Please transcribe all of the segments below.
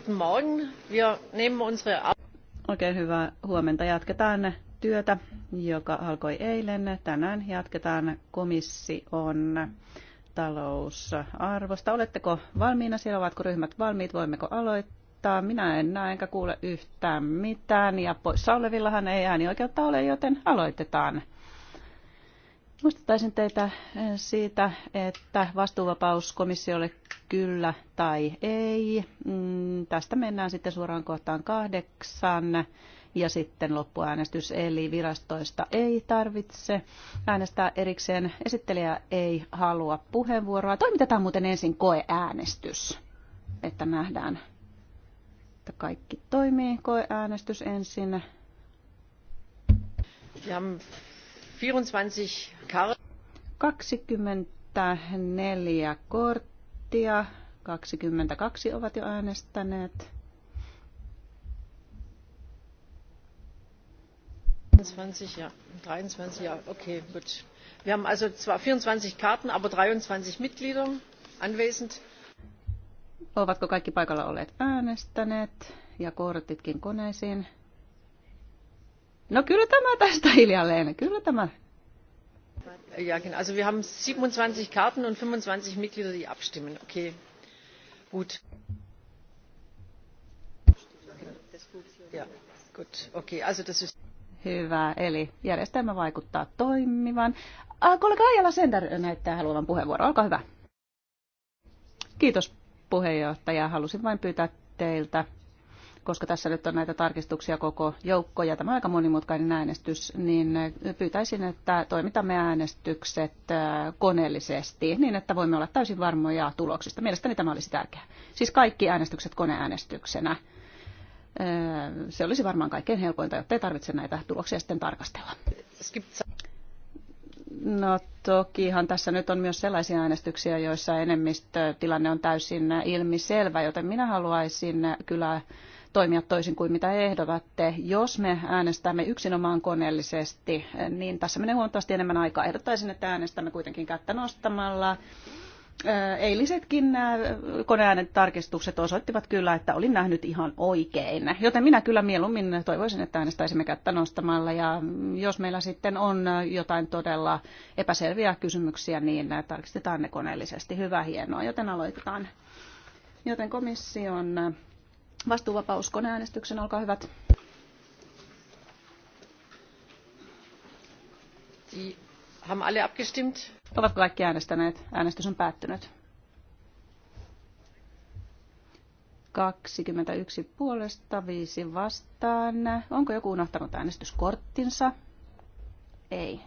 Guten Morgen. Wir nehmen unsere Oikein hyvää huomenta. Jatketaan työtä, joka alkoi eilen. Tänään jatketaan komission talousarvosta. Oletteko valmiina? Siellä ovatko ryhmät valmiit? Voimmeko aloittaa? Minä en näe enkä kuule yhtään mitään. Ja poissa olevillahan ei äänioikeutta ole, joten aloitetaan. Muistuttaisin teitä siitä, että vastuuvapauskomissiolle kyllä tai ei. Mm, tästä mennään sitten suoraan kohtaan kahdeksan ja sitten loppuäänestys, eli virastoista ei tarvitse äänestää erikseen. Esittelijä ei halua puheenvuoroa. Toimitetaan muuten ensin koeäänestys, että nähdään, että kaikki toimii. Koeäänestys ensin. ja 24 Karten. 24 korttia prosenttia, 22 ovat jo äänestäneet. 23, ja. 23, ja, okay, gut. Wir haben also zwar 24 Karten, aber 23 Mitglieder anwesend. Ovatko kaikki paikalla olleet äänestäneet ja kortitkin koneisiin? No kyllä tämä tästä hiljalleen, kyllä tämä ja, genau. Also wir haben 27 Karten und 25 Mitglieder, die abstimmen. Okay, gut. Ja, gut. Okay, also das ist... Hyvä, eli järjestelmä vaikuttaa toimivan. Ah, kollega Ajala Sender näyttää haluavan puheenvuoron. Olkaa hyvä. Kiitos puheenjohtaja. Halusin vain pyytää teiltä koska tässä nyt on näitä tarkistuksia koko joukko ja tämä on aika monimutkainen äänestys, niin pyytäisin, että toimitamme äänestykset äh, koneellisesti niin, että voimme olla täysin varmoja tuloksista. Mielestäni tämä olisi tärkeää. Siis kaikki äänestykset koneäänestyksenä. Äh, se olisi varmaan kaikkein helpointa, jotta ei tarvitse näitä tuloksia sitten tarkastella. No tokihan tässä nyt on myös sellaisia äänestyksiä, joissa enemmistötilanne on täysin ilmiselvä, joten minä haluaisin kyllä toimia toisin kuin mitä ehdotatte. Jos me äänestämme yksinomaan koneellisesti, niin tässä menee huomattavasti enemmän aikaa. Ehdottaisin, että äänestämme kuitenkin kättä nostamalla. Äh, eilisetkin äh, koneäänen tarkistukset osoittivat kyllä, että olin nähnyt ihan oikein. Joten minä kyllä mieluummin toivoisin, että äänestäisimme kättä nostamalla. Ja jos meillä sitten on äh, jotain todella epäselviä kysymyksiä, niin tarkistetaan ne koneellisesti. Hyvä, hienoa. Joten aloitetaan. Joten komission Vastuuvapaus koneäänestyksen, olkaa hyvät. Die haben alle abgestimmt. Ovatko kaikki äänestäneet? Äänestys on päättynyt. 21 puolesta, 5 vastaan. Onko joku unohtanut äänestyskorttinsa? Ei.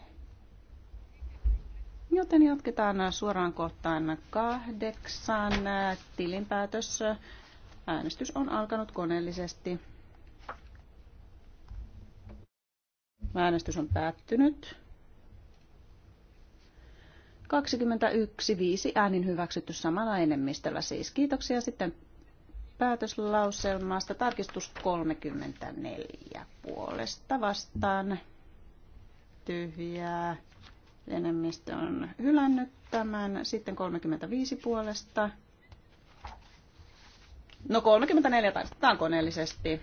Joten jatketaan suoraan kohtaan kahdeksan tilinpäätös Äänestys on alkanut koneellisesti. Äänestys on päättynyt. 21.5 äänin hyväksytty samalla enemmistöllä siis. Kiitoksia sitten päätöslauselmasta. Tarkistus 34 puolesta vastaan. Tyhjää. Enemmistö on hylännyt tämän. Sitten 35 puolesta No 34 tarkistetaan koneellisesti.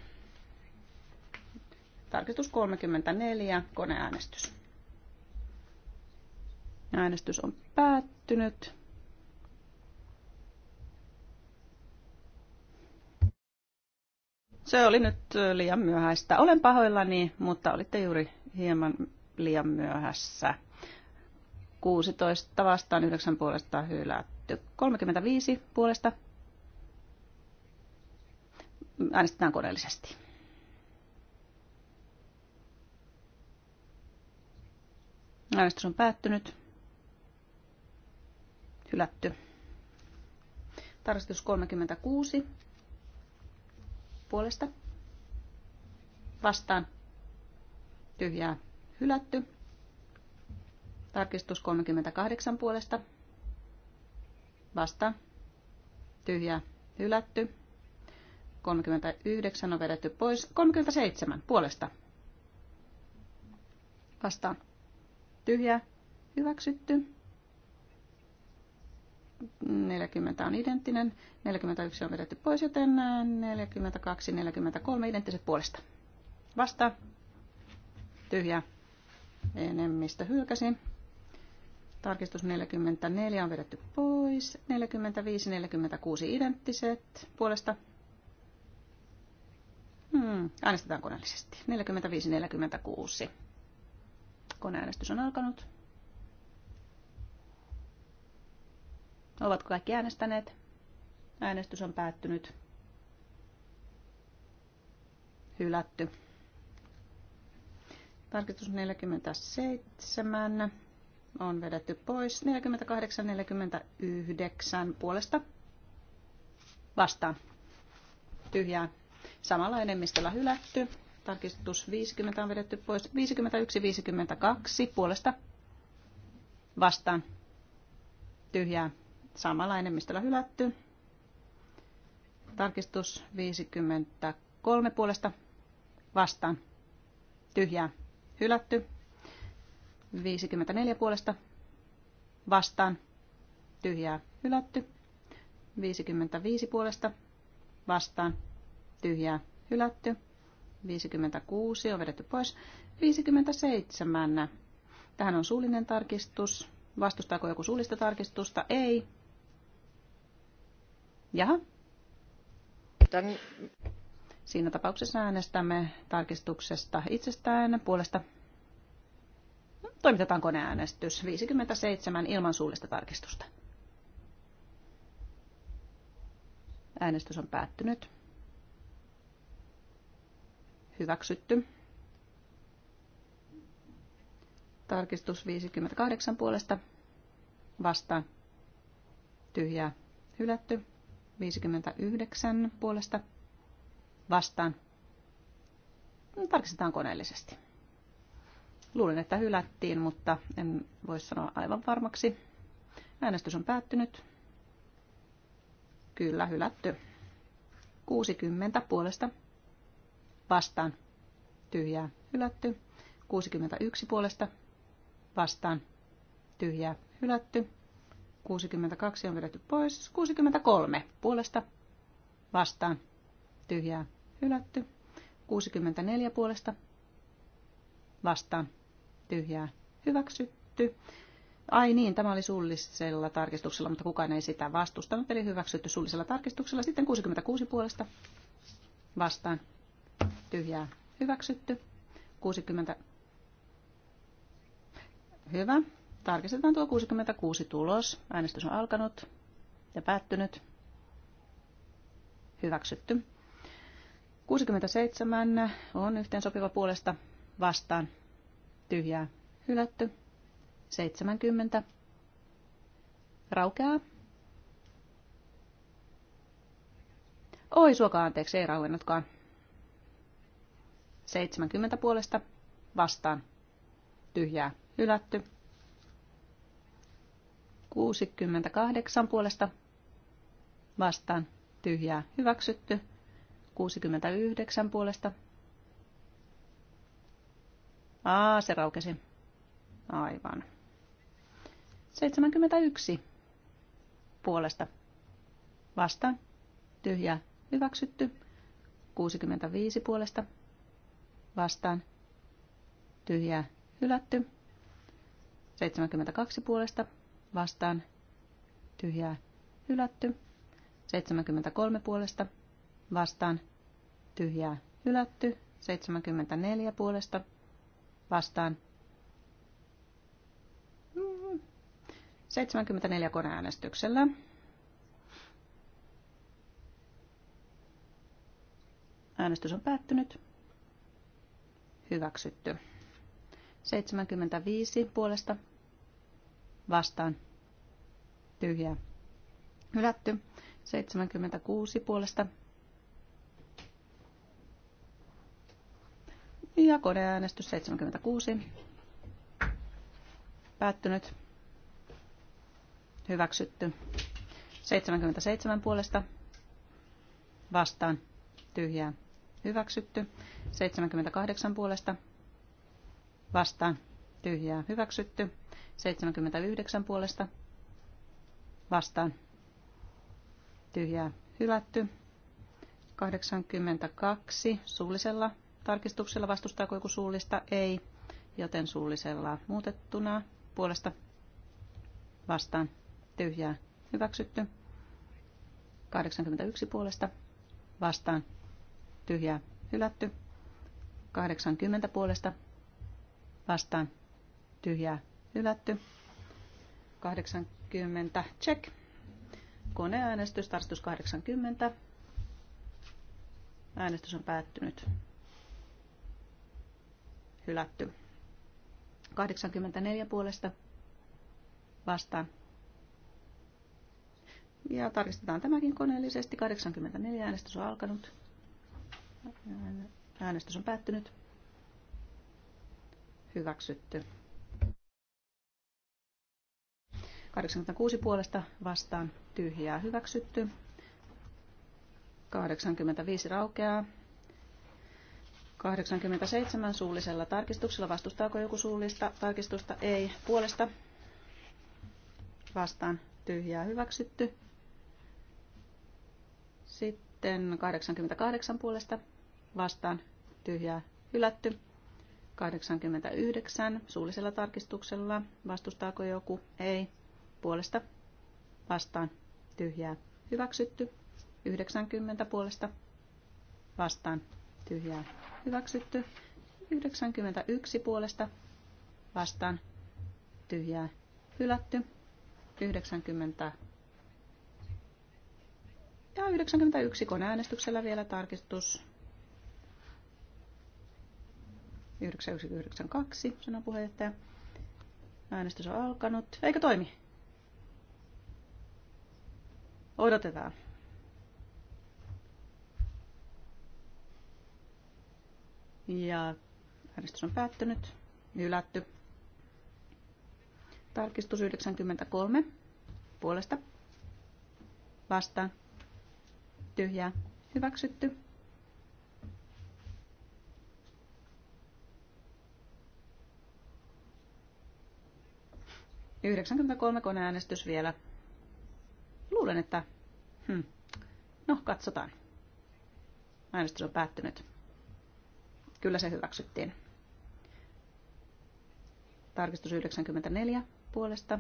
Tarkistus 34, koneäänestys. Äänestys on päättynyt. Se oli nyt liian myöhäistä. Olen pahoillani, mutta olitte juuri hieman liian myöhässä. 16 vastaan 9 puolesta hylätty. 35 puolesta äänestetään koneellisesti. Äänestys on päättynyt. Hylätty. Tarkastus 36. Puolesta. Vastaan. Tyhjää. Hylätty. Tarkistus 38 puolesta. Vastaan. Tyhjää. Hylätty. 39 on vedetty pois. 37 puolesta. Vastaan. Tyhjä. Hyväksytty. 40 on identtinen. 41 on vedetty pois, joten 42, 43 identtiset puolesta. Vasta. Tyhjä. Enemmistö hylkäsi. Tarkistus 44 on vedetty pois. 45, 46 identtiset puolesta Mm, äänestetään koneellisesti. 45-46. Koneäänestys on alkanut. Ovatko kaikki äänestäneet? Äänestys on päättynyt. Hylätty. Tarkistus 47 on vedetty pois. 48-49 puolesta vastaan. Tyhjää Samalla enemmistöllä hylätty. Tarkistus 50 on vedetty pois. 51-52 puolesta vastaan. Tyhjää. Samalla enemmistöllä hylätty. Tarkistus 53 puolesta vastaan. Tyhjää. Hylätty. 54 puolesta vastaan. Tyhjää. Hylätty. 55 puolesta vastaan tyhjää hylätty. 56 on vedetty pois. 57. Tähän on suullinen tarkistus. Vastustaako joku suullista tarkistusta? Ei. Jaha. Tän... Siinä tapauksessa äänestämme tarkistuksesta itsestään puolesta. Toimitetaan koneäänestys 57 ilman suullista tarkistusta. Äänestys on päättynyt. Hyväksytty. Tarkistus 58 puolesta. Vastaan. Tyhjää. Hylätty. 59 puolesta. Vastaan. Tarkistetaan koneellisesti. Luulen, että hylättiin, mutta en voi sanoa aivan varmaksi. Äänestys on päättynyt. Kyllä, hylätty. 60 puolesta vastaan, tyhjää, hylätty. 61 puolesta vastaan, tyhjää, hylätty. 62 on vedetty pois. 63 puolesta vastaan, tyhjää, hylätty. 64 puolesta vastaan, tyhjää, hyväksytty. Ai niin, tämä oli suullisella tarkistuksella, mutta kukaan ei sitä vastustanut, eli hyväksytty suullisella tarkistuksella. Sitten 66 puolesta vastaan, tyhjää hyväksytty. 60. Hyvä. Tarkistetaan tuo 66 tulos. Äänestys on alkanut ja päättynyt. Hyväksytty. 67 on yhteen sopiva puolesta vastaan. Tyhjää hylätty. 70 raukeaa. Oi, suokaa anteeksi, ei rauennutkaan. 70 puolesta vastaan. Tyhjää hylätty. 68 puolesta vastaan. Tyhjää hyväksytty. 69 puolesta. Aa, se raukesi. Aivan. 71 puolesta. Vastaan. Tyhjää hyväksytty. 65 puolesta vastaan tyhjää hylätty. 72 puolesta vastaan tyhjää hylätty. 73 puolesta vastaan tyhjää hylätty. 74 puolesta vastaan 74 mm-hmm. koneäänestyksellä. Äänestys on päättynyt hyväksytty. 75 puolesta vastaan tyhjää hylätty. 76 puolesta ja kodeäänestys 76 päättynyt hyväksytty. 77 puolesta vastaan tyhjää hyväksytty. 78 puolesta vastaan tyhjää hyväksytty. 79 puolesta vastaan tyhjää hylätty. 82 suullisella tarkistuksella vastustaako joku suullista? Ei, joten suullisella muutettuna puolesta vastaan tyhjää hyväksytty. 81 puolesta vastaan tyhjää hylätty. 80 puolesta vastaan tyhjää hylätty. 80 check. Koneäänestys, tarkistus 80. Äänestys on päättynyt. Hylätty. 84 puolesta vastaan. Ja tarkistetaan tämäkin koneellisesti. 84 äänestys on alkanut. Äänestys on päättynyt. Hyväksytty. 86 puolesta vastaan tyhjää hyväksytty. 85 raukeaa. 87 suullisella tarkistuksella. Vastustaako joku suullista tarkistusta? Ei. Puolesta vastaan tyhjää hyväksytty. Sitten sitten 88 puolesta vastaan tyhjää hylätty. 89 suullisella tarkistuksella. Vastustaako joku? Ei. Puolesta vastaan tyhjää hyväksytty. 90 puolesta vastaan tyhjää hyväksytty. 91 puolesta vastaan tyhjää hylätty. 90 ja 91 äänestyksellä vielä tarkistus. 9192, sanoo puheenjohtaja. Äänestys on alkanut. Eikö toimi? Odotetaan. Ja äänestys on päättynyt. Ylätty. Tarkistus 93. Puolesta. Vastaan tyhjää, hyväksytty. Yhdeksänkymmentäkolme koneäänestys vielä. Luulen, että... Hmm. No, katsotaan. Äänestys on päättynyt. Kyllä se hyväksyttiin. Tarkistus 94 puolesta.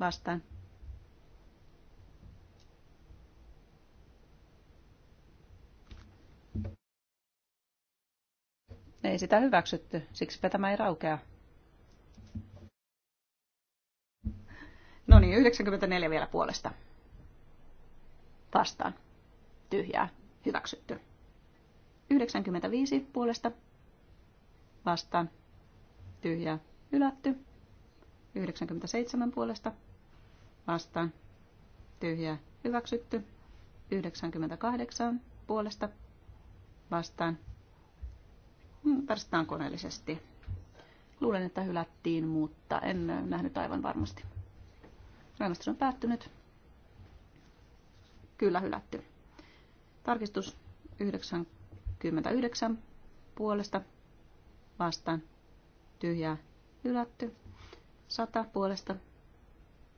Vastaan. Ei sitä hyväksytty, siksi tämä ei raukea. No niin, 94 vielä puolesta. Vastaan. Tyhjää. Hyväksytty. 95 puolesta. Vastaan. Tyhjää. Hylätty. 97 puolesta. Vastaan. Tyhjää. Hyväksytty. 98 puolesta. Vastaan. Tarkistetaan koneellisesti. Luulen, että hylättiin, mutta en nähnyt aivan varmasti. Äänestys on päättynyt. Kyllä hylätty. Tarkistus 99 puolesta vastaan. Tyhjää hylätty. 100 puolesta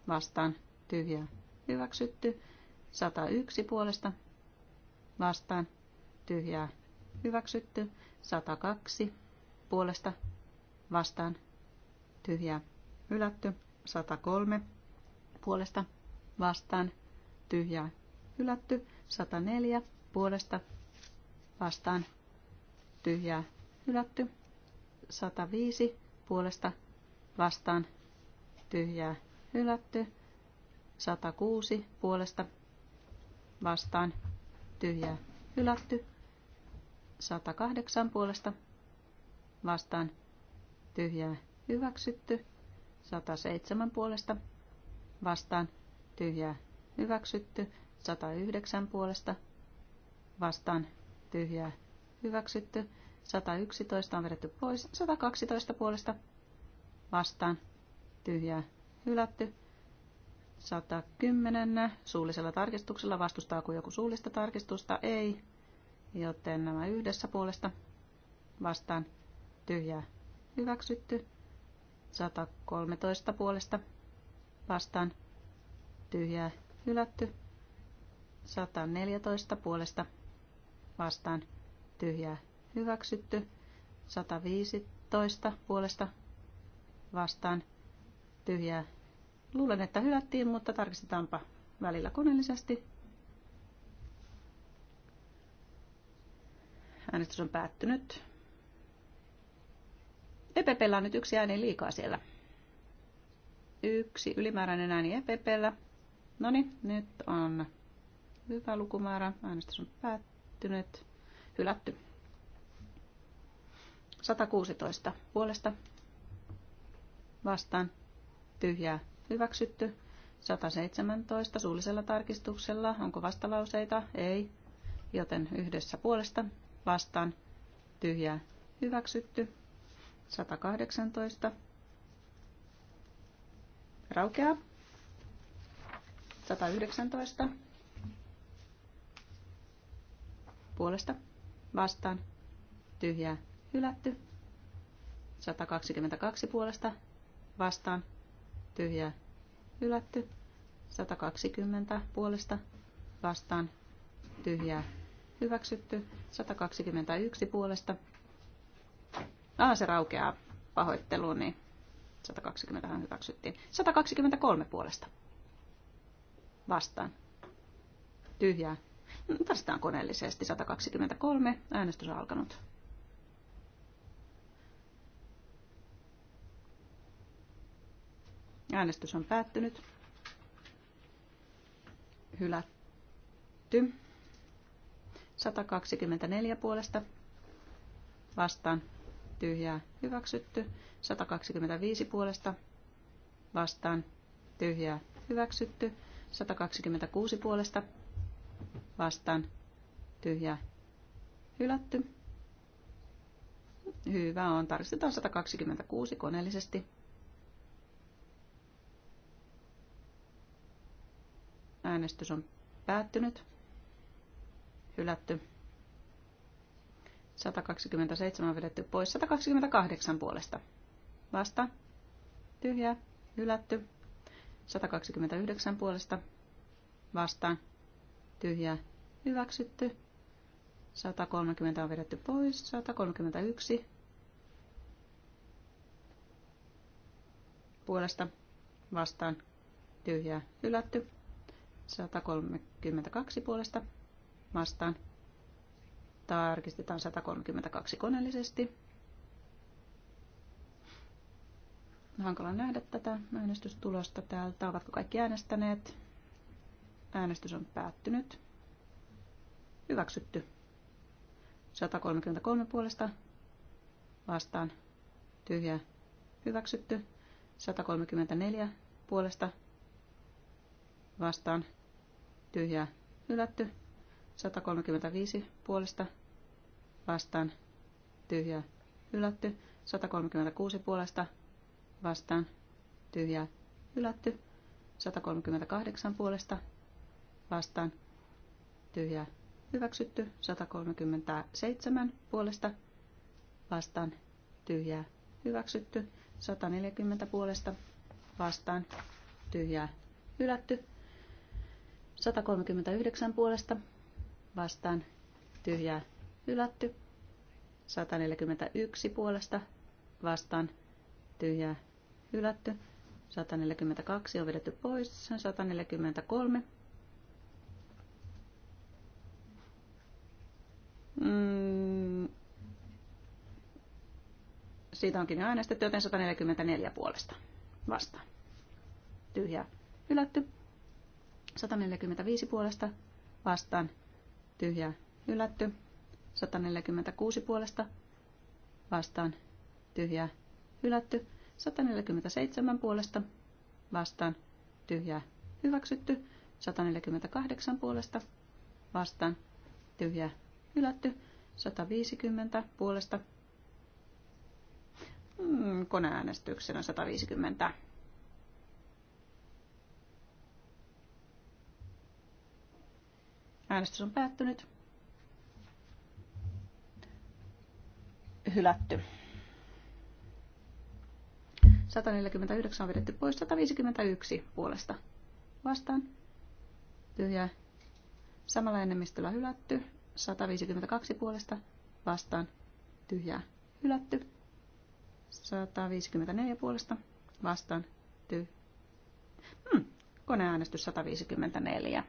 vastaan. Tyhjää hyväksytty. 101 puolesta vastaan. Tyhjää hyväksytty. 102 puolesta vastaan tyhjää hylätty. 103 puolesta vastaan tyhjää hylätty. 104 puolesta vastaan tyhjää hylätty. 105 puolesta vastaan tyhjää hylätty. 106 puolesta vastaan tyhjää hylätty. 108 puolesta vastaan tyhjää hyväksytty. 107 puolesta vastaan tyhjää hyväksytty. 109 puolesta vastaan tyhjää hyväksytty. 111 on vedetty pois. 112 puolesta vastaan tyhjää hylätty. 110 suullisella tarkistuksella vastustaako joku suullista tarkistusta? Ei. Joten nämä yhdessä puolesta vastaan tyhjää hyväksytty. 113 puolesta vastaan tyhjää hylätty. 114 puolesta vastaan tyhjää hyväksytty. 115 puolesta vastaan tyhjää. Luulen, että hylättiin, mutta tarkistetaanpa välillä koneellisesti. Äänestys on päättynyt. EPPllä on nyt yksi ääni liikaa siellä. Yksi ylimääräinen ääni EPPllä. No niin, nyt on hyvä lukumäärä. Äänestys on päättynyt. Hylätty. 116 puolesta vastaan tyhjää hyväksytty. 117 suullisella tarkistuksella. Onko vastalauseita? Ei. Joten yhdessä puolesta vastaan tyhjää hyväksytty. 118 raukeaa. 119 puolesta vastaan tyhjää hylätty. 122 puolesta vastaan tyhjää hylätty. 120 puolesta vastaan tyhjää hyväksytty. 121 puolesta. Ah, se raukeaa pahoitteluun, niin 120 hyväksyttiin. 123 puolesta. Vastaan. Tyhjää. Tarvitaan koneellisesti. 123. Äänestys on alkanut. Äänestys on päättynyt. Hylätty. 124 puolesta vastaan tyhjää hyväksytty. 125 puolesta vastaan tyhjää hyväksytty. 126 puolesta vastaan tyhjää hylätty. Hyvä on. Tarkistetaan 126 koneellisesti. Äänestys on päättynyt hylätty. 127 vedetty pois. 128 puolesta. Vasta. Tyhjä. Hylätty. 129 puolesta. Vasta. Tyhjä. Hyväksytty. 130 on vedetty pois. 131 puolesta. Vastaan. Tyhjä. Hylätty. 132 puolesta vastaan. Tarkistetaan 132 koneellisesti. Hankala nähdä tätä äänestystulosta täältä. Ovatko kaikki äänestäneet? Äänestys on päättynyt. Hyväksytty. 133 puolesta vastaan. Tyhjä. Hyväksytty. 134 puolesta vastaan. Tyhjä. Hylätty. 135 puolesta vastaan tyhjää hylätty. 136 puolesta vastaan tyhjää hylätty. 138 puolesta vastaan tyhjää hyväksytty. 137 puolesta vastaan tyhjää hyväksytty. 140 puolesta vastaan tyhjää hylätty. 139 puolesta vastaan tyhjää hylätty. 141 puolesta vastaan tyhjää hylätty. 142 on vedetty pois. 143 mm. siitä onkin jo äänestetty, joten 144 puolesta vastaan. Tyhjä hylätty. 145 puolesta vastaan tyhjää hylätty. 146 puolesta vastaan tyhjää hylätty. 147 puolesta vastaan tyhjää hyväksytty. 148 puolesta vastaan tyhjää hylätty. 150 puolesta mm, koneäänestyksenä 150 Äänestys on päättynyt. Hylätty. 149 on vedetty pois, 151 puolesta vastaan. Tyhjää. Samalla enemmistöllä hylätty. 152 puolesta vastaan. Tyhjää. Hylätty. 154 puolesta vastaan. tyhjä. Hmm. Koneäänestys 154.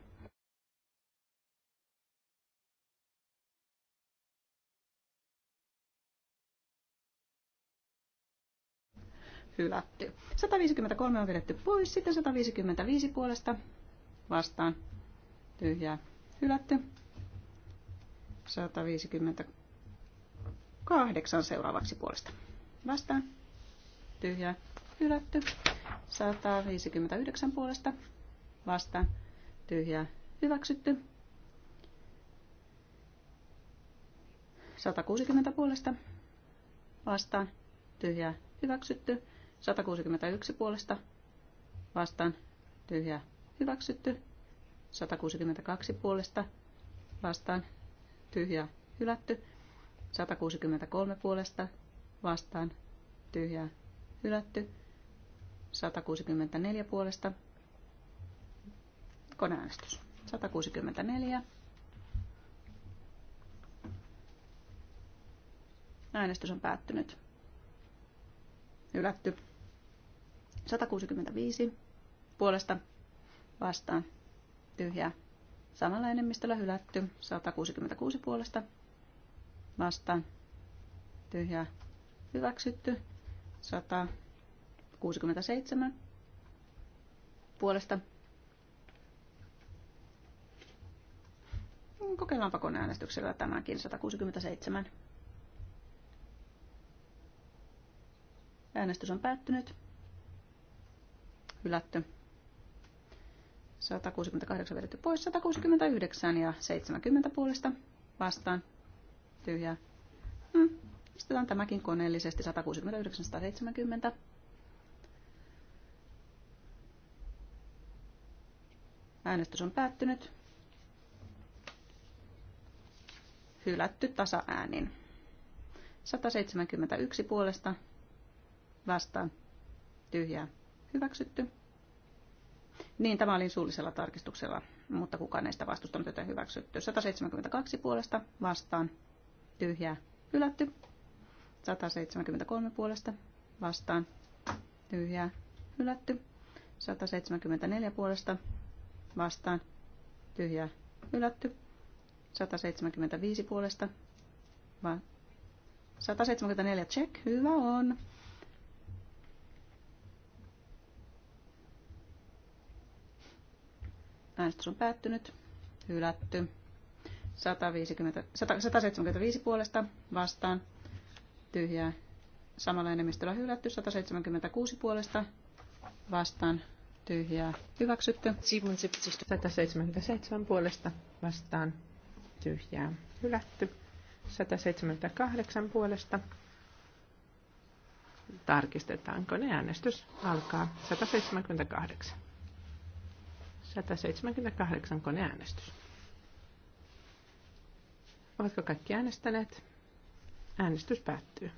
hylätty. 153 on vedetty pois, sitten 155 puolesta vastaan tyhjää hylätty. 158 seuraavaksi puolesta vastaan tyhjää hylätty. 159 puolesta vastaan tyhjää hyväksytty. 160 puolesta vastaan tyhjää hyväksytty. 161 puolesta vastaan tyhjä hyväksytty. 162 puolesta vastaan tyhjä hylätty. 163 puolesta vastaan tyhjä hylätty. 164 puolesta koneäänestys. 164. Äänestys on päättynyt. Hylätty. 165 puolesta vastaan tyhjää. Samalla enemmistöllä hylätty. 166 puolesta vastaan tyhjää. Hyväksytty. 167 puolesta. Kokeillaanpa koneäänestyksellä tämäkin 167. Äänestys on päättynyt hylätty. 168 vedetty pois, 169 ja 70 puolesta vastaan. Tyhjää. Hmm. Pistetään tämäkin koneellisesti 169, 170. Äänestys on päättynyt. Hylätty tasaäänin. 171 puolesta vastaan. Tyhjää. Hyväksytty. Niin, tämä oli suullisella tarkistuksella, mutta kukaan ei sitä vastustanut, joten hyväksytty. 172 puolesta vastaan, tyhjää, hylätty. 173 puolesta vastaan, tyhjää, hylätty. 174 puolesta vastaan, tyhjää, hylätty. 175 puolesta, va- 174 check, hyvä on. Äänestys on päättynyt. Hylätty. 150, 100, 175 puolesta vastaan. Tyhjää. Samalla enemmistöllä hylätty. 176 puolesta vastaan. Tyhjää. Hyväksytty. 177 puolesta vastaan. Tyhjää. Hylätty. 178 puolesta. Tarkistetaanko ne äänestys? Alkaa 178. 178 koneäänestys. Ovatko kaikki äänestäneet? Äänestys päättyy.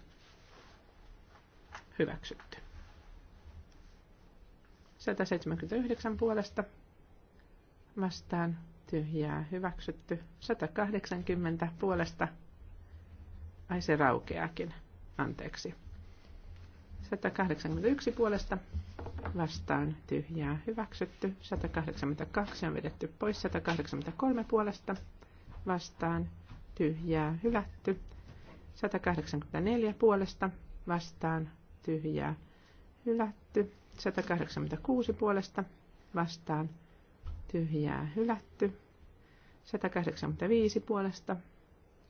Hyväksytty. 179 puolesta vastaan tyhjää hyväksytty. 180 puolesta. Ai se raukeakin. Anteeksi. 181 puolesta vastaan tyhjää hyväksytty. 182 on vedetty pois. 183 puolesta vastaan tyhjää hylätty. 184 puolesta vastaan tyhjää hylätty. 186 puolesta vastaan tyhjää hylätty. 185 puolesta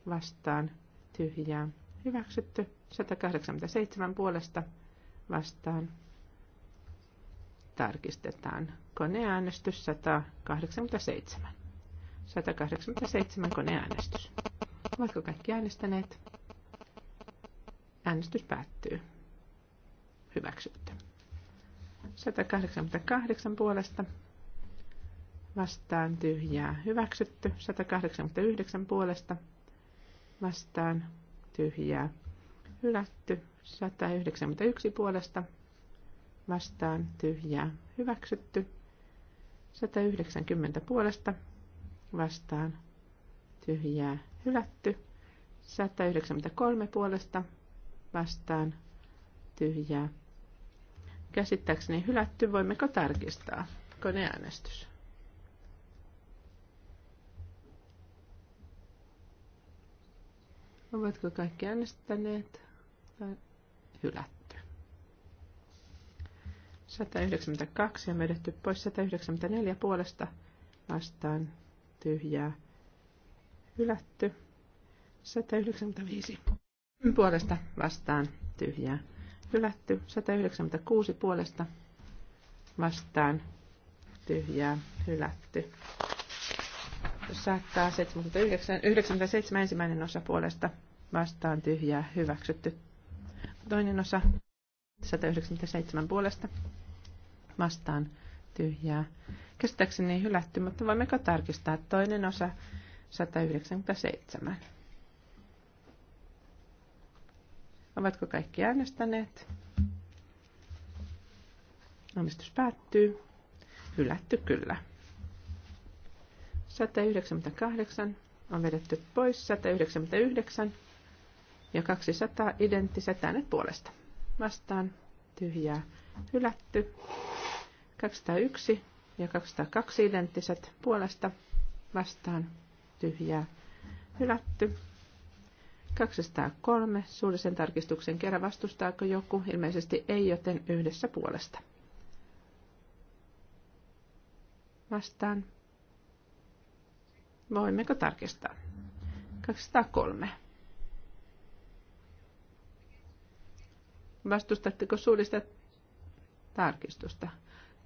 vastaan tyhjää hyväksytty. 187 puolesta vastaan, vastaan tarkistetaan. Koneäänestys 187. 187 koneäänestys. Ovatko kaikki äänestäneet? Äänestys päättyy. Hyväksytty. 188 puolesta vastaan tyhjää hyväksytty. 189 puolesta vastaan tyhjää hylätty. 191 puolesta vastaan tyhjää hyväksytty. 190 puolesta vastaan tyhjää hylätty. 193 puolesta vastaan tyhjää. Käsittääkseni hylätty, voimmeko tarkistaa? Koneäänestys. Ovatko kaikki äänestäneet? hylätty. 192 ja vedetty pois 194 puolesta vastaan tyhjää hylätty. 195 puolesta vastaan tyhjää hylätty. 196 puolesta vastaan tyhjää hylätty. 179, ensimmäinen osa puolesta vastaan tyhjää hyväksytty. Toinen osa 197 puolesta vastaan tyhjää. Käsittääkseni hylätty, mutta voimmeko tarkistaa toinen osa 197. Ovatko kaikki äänestäneet? Äänestys päättyy. Hylätty kyllä. 198 on vedetty pois. 199 ja 200 identtiset äänet puolesta. Vastaan tyhjää hylätty. 201 ja 202 identtiset puolesta vastaan tyhjää hylätty. 203 suullisen tarkistuksen kerran vastustaako joku? Ilmeisesti ei, joten yhdessä puolesta. Vastaan. Voimmeko tarkistaa? 203. Vastustatteko suullista tarkistusta?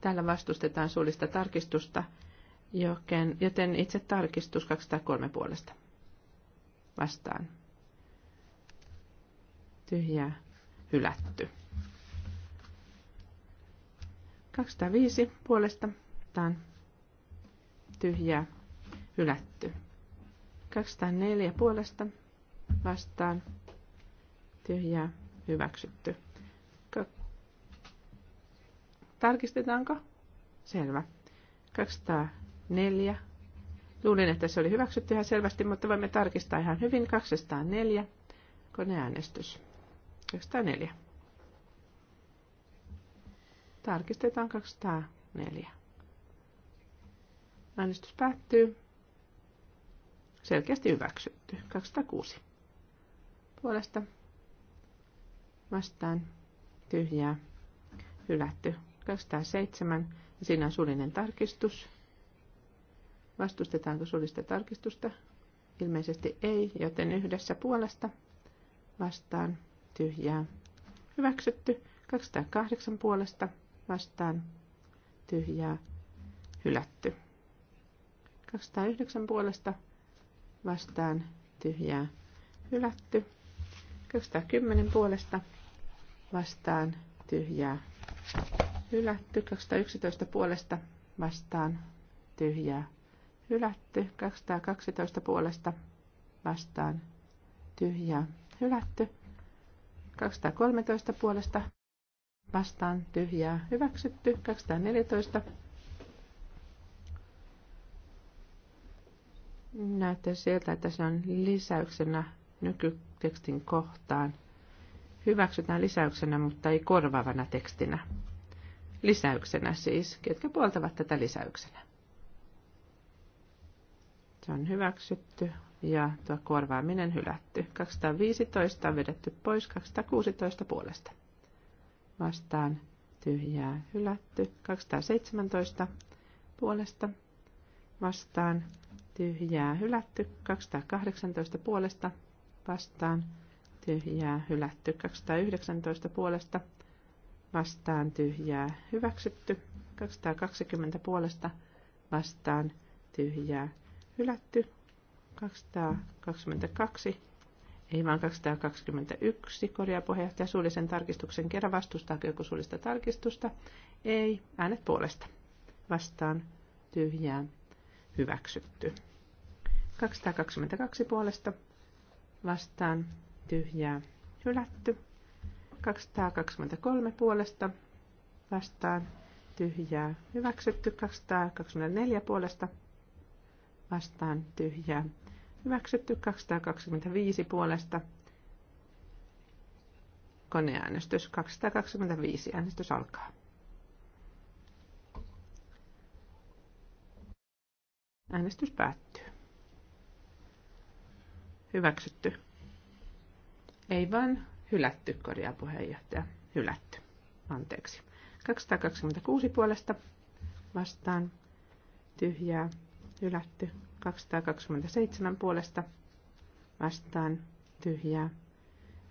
Täällä vastustetaan suullista tarkistusta, joten, joten itse tarkistus 203 puolesta. Vastaan. Tyhjä Hylätty. 205 puolesta. on tyhjä Hylätty. 204 puolesta. Vastaan. tyhjä Hyväksytty. Tarkistetaanko? Selvä. 204. Luulin, että se oli hyväksytty ihan selvästi, mutta voimme tarkistaa ihan hyvin. 204. Koneäänestys. 204. Tarkistetaan 204. Äänestys päättyy. Selkeästi hyväksytty. 206. Puolesta vastaan tyhjää hylätty. 207. Ja siinä on suullinen tarkistus. Vastustetaanko suullista tarkistusta? Ilmeisesti ei, joten yhdessä puolesta vastaan tyhjää. Hyväksytty. 208 puolesta vastaan tyhjää. Hylätty. 209 puolesta vastaan tyhjää. Hylätty. 210 puolesta vastaan tyhjää hylätty, 211 puolesta vastaan tyhjää, hylätty, 212 puolesta vastaan tyhjää, hylätty, 213 puolesta vastaan tyhjää, hyväksytty, 214 näyttää sieltä, että se on lisäyksenä nykytekstin kohtaan. Hyväksytään lisäyksenä, mutta ei korvaavana tekstinä lisäyksenä siis, ketkä puoltavat tätä lisäyksenä. Se on hyväksytty ja tuo korvaaminen hylätty. 215 on vedetty pois 216 puolesta. Vastaan tyhjää hylätty. 217 puolesta. Vastaan tyhjää hylätty. 218 puolesta. Vastaan tyhjää hylätty. 219 puolesta vastaan tyhjää hyväksytty. 220 puolesta vastaan tyhjää hylätty. 222, ei vaan 221, korjaa puheenjohtaja suullisen tarkistuksen kerran vastustaa joku suullista tarkistusta. Ei, äänet puolesta. Vastaan tyhjää hyväksytty. 222 puolesta vastaan tyhjää hylätty. 223 puolesta vastaan tyhjää hyväksytty. 224 puolesta vastaan tyhjää hyväksytty. 225 puolesta koneäänestys. 225 äänestys alkaa. Äänestys päättyy. Hyväksytty. Ei vaan Hylätty, korjaa puheenjohtaja. Hylätty. Anteeksi. 226 puolesta vastaan. Tyhjää. Hylätty. 227 puolesta vastaan. Tyhjää.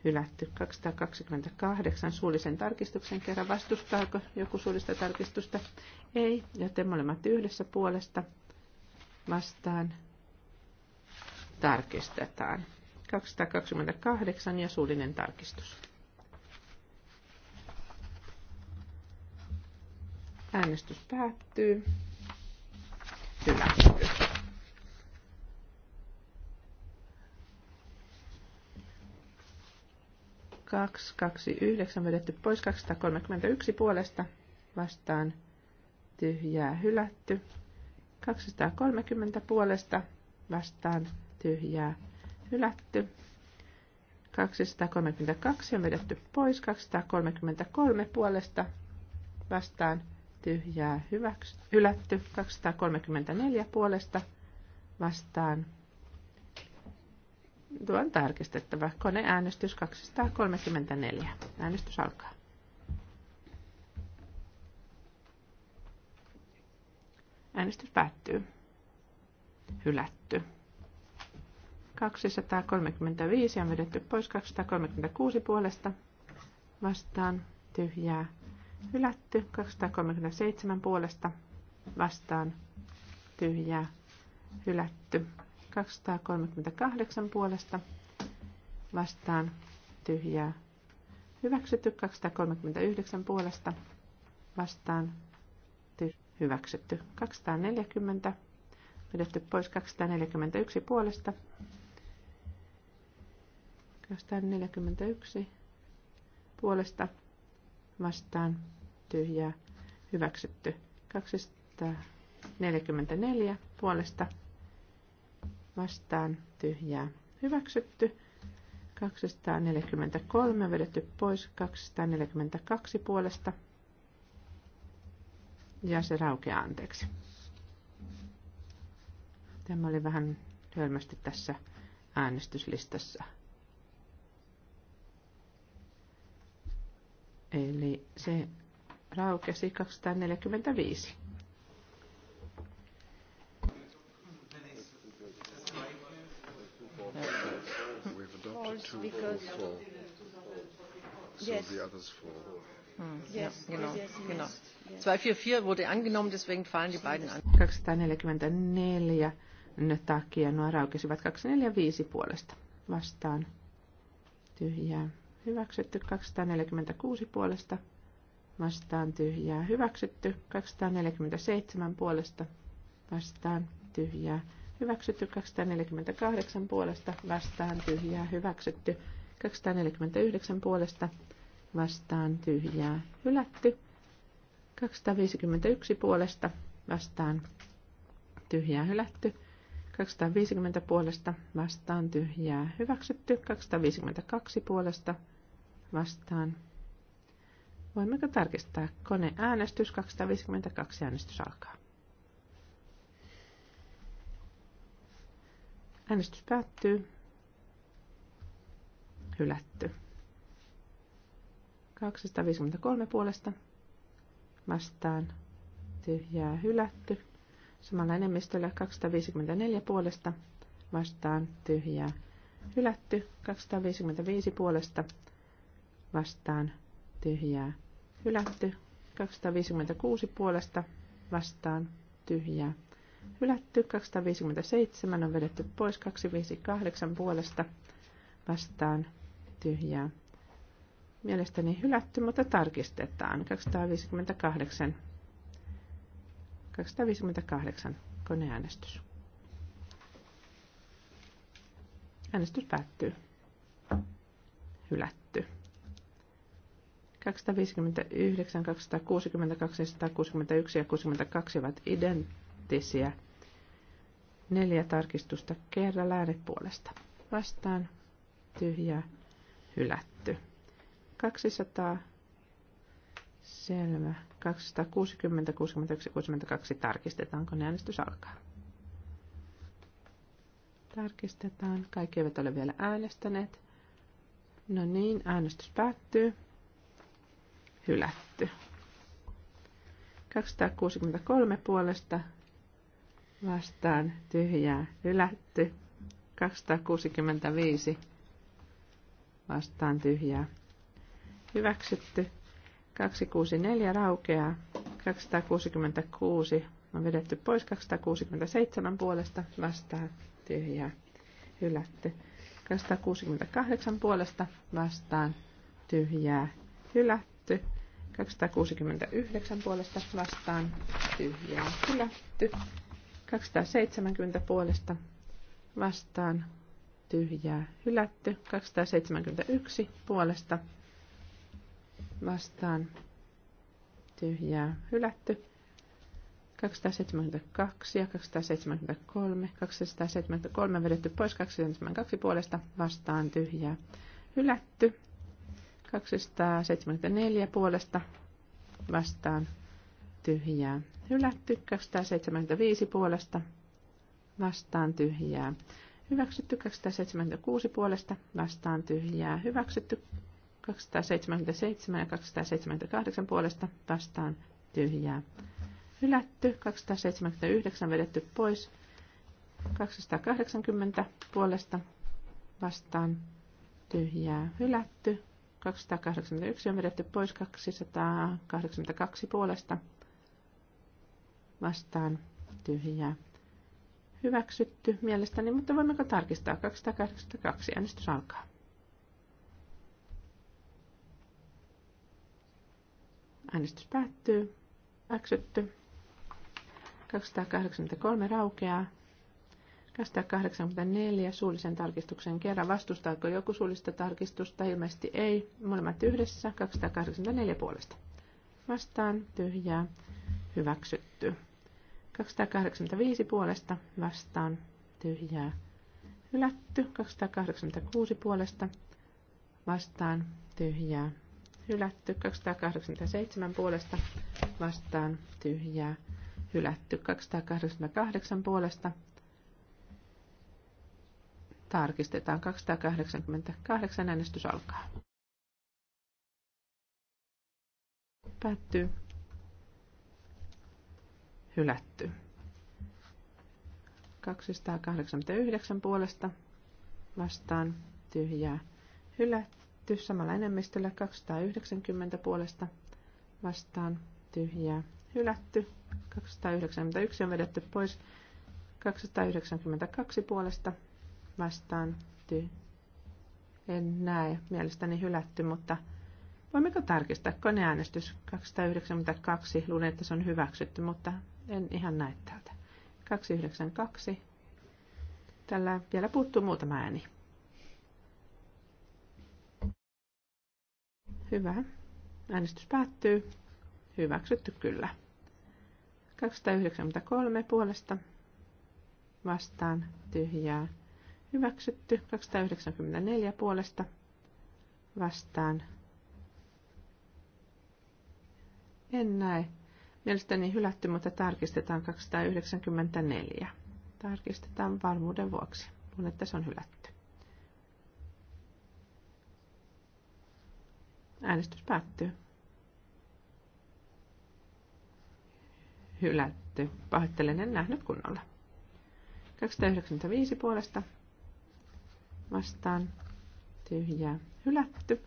Hylätty. 228 suullisen tarkistuksen kerran. Vastustaako joku suullista tarkistusta? Ei, joten molemmat yhdessä puolesta vastaan tarkistetaan. 228 ja suullinen tarkistus. Äänestys päättyy. Hyväksytty. Kaksi, kaksi, yhdeksän vedetty pois, 231 puolesta vastaan tyhjää hylätty. 230 puolesta vastaan tyhjää hylätty. 232 on vedetty pois, 233 puolesta vastaan tyhjää hyväks, hylätty, 234 puolesta vastaan. Tuo on tarkistettava. Koneäänestys 234. Äänestys alkaa. Äänestys päättyy. Hylätty. 235 on vedetty pois 236 puolesta vastaan tyhjää hylätty 237 puolesta vastaan tyhjää hylätty 238 puolesta vastaan tyhjää hyväksytty 239 puolesta vastaan ty- hyväksytty 240 vedetty pois 241 puolesta Jostain 41 puolesta vastaan tyhjää hyväksytty. 244 puolesta vastaan tyhjää hyväksytty. 243 vedetty pois 242 puolesta. Ja se raukeaa anteeksi. Tämä oli vähän hölmästi tässä äänestyslistassa. Eli se raukesi 245. two because fall. So 244 wurde angenommen, deswegen fallen die beiden an. 244 takia nuo raukesivat 245 puolesta vastaan tyhjää Hyväksytty 246 puolesta. Vastaan tyhjää. Hyväksytty 247 puolesta. Vastaan tyhjää. Hyväksytty 248 puolesta. Vastaan tyhjää. Hyväksytty 249 puolesta. Vastaan tyhjää. Hylätty 251 puolesta. Vastaan tyhjää. Hylätty 250 puolesta vastaan tyhjää hyväksytty, 252 puolesta vastaan. Voimmeko tarkistaa? äänestys 252 äänestys alkaa. Äänestys päättyy. Hylätty. 253 puolesta vastaan tyhjää hylätty. Samalla enemmistöllä 254 puolesta vastaan tyhjää hylätty. 255 puolesta vastaan tyhjää hylätty. 256 puolesta vastaan tyhjää hylätty. 257 on vedetty pois. 258 puolesta vastaan tyhjää mielestäni hylätty, mutta tarkistetaan. 258. 258 koneäänestys. Äänestys päättyy. Hylätty. 259, 260, 261 ja 62 ovat identtisiä. Neljä tarkistusta kerralla äänepuolesta. Vastaan tyhjää hylätty. 200 Selvä. 260, 61, 62 tarkistetaan, kun äänestys alkaa. Tarkistetaan. Kaikki eivät ole vielä äänestäneet. No niin, äänestys päättyy hylätty. 263 puolesta vastaan tyhjää hylätty. 265 vastaan tyhjää hyväksytty. 264 raukeaa. 266 on vedetty pois. 267 puolesta vastaan tyhjää hylätty. 268 puolesta vastaan tyhjää hylätty. 269 puolesta vastaan tyhjää hylätty. 270 puolesta vastaan tyhjää hylätty. 271 puolesta vastaan tyhjää hylätty. 272 ja 273, 273 vedetty pois, 272 puolesta vastaan tyhjää hylätty. 274 puolesta vastaan tyhjää. Hylätty 275 puolesta vastaan tyhjää. Hyväksytty 276 puolesta vastaan tyhjää. Hyväksytty 277 ja 278 puolesta vastaan tyhjää. Hylätty 279 vedetty pois. 280 puolesta vastaan tyhjää. Hylätty 281 on vedetty pois 282 puolesta vastaan tyhjää. Hyväksytty mielestäni, mutta voimmeko tarkistaa 282 äänestys alkaa. Äänestys päättyy. Hyväksytty. 283 raukeaa. 284 suullisen tarkistuksen kerran. Vastustaako joku suullista tarkistusta? Ilmeisesti ei. Molemmat yhdessä. 284 puolesta. Vastaan. Tyhjää. Hyväksytty. 285 puolesta. Vastaan. Tyhjää. Hylätty. 286 puolesta. Vastaan. Tyhjää. Hylätty. 287 puolesta. Vastaan. Tyhjää. Hylätty. 288 puolesta Tarkistetaan 288 äänestys alkaa. Päättyy. Hylätty. 289 puolesta vastaan tyhjää hylätty. Samalla enemmistöllä 290 puolesta vastaan tyhjää hylätty. 291 on vedetty pois. 292 puolesta vastaan ty. En näe, mielestäni hylätty, mutta voimmeko tarkistaa koneäänestys 292? Luulen, että se on hyväksytty, mutta en ihan näe täältä. 292. Tällä vielä puuttuu muutama ääni. Hyvä. Äänestys päättyy. Hyväksytty kyllä. 293 puolesta vastaan tyhjää Hyväksytty 294 puolesta vastaan. En näe. Mielestäni hylätty, mutta tarkistetaan 294. Tarkistetaan varmuuden vuoksi. kun että se on hylätty. Äänestys päättyy. Hylätty. Pahoittelen, en nähnyt kunnolla. 295 puolesta vastaan tyhjää hylätty.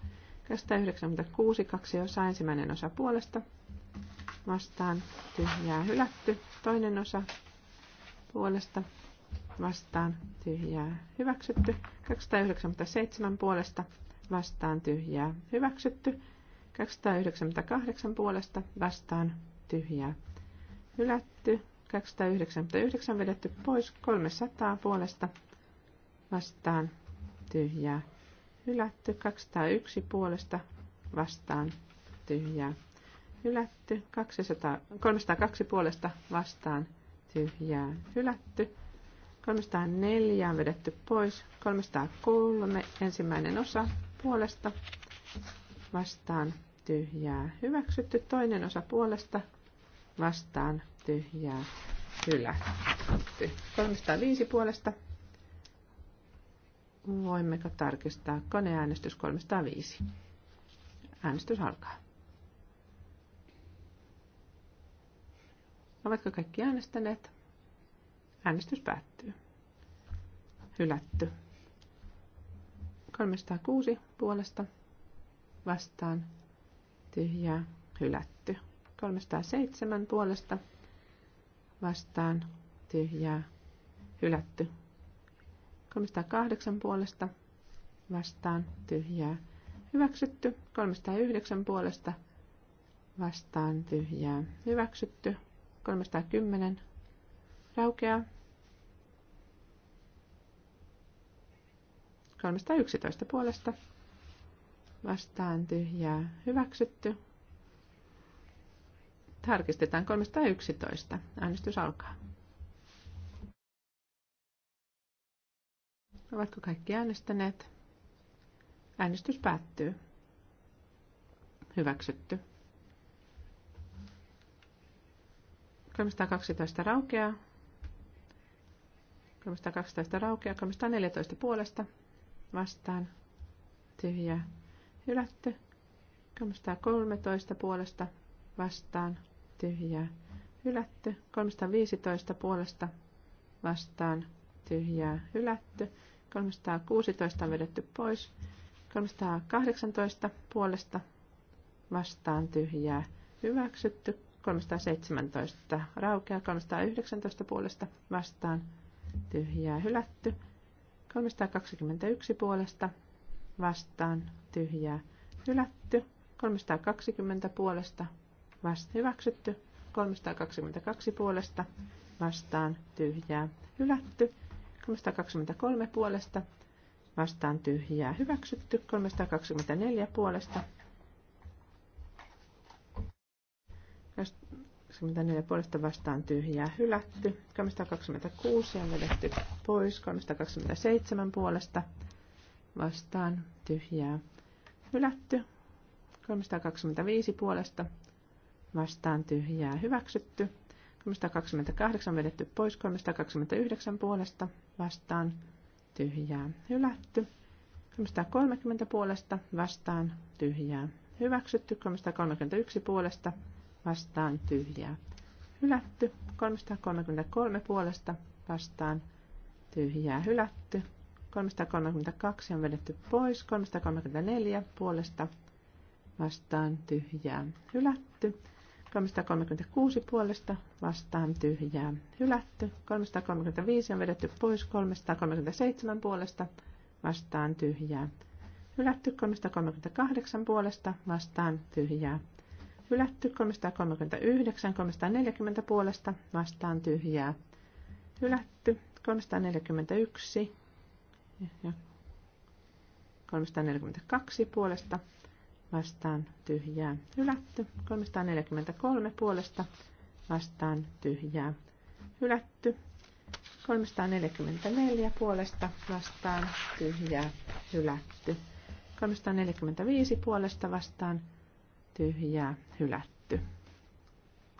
296, kaksi osaa, ensimmäinen osa puolesta vastaan tyhjää hylätty. Toinen osa puolesta vastaan tyhjää hyväksytty. 297 puolesta vastaan tyhjää hyväksytty. 298 puolesta vastaan tyhjää hylätty. 299 vedetty pois 300 puolesta vastaan tyhjää, hylätty. 201 puolesta vastaan, tyhjää, hylätty. 200, 302 puolesta vastaan, tyhjää, hylätty. 304 on vedetty pois. 303 ensimmäinen osa puolesta vastaan tyhjää. Hyväksytty toinen osa puolesta vastaan tyhjää. Hylätty. 305 puolesta Voimmeko tarkistaa koneäänestys 305? Äänestys alkaa. Oletko kaikki äänestäneet? Äänestys päättyy. Hylätty. 306 puolesta vastaan tyhjää hylätty. 307 puolesta vastaan tyhjää hylätty. 308 puolesta vastaan tyhjää. Hyväksytty. 309 puolesta vastaan tyhjää. Hyväksytty. 310 raukeaa. 311 puolesta vastaan tyhjää. Hyväksytty. Tarkistetaan 311. Äänestys alkaa. Ovatko kaikki äänestäneet? Äänestys päättyy. Hyväksytty. 312 raukeaa. 312 raukeaa. 314 puolesta vastaan. Tyhjä. Hylätty. 313 puolesta vastaan. Tyhjä. Hylätty. 315 puolesta vastaan. tyhjä. Hylätty. 316 on vedetty pois. 318 puolesta vastaan tyhjää hyväksytty. 317 raukea, 319 puolesta vastaan tyhjää hylätty. 321 puolesta vastaan tyhjää hylätty. 320 puolesta vasta hyväksytty. 322 puolesta vastaan tyhjää hylätty. 323 puolesta vastaan tyhjää hyväksytty. 324 puolesta 24 puolesta vastaan tyhjää hylätty. 326 on vedetty pois. 327 puolesta vastaan tyhjää hylätty. 325 puolesta vastaan tyhjää hyväksytty. 328 vedetty pois, 329 puolesta vastaan tyhjää hylätty. 330 puolesta vastaan tyhjää hyväksytty. 331 puolesta vastaan tyhjää hylätty. 333 puolesta vastaan tyhjää hylätty. 332 on vedetty pois. 334 puolesta vastaan tyhjää hylätty. 336 puolesta vastaan tyhjää hylätty. 335 on vedetty pois. 337 puolesta vastaan tyhjää hylätty. 338 puolesta vastaan tyhjää hylätty. 339, 340 puolesta vastaan tyhjää hylätty. 341 ja 342 puolesta vastaan tyhjää hylätty. 343 puolesta vastaan tyhjää hylätty. 344 puolesta vastaan tyhjää hylätty. 345 puolesta vastaan tyhjää hylätty.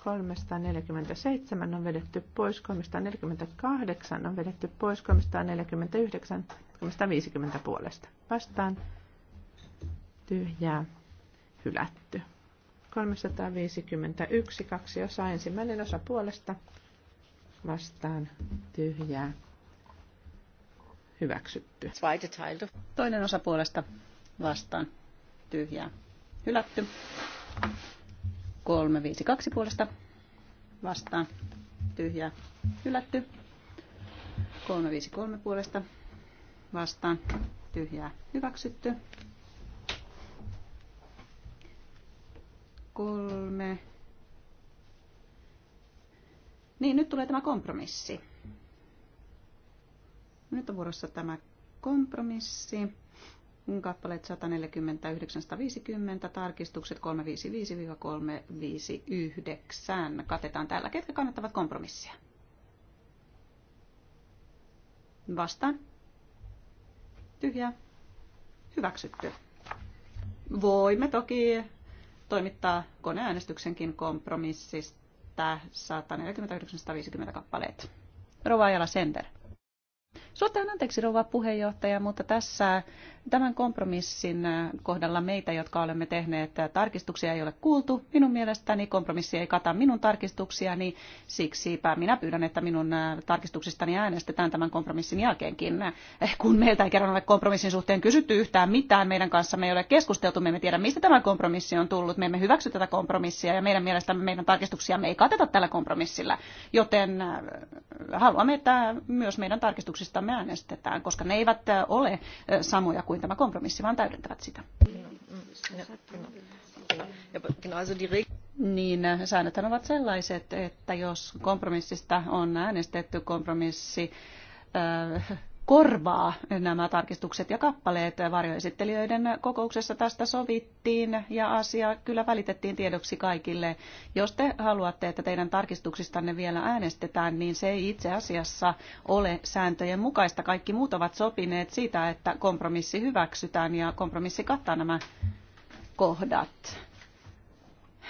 347 on vedetty pois, 348 on vedetty pois, 349, 350 puolesta vastaan tyhjää hylätty. 351, kaksi osaa, ensimmäinen osa puolesta vastaan tyhjää hyväksytty. Toinen osa puolesta vastaan tyhjää hylätty. 352 puolesta vastaan tyhjää hylätty. 353 puolesta vastaan tyhjää hyväksytty. kolme. Niin, nyt tulee tämä kompromissi. Nyt on vuorossa tämä kompromissi. Kappaleet 149-150, tarkistukset 355-359. Katetaan täällä, ketkä kannattavat kompromissia. Vastaan. Tyhjä. Hyväksytty. Voimme toki toimittaa koneäänestyksenkin kompromissista 149-150 kappaleet. Rova Ajala Center. Suotaan anteeksi rouva puheenjohtaja, mutta tässä tämän kompromissin äh, kohdalla meitä, jotka olemme tehneet äh, tarkistuksia, ei ole kuultu. Minun mielestäni kompromissi ei kata minun tarkistuksiani, siksipä minä pyydän, että minun äh, tarkistuksistani äänestetään tämän kompromissin jälkeenkin. Kun meiltä ei kerran ole kompromissin suhteen kysytty yhtään mitään, meidän kanssa me ei ole keskusteltu, me emme tiedä mistä tämä kompromissi on tullut, me emme hyväksy tätä kompromissia ja meidän mielestämme meidän tarkistuksia me ei kateta tällä kompromissilla, joten haluamme, että myös meidän tarkistuksistamme me äänestetään, koska ne eivät ole samoja kuin tämä kompromissi, vaan täydentävät sitä. Niin, säännöthän ovat sellaiset, että jos kompromissista on äänestetty kompromissi, korvaa nämä tarkistukset ja kappaleet. Varjoesittelijöiden kokouksessa tästä sovittiin ja asia kyllä välitettiin tiedoksi kaikille. Jos te haluatte, että teidän tarkistuksistanne vielä äänestetään, niin se ei itse asiassa ole sääntöjen mukaista. Kaikki muut ovat sopineet siitä, että kompromissi hyväksytään ja kompromissi kattaa nämä kohdat.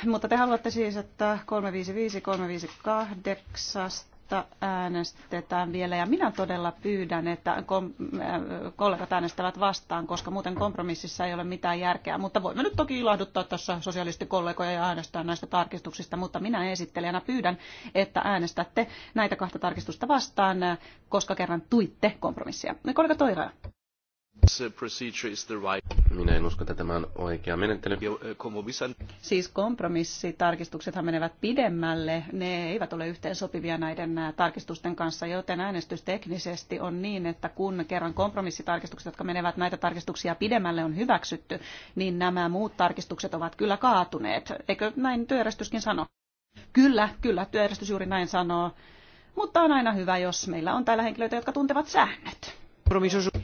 Mutta te haluatte siis, että 355, 358 kohta äänestetään vielä ja minä todella pyydän, että kom- äh, kollegat äänestävät vastaan, koska muuten kompromississa ei ole mitään järkeä. Mutta voimme nyt toki ilahduttaa tässä sosialistikollegoja ja äänestää näistä tarkistuksista, mutta minä esittelijänä pyydän, että äänestätte näitä kahta tarkistusta vastaan, äh, koska kerran tuitte kompromissia. Kollega Toiraja. Minä en usko, että tämä on oikea menettely. Eh, siis kompromissitarkistuksethan menevät pidemmälle. Ne eivät ole yhteen sopivia näiden tarkistusten kanssa, joten teknisesti on niin, että kun kerran kompromissitarkistukset, jotka menevät näitä tarkistuksia pidemmälle, on hyväksytty, niin nämä muut tarkistukset ovat kyllä kaatuneet. Eikö näin työjärjestyskin sano? Kyllä, kyllä, työjärjestys juuri näin sanoo. Mutta on aina hyvä, jos meillä on täällä henkilöitä, jotka tuntevat säännöt.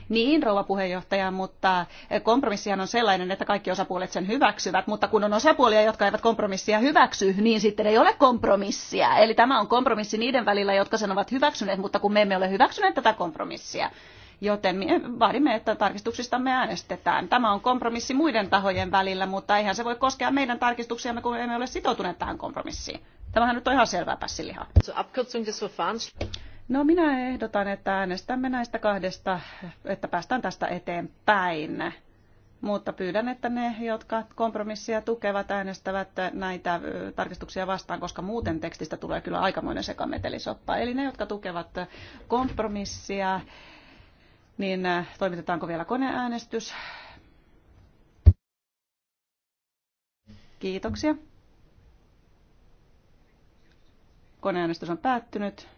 Niin, rouva puheenjohtaja, mutta kompromissihan on sellainen, että kaikki osapuolet sen hyväksyvät, mutta kun on osapuolia, jotka eivät kompromissia hyväksy, niin sitten ei ole kompromissia. Eli tämä on kompromissi niiden välillä, jotka sen ovat hyväksyneet, mutta kun me emme ole hyväksyneet tätä kompromissia, joten me vaadimme, että tarkistuksistamme äänestetään. Tämä on kompromissi muiden tahojen välillä, mutta eihän se voi koskea meidän tarkistuksiamme, kun emme ole sitoutuneet tähän kompromissiin. Tämähän nyt on ihan selvää pässilihaa. No minä ehdotan, että äänestämme näistä kahdesta, että päästään tästä eteenpäin. Mutta pyydän, että ne, jotka kompromissia tukevat, äänestävät näitä tarkistuksia vastaan, koska muuten tekstistä tulee kyllä aikamoinen sekametelisoppa. Eli ne, jotka tukevat kompromissia, niin toimitetaanko vielä koneäänestys? Kiitoksia. Koneäänestys on päättynyt.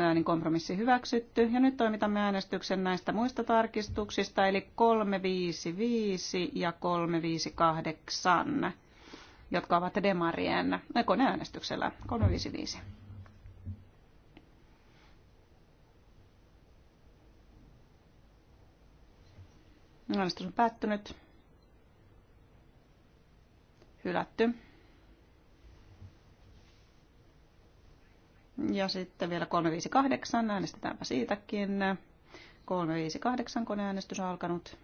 19.9. äänin kompromissi hyväksytty. Ja nyt toimitamme äänestyksen näistä muista tarkistuksista, eli 355 ja 358, jotka ovat demarien koneäänestyksellä 355. Äänestys on päättynyt. Hylätty. Ja sitten vielä 358, äänestetäänpä siitäkin. 358 koneäänestys on alkanut.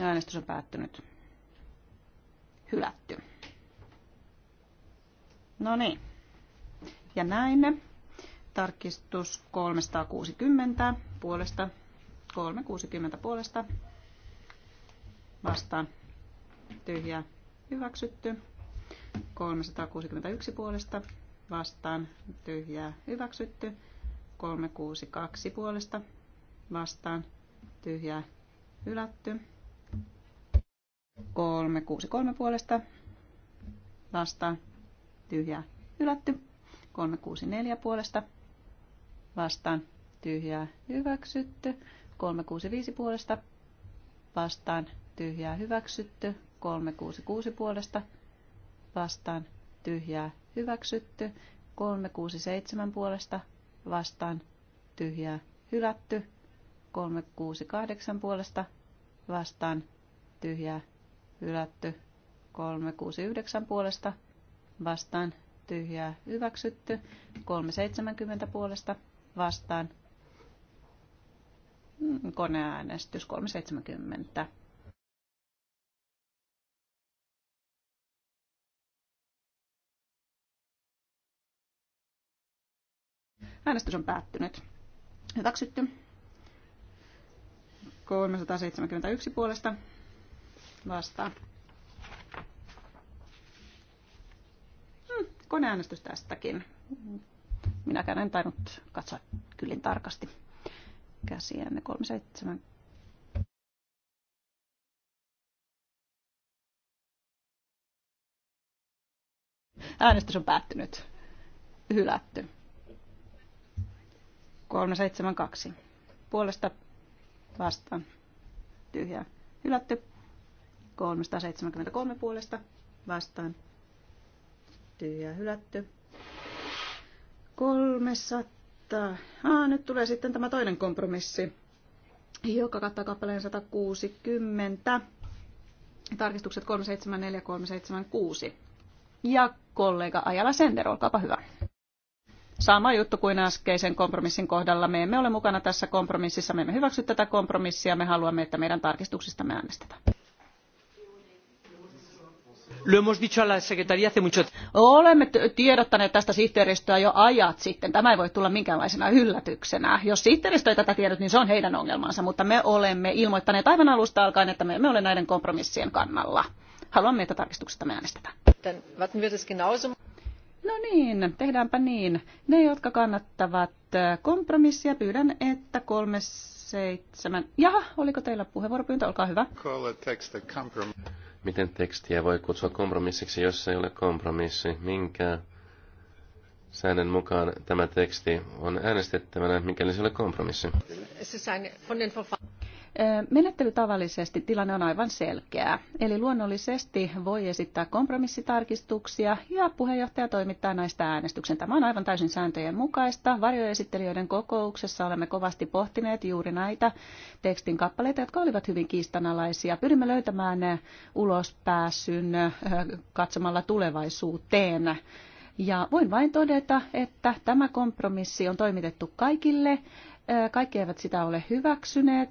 Äänestys on päättynyt. Hylätty. No niin. Ja näin. Tarkistus 360 puolesta. 360 puolesta. Vastaan. Tyhjä. Hyväksytty. 361 puolesta. Vastaan. Tyhjää. Hyväksytty. 362 puolesta. Vastaan. Tyhjää. Hylätty. 363 puolesta. Vastaan. Tyhjää. Hylätty. 364 puolesta vastaan tyhjää hyväksytty. 365 puolesta vastaan tyhjää hyväksytty. 366 puolesta vastaan tyhjää hyväksytty. 367 puolesta vastaan tyhjää hylätty. 368 puolesta vastaan tyhjää hylätty. 369 puolesta vastaan tyhjää hyväksytty. 370 puolesta vastaan. Mm, koneäänestys 370. Äänestys on päättynyt. Hyväksytty. 371 puolesta vastaan. Mm, koneäänestys tästäkin. Minäkään en tainnut katsoa kyllin tarkasti käsiämme 37. Äänestys on päättynyt. Hylätty. 372. Puolesta vastaan. Tyhjä. Hylätty. 373 puolesta vastaan. Tyhjä hylätty. 300. Ah, nyt tulee sitten tämä toinen kompromissi, joka kattaa kappaleen 160. Tarkistukset 374 376. Ja kollega Ajala Sender, olkaapa hyvä. Sama juttu kuin äskeisen kompromissin kohdalla. Me emme ole mukana tässä kompromississa, me emme hyväksy tätä kompromissia, me haluamme, että meidän tarkistuksista me äänestetään. Lo hemos dicho a la Secretaría hace mucho Olemme tiedottaneet tästä sihteeristöä jo ajat sitten. Tämä ei voi tulla minkäänlaisena yllätyksenä. Jos sihteeristö ei tätä tiedot, niin se on heidän ongelmansa, mutta me olemme ilmoittaneet aivan alusta alkaen, että me emme ole näiden kompromissien kannalla. Haluamme, että tarkistuksesta me äänestetään. No niin, tehdäänpä niin. Ne, jotka kannattavat äh, kompromissia, pyydän, että kolme seitsemän... Jaha, oliko teillä puheenvuoropyyntö? Olkaa hyvä. Miten tekstiä voi kutsua kompromissiksi, jos ei ole kompromissi? Minkä säännön mukaan tämä teksti on äänestettävänä, mikäli se ei ole kompromissi? Menettelytavallisesti tilanne on aivan selkeä, eli luonnollisesti voi esittää kompromissitarkistuksia ja puheenjohtaja toimittaa näistä äänestyksen. Tämä on aivan täysin sääntöjen mukaista. Varjoesittelijöiden kokouksessa olemme kovasti pohtineet juuri näitä tekstin kappaleita, jotka olivat hyvin kiistanalaisia. Pyrimme löytämään ne ulospääsyn katsomalla tulevaisuuteen. Ja voin vain todeta, että tämä kompromissi on toimitettu kaikille kaikki eivät sitä ole hyväksyneet,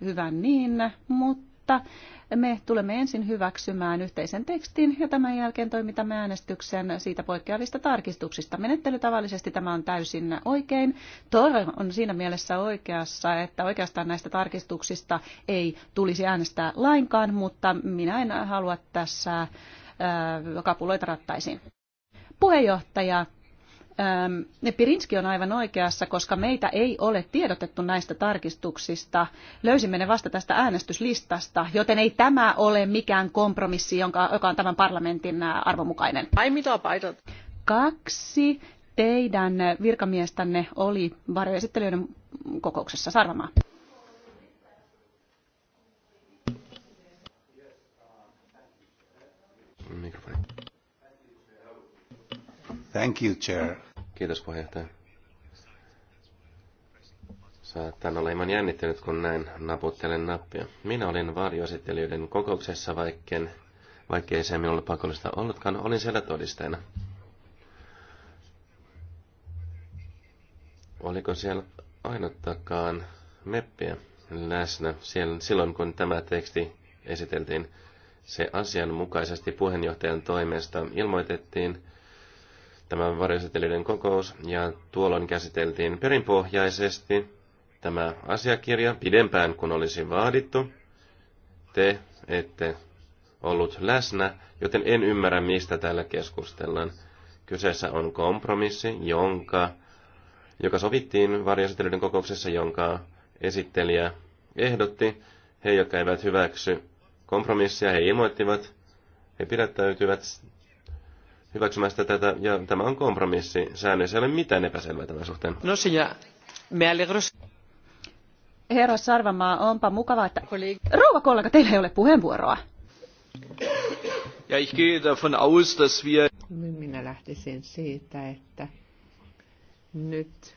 hyvä niin, mutta me tulemme ensin hyväksymään yhteisen tekstin ja tämän jälkeen toimitamme äänestyksen siitä poikkeavista tarkistuksista. Menettely tavallisesti tämä on täysin oikein. Tor on siinä mielessä oikeassa, että oikeastaan näistä tarkistuksista ei tulisi äänestää lainkaan, mutta minä en halua tässä kapuloita rattaisiin. Puheenjohtaja Pirinski on aivan oikeassa, koska meitä ei ole tiedotettu näistä tarkistuksista. Löysimme ne vasta tästä äänestyslistasta, joten ei tämä ole mikään kompromissi, jonka, joka on tämän parlamentin arvomukainen. Ai mitä paitot? Kaksi teidän virkamiestänne oli varjoesittelijöiden kokouksessa Sarvamaa. Thank you, Chair. Kiitos puheenjohtaja. Saatan olla hieman jännittynyt, kun näin naputtelen nappia. Minä olin varjoesittelijöiden kokouksessa, vaikken, vaikkei se minulle pakollista ollutkaan, olin siellä todisteena. Oliko siellä ainuttakaan meppiä läsnä siellä, silloin, kun tämä teksti esiteltiin? Se asianmukaisesti puheenjohtajan toimesta ilmoitettiin, tämä varjoseteliiden kokous, ja tuolloin käsiteltiin perinpohjaisesti tämä asiakirja pidempään kuin olisi vaadittu. Te ette ollut läsnä, joten en ymmärrä, mistä täällä keskustellaan. Kyseessä on kompromissi, jonka, joka sovittiin varjoseteliiden kokouksessa, jonka esittelijä ehdotti. He, jotka eivät hyväksy kompromissia, he ilmoittivat, he pidättäytyvät hyväksymästä tätä, ja tämä on kompromissi. Säännöissä ei ole mitään epäselvää tämän suhteen. No se me alegros. Herra Sarvamaa, onpa mukavaa, että... Rouva kollega, teillä ei ole puheenvuoroa. Ja ich gehe davon aus, dass wir... Niin minä lähtisin siitä, että nyt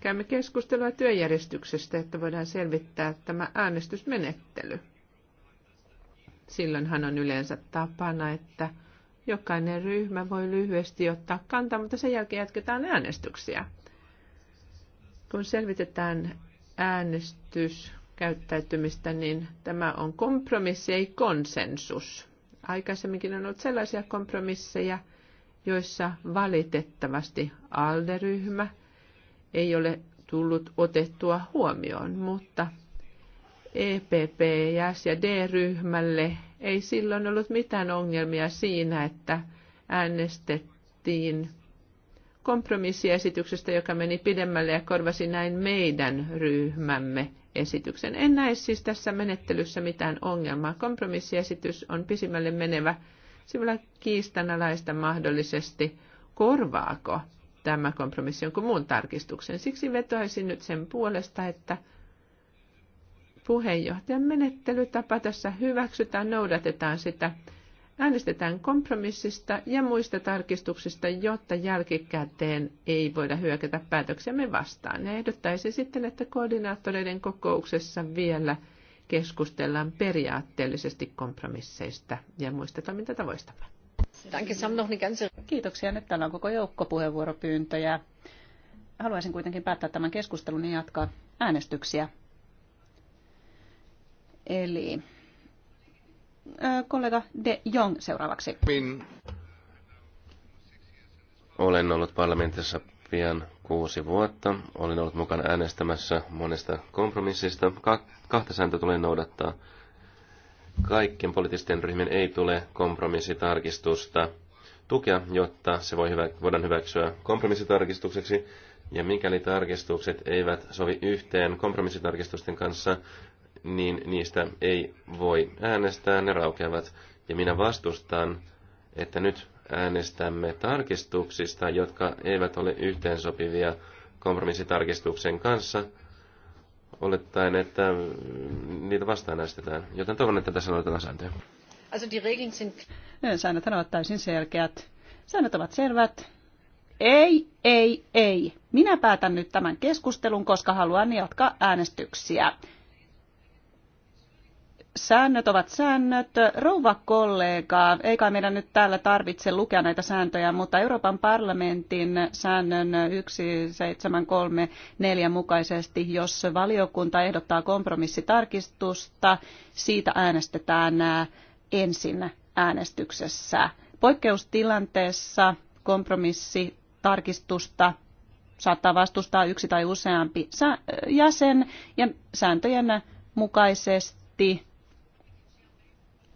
käymme keskustelua työjärjestyksestä, että voidaan selvittää tämä äänestysmenettely. Silloinhan on yleensä tapana, että Jokainen ryhmä voi lyhyesti ottaa kantaa, mutta sen jälkeen jatketaan äänestyksiä. Kun selvitetään äänestyskäyttäytymistä, niin tämä on kompromissi, ei konsensus. Aikaisemminkin on ollut sellaisia kompromisseja, joissa valitettavasti ALDE-ryhmä ei ole tullut otettua huomioon, mutta EPP ja S- ja D-ryhmälle ei silloin ollut mitään ongelmia siinä, että äänestettiin kompromissiesityksestä, joka meni pidemmälle ja korvasi näin meidän ryhmämme esityksen. En näe siis tässä menettelyssä mitään ongelmaa. Kompromissiesitys on pisimmälle menevä, sivulla kiistanalaista mahdollisesti korvaako tämä kompromissi jonkun muun tarkistuksen. Siksi vetoaisin nyt sen puolesta, että puheenjohtajan menettelytapa tässä hyväksytään, noudatetaan sitä, äänestetään kompromissista ja muista tarkistuksista, jotta jälkikäteen ei voida hyökätä päätöksemme vastaan. Ja Ehdottaisi sitten, että koordinaattoreiden kokouksessa vielä keskustellaan periaatteellisesti kompromisseista ja muista toimintatavoista. Kiitoksia. Nyt täällä on koko joukko puheenvuoropyyntöjä. Haluaisin kuitenkin päättää tämän keskustelun ja jatkaa äänestyksiä. Eli kollega De Jong seuraavaksi. Min. Olen ollut parlamentissa pian kuusi vuotta. Olen ollut mukana äänestämässä monesta kompromissista. Ka- kahta sääntöä tulee noudattaa. Kaikkien poliittisten ryhmien ei tule kompromissitarkistusta tukea, jotta se voi hyvä, voidaan hyväksyä kompromissitarkistukseksi. Ja mikäli tarkistukset eivät sovi yhteen kompromissitarkistusten kanssa, niin niistä ei voi äänestää, ne raukeavat. Ja minä vastustan, että nyt äänestämme tarkistuksista, jotka eivät ole yhteensopivia kompromissitarkistuksen kanssa, olettaen, että niitä vastaan äänestetään. Joten toivon, että tässä noudatetaan sääntöjä. Also die Regeln sind... Säännöt ovat täysin selkeät. Säännöt ovat selvät. Ei, ei, ei. Minä päätän nyt tämän keskustelun, koska haluan jatkaa äänestyksiä säännöt ovat säännöt. Rouva kollega, eikä meidän nyt täällä tarvitse lukea näitä sääntöjä, mutta Euroopan parlamentin säännön 1734 mukaisesti, jos valiokunta ehdottaa kompromissitarkistusta, siitä äänestetään äh, ensin äänestyksessä. Poikkeustilanteessa kompromissitarkistusta saattaa vastustaa yksi tai useampi jäsen ja sääntöjen mukaisesti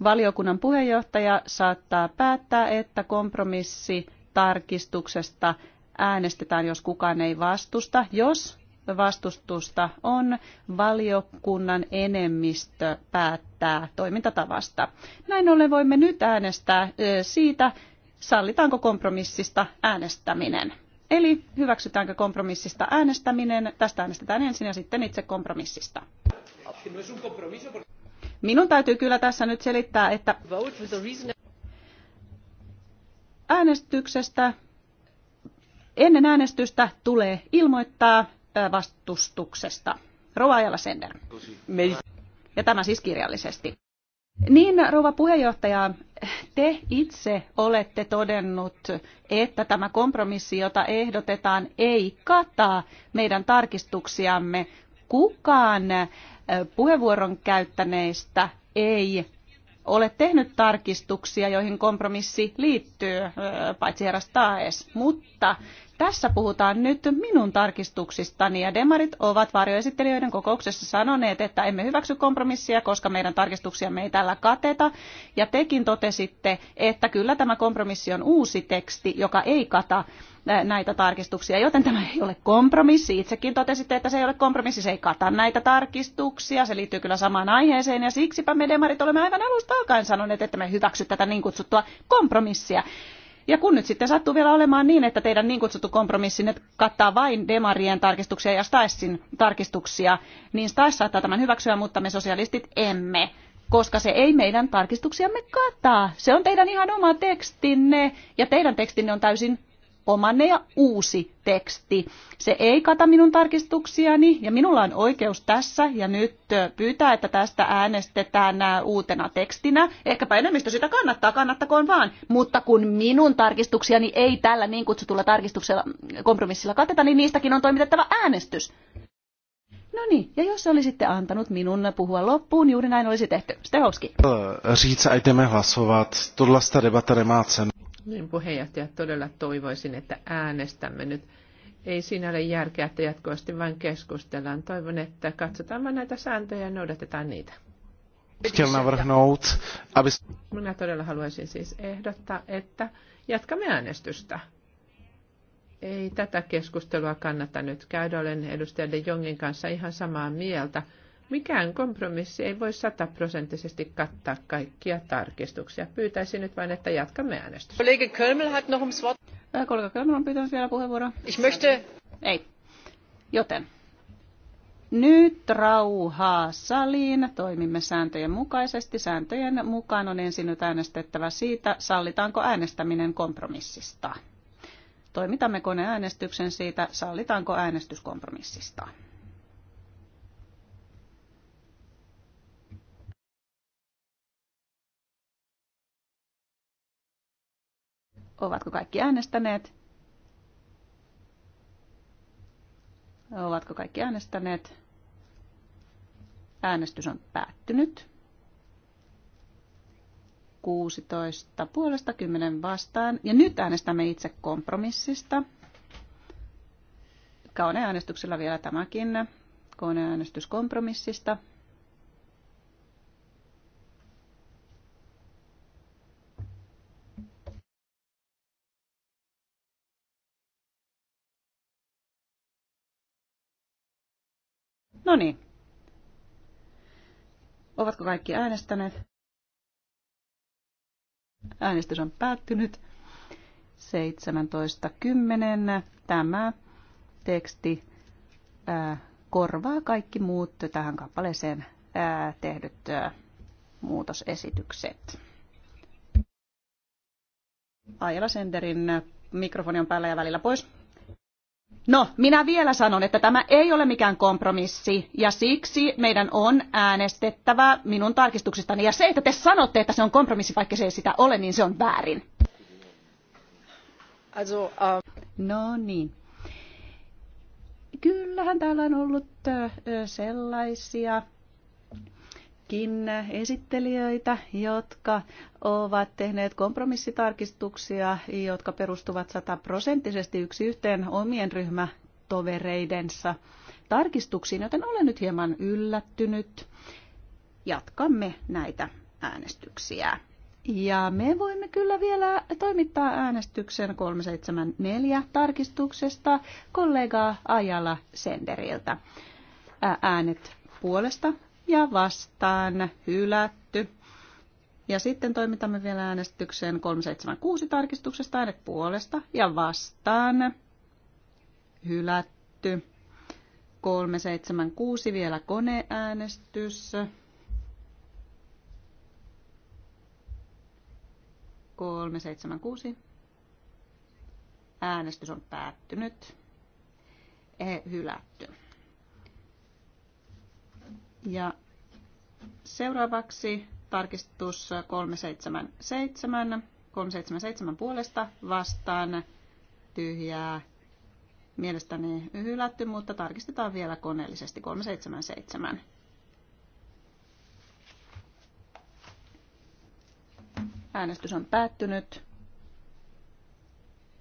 valiokunnan puheenjohtaja saattaa päättää, että kompromissi tarkistuksesta äänestetään, jos kukaan ei vastusta. Jos vastustusta on, valiokunnan enemmistö päättää toimintatavasta. Näin ollen voimme nyt äänestää siitä, sallitaanko kompromissista äänestäminen. Eli hyväksytäänkö kompromissista äänestäminen, tästä äänestetään ensin ja sitten itse kompromissista. Minun täytyy kyllä tässä nyt selittää, että äänestyksestä, ennen äänestystä tulee ilmoittaa vastustuksesta. Rova Ajala Sender. Ja tämä siis kirjallisesti. Niin, rouva puheenjohtaja, te itse olette todennut, että tämä kompromissi, jota ehdotetaan, ei kata meidän tarkistuksiamme. Kukaan puheenvuoron käyttäneistä ei ole tehnyt tarkistuksia, joihin kompromissi liittyy, paitsi herras Taes. Mutta tässä puhutaan nyt minun tarkistuksistani ja demarit ovat varjoesittelijöiden kokouksessa sanoneet, että emme hyväksy kompromissia, koska meidän tarkistuksiamme ei tällä kateta. Ja tekin totesitte, että kyllä tämä kompromissi on uusi teksti, joka ei kata näitä tarkistuksia, joten tämä ei ole kompromissi. Itsekin totesitte, että se ei ole kompromissi, se ei kata näitä tarkistuksia, se liittyy kyllä samaan aiheeseen ja siksipä me demarit olemme aivan alusta alkaen sanoneet, että me hyväksy tätä niin kutsuttua kompromissia. Ja kun nyt sitten sattuu vielä olemaan niin, että teidän niin kutsuttu kompromissinne kattaa vain demarien tarkistuksia ja Staessin tarkistuksia, niin Staes saattaa tämän hyväksyä, mutta me sosialistit emme koska se ei meidän tarkistuksiamme kattaa, Se on teidän ihan oma tekstinne ja teidän tekstinne on täysin omanne ja uusi teksti. Se ei kata minun tarkistuksiani ja minulla on oikeus tässä ja nyt pyytää, että tästä äänestetään uutena tekstinä. Ehkäpä enemmistö sitä kannattaa, kannattakoon vaan. Mutta kun minun tarkistuksiani ei tällä niin kutsutulla tarkistuksella kompromissilla kateta, niin niistäkin on toimitettava äänestys. No niin, ja jos olisitte antanut minun puhua loppuun, juuri näin olisi tehty. Stehovski. Říct a jdeme hlasovat. Tuollaista debata nemá niin puheenjohtaja, todella toivoisin, että äänestämme nyt. Ei siinä ole järkeä, että jatkuvasti vain keskustellaan. Toivon, että katsotaan vain näitä sääntöjä ja noudatetaan niitä. Minä todella haluaisin siis ehdottaa, että jatkamme äänestystä. Ei tätä keskustelua kannata nyt käydä. Olen edustaja Jongin kanssa ihan samaa mieltä. Mikään kompromissi ei voi sataprosenttisesti kattaa kaikkia tarkistuksia. Pyytäisin nyt vain, että jatkamme äänestystä. Kollega Kölmel hat noch ums Wort. Äh, kollega Kölmel on pyytänyt vielä puheenvuoroa. Ich möchte... Ei. Joten. Nyt rauhaa saliin. Toimimme sääntöjen mukaisesti. Sääntöjen mukaan on ensin nyt äänestettävä siitä, sallitaanko äänestäminen kompromissista. Toimitamme koneäänestyksen siitä, sallitaanko äänestys kompromissista. Ovatko kaikki äänestäneet? Ovatko kaikki äänestäneet? Äänestys on päättynyt. 16 puolesta 10 vastaan. Ja nyt äänestämme itse kompromissista. Koneäänestyksellä vielä tämäkin. Koneäänestys kompromissista. No niin. Ovatko kaikki äänestäneet? Äänestys on päättynyt. 17.10. Tämä teksti ää, korvaa kaikki muut tähän kappaleeseen ää, tehdyt ää, muutosesitykset. Aijala Senderin mikrofoni on päällä ja välillä pois. No, minä vielä sanon, että tämä ei ole mikään kompromissi ja siksi meidän on äänestettävä minun tarkistuksistani. Ja se, että te sanotte, että se on kompromissi, vaikka se ei sitä ole, niin se on väärin. Also, uh... No niin. Kyllähän täällä on ollut äh, sellaisia muitakin esittelijöitä, jotka ovat tehneet kompromissitarkistuksia, jotka perustuvat sataprosenttisesti yksi yhteen omien ryhmätovereidensa tarkistuksiin, joten olen nyt hieman yllättynyt. Jatkamme näitä äänestyksiä. Ja me voimme kyllä vielä toimittaa äänestyksen 374 tarkistuksesta kollega Ajala Senderiltä. Äänet puolesta ja vastaan hylätty. Ja sitten toimitamme vielä äänestykseen 376 tarkistuksesta äänet puolesta ja vastaan hylätty. 376 vielä koneäänestys. 376. kuusi. Äänestys on päättynyt. Hylätty. Ja seuraavaksi tarkistus 377. 377 puolesta vastaan tyhjää. Mielestäni hylätty, mutta tarkistetaan vielä koneellisesti 377. Äänestys on päättynyt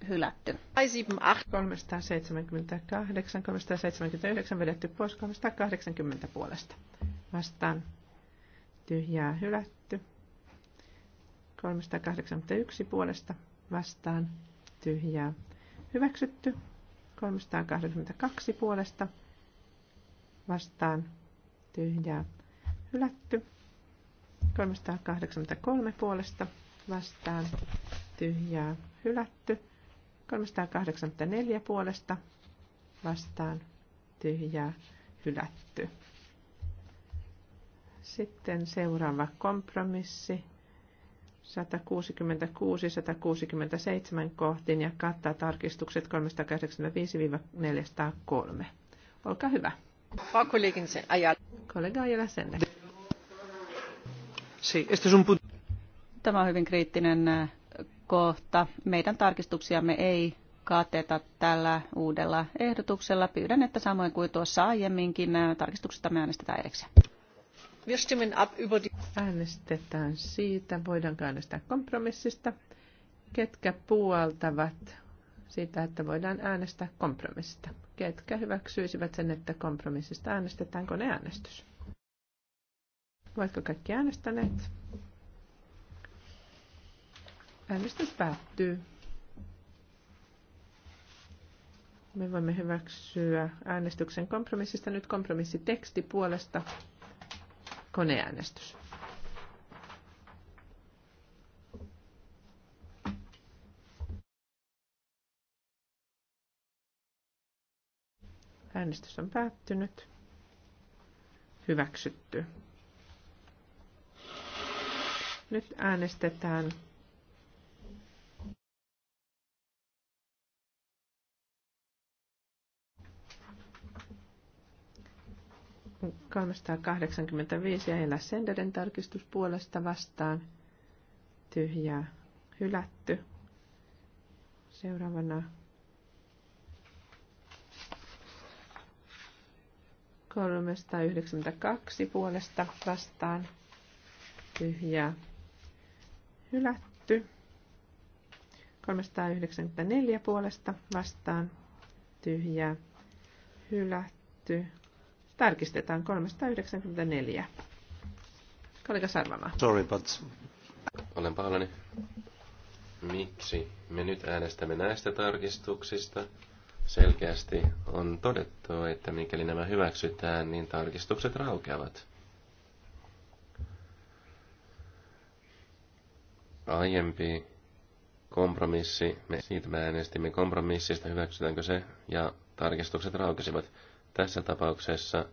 hylätty. 378, 379 vedetty pois, 380 puolesta. Vastaan tyhjää hylätty. 381 puolesta vastaan tyhjää hyväksytty. 382 puolesta vastaan tyhjää hylätty. 383 puolesta vastaan tyhjää hylätty. 384 puolesta vastaan tyhjää hylätty. Sitten seuraava kompromissi. 166-167 kohtiin ja kattaa tarkistukset 385-403. Olkaa hyvä. Kollega Ajala Sende. Tämä on hyvin kriittinen kohta. Meidän tarkistuksiamme ei kateta tällä uudella ehdotuksella. Pyydän, että samoin kuin tuossa aiemminkin tarkistuksesta me äänestetään erikseen. Äänestetään siitä, voidaanko äänestää kompromissista. Ketkä puoltavat siitä, että voidaan äänestää kompromissista? Ketkä hyväksyisivät sen, että kompromissista äänestetään koneäänestys? Ovatko kaikki äänestäneet? Äänestys päättyy. Me voimme hyväksyä äänestyksen kompromissista. Nyt kompromissiteksti puolesta koneäänestys. Äänestys on päättynyt. Hyväksytty. Nyt äänestetään 385 ja Hela Senderin tarkistus puolesta vastaan. Tyhjää hylätty. Seuraavana 392 puolesta vastaan. Tyhjää hylätty. 394 puolesta vastaan. Tyhjää hylätty. Tarkistetaan 394. Kollega Sarvama. Sorry, but... Olen pahoillani. Miksi me nyt äänestämme näistä tarkistuksista? Selkeästi on todettu, että mikäli nämä hyväksytään, niin tarkistukset raukeavat. Aiempi kompromissi, me siitä me äänestimme kompromissista, hyväksytäänkö se, ja tarkistukset raukesivat tässä tapauksessa,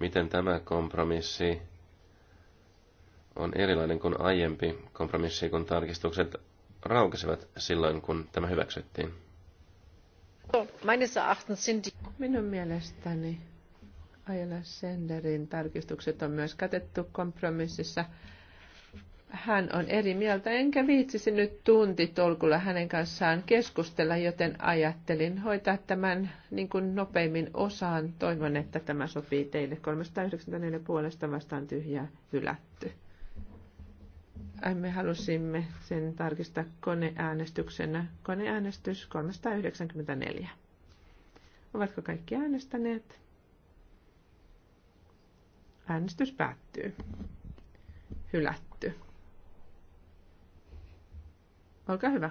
miten tämä kompromissi on erilainen kuin aiempi kompromissi, kun tarkistukset raukesivat silloin, kun tämä hyväksyttiin. Minun mielestäni Ajala Senderin tarkistukset on myös katettu kompromississa hän on eri mieltä, enkä viitsisi nyt tunti tolkulla hänen kanssaan keskustella, joten ajattelin hoitaa tämän niin kuin nopeimmin osaan. Toivon, että tämä sopii teille. 394 puolesta vastaan tyhjää hylätty. Me halusimme sen tarkistaa koneäänestyksenä. Koneäänestys 394. Ovatko kaikki äänestäneet? Äänestys päättyy. Hylätty. Olkaa hyvä.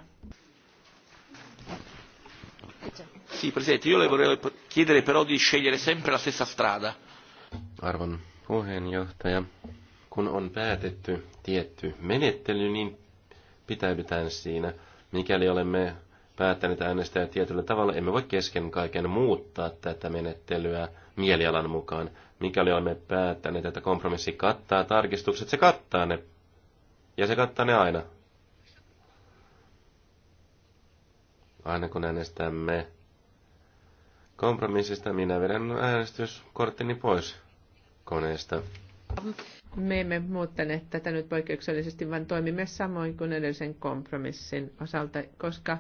Sì, Presidente, io le vorrei chiedere però di scegliere sempre la stessa strada. Arvon puheenjohtaja, kun on päätetty tietty menettely, niin pitäydytään siinä. Mikäli olemme päättäneet äänestää tietyllä tavalla, emme voi kesken kaiken muuttaa tätä menettelyä mielialan mukaan. Mikäli olemme päättäneet, että kompromissi kattaa tarkistukset, se kattaa ne. Ja se kattaa ne aina. Aina kun äänestämme kompromissista, minä vedän äänestyskorttini pois koneesta. Me emme muuttaneet tätä nyt poikkeuksellisesti, vaan toimimme samoin kuin edellisen kompromissin osalta, koska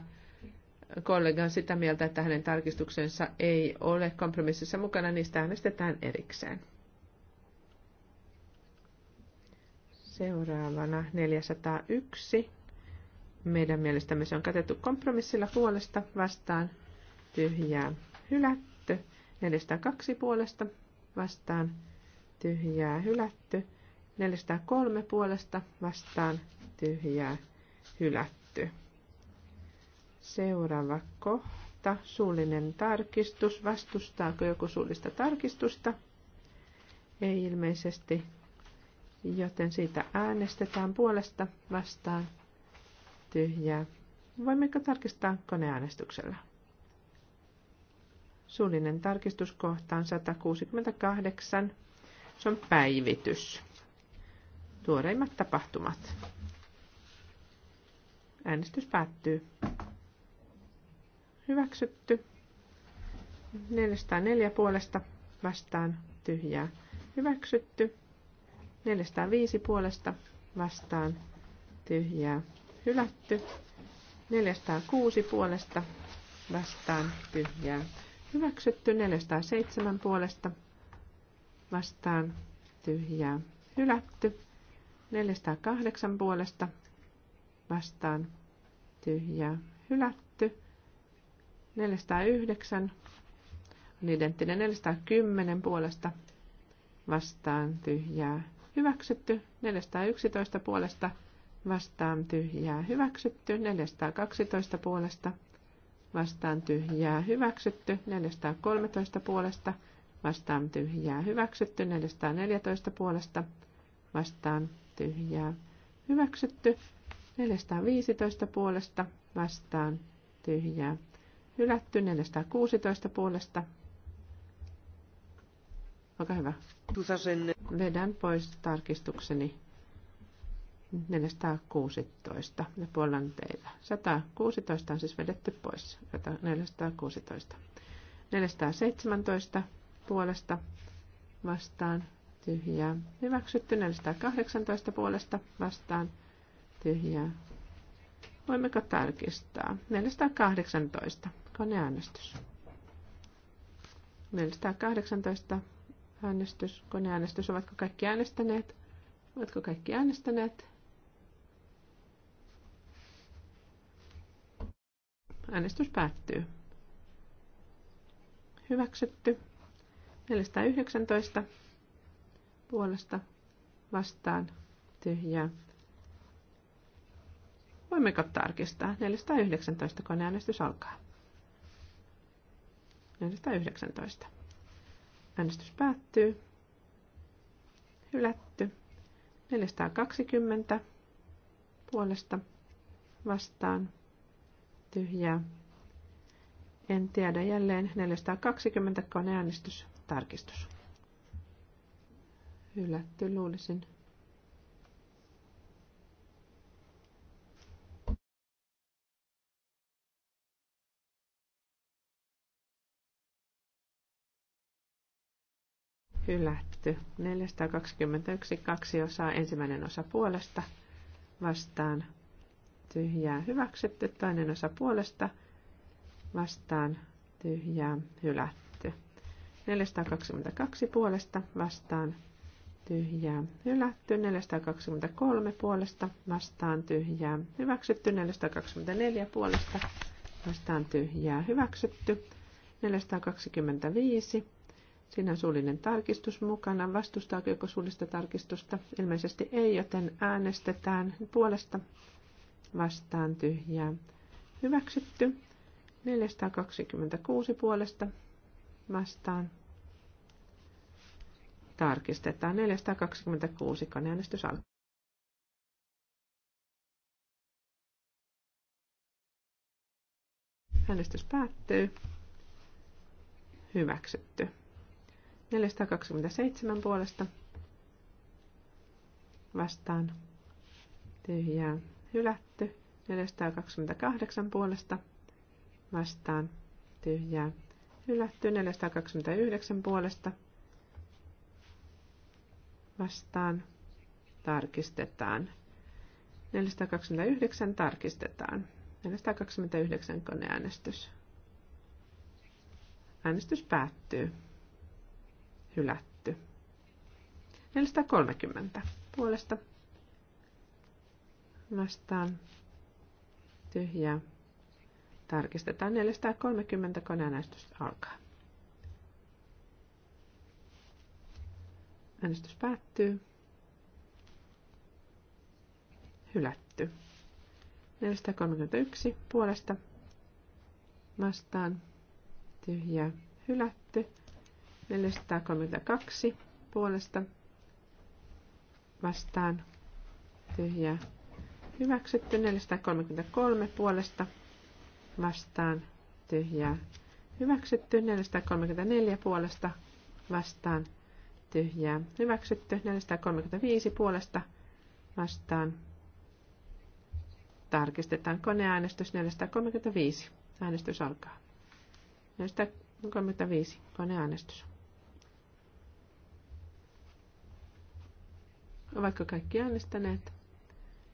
kollega on sitä mieltä, että hänen tarkistuksensa ei ole kompromississa mukana, niistä äänestetään erikseen. Seuraavana 401. Meidän mielestämme se on katettu kompromissilla puolesta vastaan tyhjää hylätty. 402 puolesta vastaan tyhjää hylätty. 403 puolesta vastaan tyhjää hylätty. Seuraava kohta, suullinen tarkistus. Vastustaako joku suullista tarkistusta? Ei ilmeisesti, joten siitä äänestetään puolesta vastaan tyhjää. Voimmeko tarkistaa koneäänestyksellä? Suullinen tarkistuskohta on 168. Se on päivitys. Tuoreimmat tapahtumat. Äänestys päättyy. Hyväksytty. 404 puolesta vastaan tyhjää. Hyväksytty. 405 puolesta vastaan tyhjää hylätty. 406 puolesta vastaan tyhjää hyväksytty. 407 puolesta vastaan tyhjää hylätty. 408 puolesta vastaan tyhjää hylätty. 409 on identtinen 410 puolesta vastaan tyhjää hyväksytty. 411 puolesta vastaan vastaan tyhjää hyväksytty, 412 puolesta vastaan tyhjää hyväksytty, 413 puolesta vastaan tyhjää hyväksytty, 414 puolesta vastaan tyhjää hyväksytty, 415 puolesta vastaan tyhjää hylätty, 416 puolesta Olkaa hyvä. Vedän pois tarkistukseni 416 ja puolen teillä. 116 on siis vedetty pois. 416. 417 puolesta vastaan tyhjää. Hyväksytty 418 puolesta vastaan tyhjää. Voimmeko tarkistaa? 418. Koneäänestys. 418 äänestys, koneäänestys. Ovatko kaikki äänestäneet? Ovatko kaikki äänestäneet? Äänestys päättyy. Hyväksytty. 419 puolesta vastaan tyhjää. Voimmeko tarkistaa? 419 koneäänestys alkaa. 419. Äänestys päättyy. Hylätty. 420 puolesta vastaan tyhjää. En tiedä jälleen 420 koneäänestys tarkistus. Yllätty luulisin. hylätty. 421, kaksi osaa, ensimmäinen osa puolesta vastaan tyhjää hyväksytty, toinen osa puolesta vastaan tyhjää hylätty. 422 puolesta vastaan tyhjää hylätty, 423 puolesta vastaan tyhjää hyväksytty, 424 puolesta vastaan tyhjää hyväksytty, 425 Siinä on suullinen tarkistus mukana. Vastustaako joko suullista tarkistusta? Ilmeisesti ei, joten äänestetään puolesta vastaan tyhjää hyväksytty. 426 puolesta vastaan tarkistetaan. 426 koneäänestys alkaa. Äänestys päättyy. Hyväksytty. 427 puolesta vastaan tyhjää hylätty. 428 puolesta vastaan tyhjää hylätty. 429 puolesta vastaan tarkistetaan. 429 tarkistetaan. 429 koneäänestys. Äänestys päättyy. Hylätty. 430 puolesta vastaan tyhjää. Tarkistetaan 430 koneäänestys alkaa. Äänestys päättyy. Hylätty. 431 puolesta vastaan tyhjää hylätty. 432 puolesta vastaan tyhjää Hyväksytty 433 puolesta vastaan tyhjää. Hyväksytty 434 puolesta vastaan tyhjää. Hyväksytty 435 puolesta vastaan. Tarkistetaan koneäänestys 435. Äänestys alkaa. 435 koneäänestys. Ovatko kaikki äänestäneet?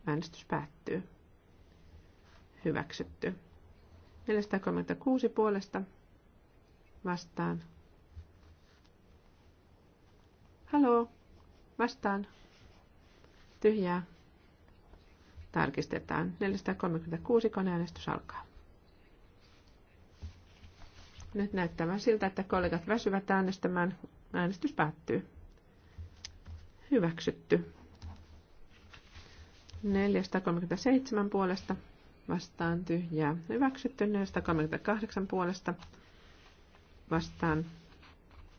Äänestys päättyy. Hyväksytty. 436 puolesta vastaan. Halo, Vastaan. Tyhjää. Tarkistetaan. 436 koneäänestys alkaa. Nyt näyttää siltä, että kollegat väsyvät äänestämään. Äänestys päättyy. Hyväksytty. 437 puolesta vastaan tyhjää hyväksytty. 438 puolesta vastaan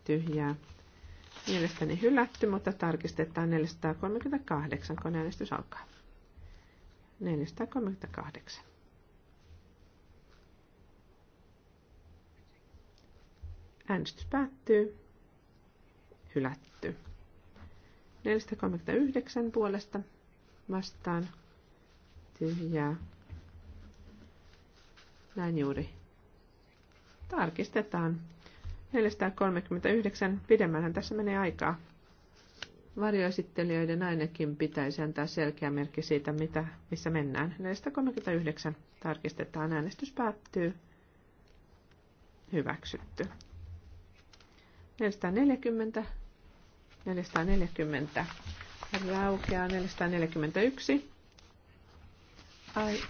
tyhjää mielestäni hylätty, mutta tarkistetaan 438, kun äänestys alkaa. 438. Äänestys päättyy. Hylätty. 439 puolesta vastaan tyhjää. Näin juuri. Tarkistetaan. 439. Pidemmänhän tässä menee aikaa. Varjoesittelijöiden ainakin pitäisi antaa selkeä merkki siitä, mitä, missä mennään. 439. Tarkistetaan. Äänestys päättyy. Hyväksytty. 440. 440 aukeaa 441. Ai,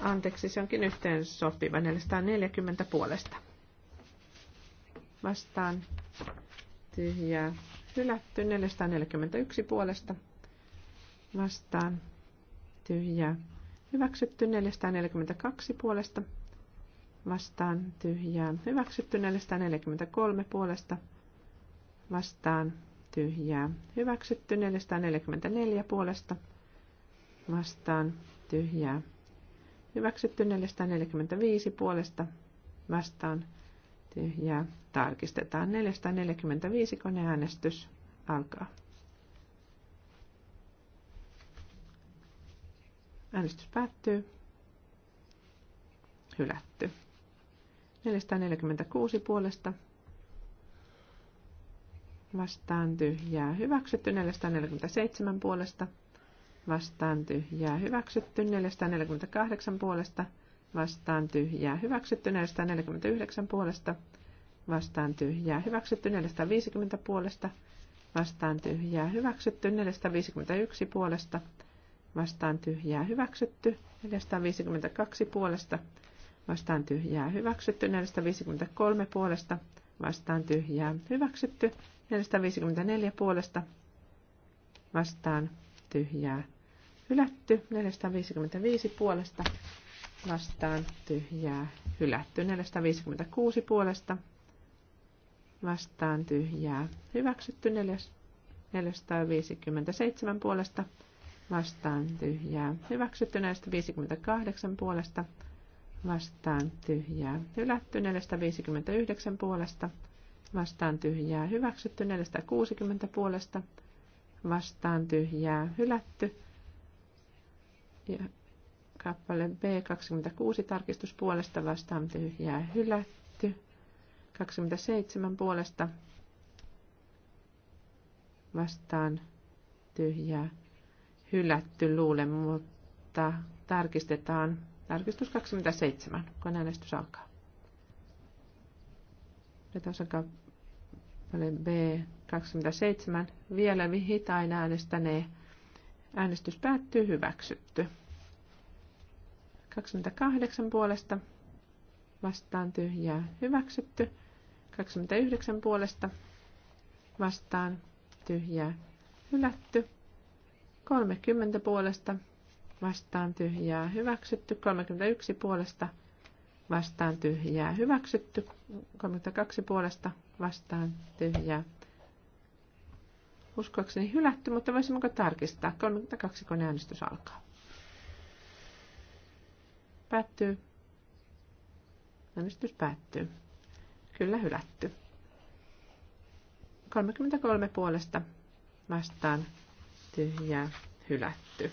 anteeksi, se onkin yhteen sopiva 440 puolesta. Vastaan tyhjää hylätty 441 puolesta. Vastaan tyhjää hyväksytty 442 puolesta. Vastaan tyhjää hyväksytty 443 puolesta. Vastaan tyhjää. Hyväksytty 444 puolesta vastaan tyhjää. Hyväksytty 445 puolesta vastaan tyhjää. Tarkistetaan 445 koneäänestys alkaa. Äänestys päättyy. Hylätty. 446 puolesta vastaan tyhjää hyväksytty 447 puolesta, vastaan tyhjää hyväksytty 448 puolesta, vastaan tyhjää hyväksytty 449 puolesta, vastaan tyhjää hyväksytty 450 puolesta, vastaan tyhjää hyväksytty 451 puolesta, vastaan tyhjää hyväksytty 452 puolesta, vastaan tyhjää hyväksytty 453 puolesta, vastaan tyhjää hyväksytty 454 puolesta vastaan tyhjää hylätty. 455 puolesta vastaan tyhjää hylätty. 456 puolesta vastaan tyhjää hyväksytty. 457 puolesta vastaan tyhjää hyväksytty. 458 puolesta vastaan tyhjää hylätty. 459 puolesta vastaan, vastaan tyhjää hyväksytty, 460 puolesta vastaan tyhjää hylätty. Ja kappale B26 tarkistus puolesta vastaan tyhjää hylätty. 27 puolesta vastaan tyhjää hylätty luulen, mutta tarkistetaan. Tarkistus 27, kun äänestys alkaa. Nyt B27. Vielä hitain äänestänee. Äänestys päättyy hyväksytty. 28 puolesta vastaan tyhjää hyväksytty. 29 puolesta vastaan tyhjää hylätty. 30 puolesta vastaan tyhjää hyväksytty. 31 puolesta vastaan tyhjää hyväksytty. 32 puolesta vastaan tyhjää uskoakseni hylätty, mutta voisimmeko tarkistaa? 32 kun äänestys alkaa. Päättyy. Äänestys päättyy. Kyllä hylätty. 33 puolesta vastaan tyhjää hylätty.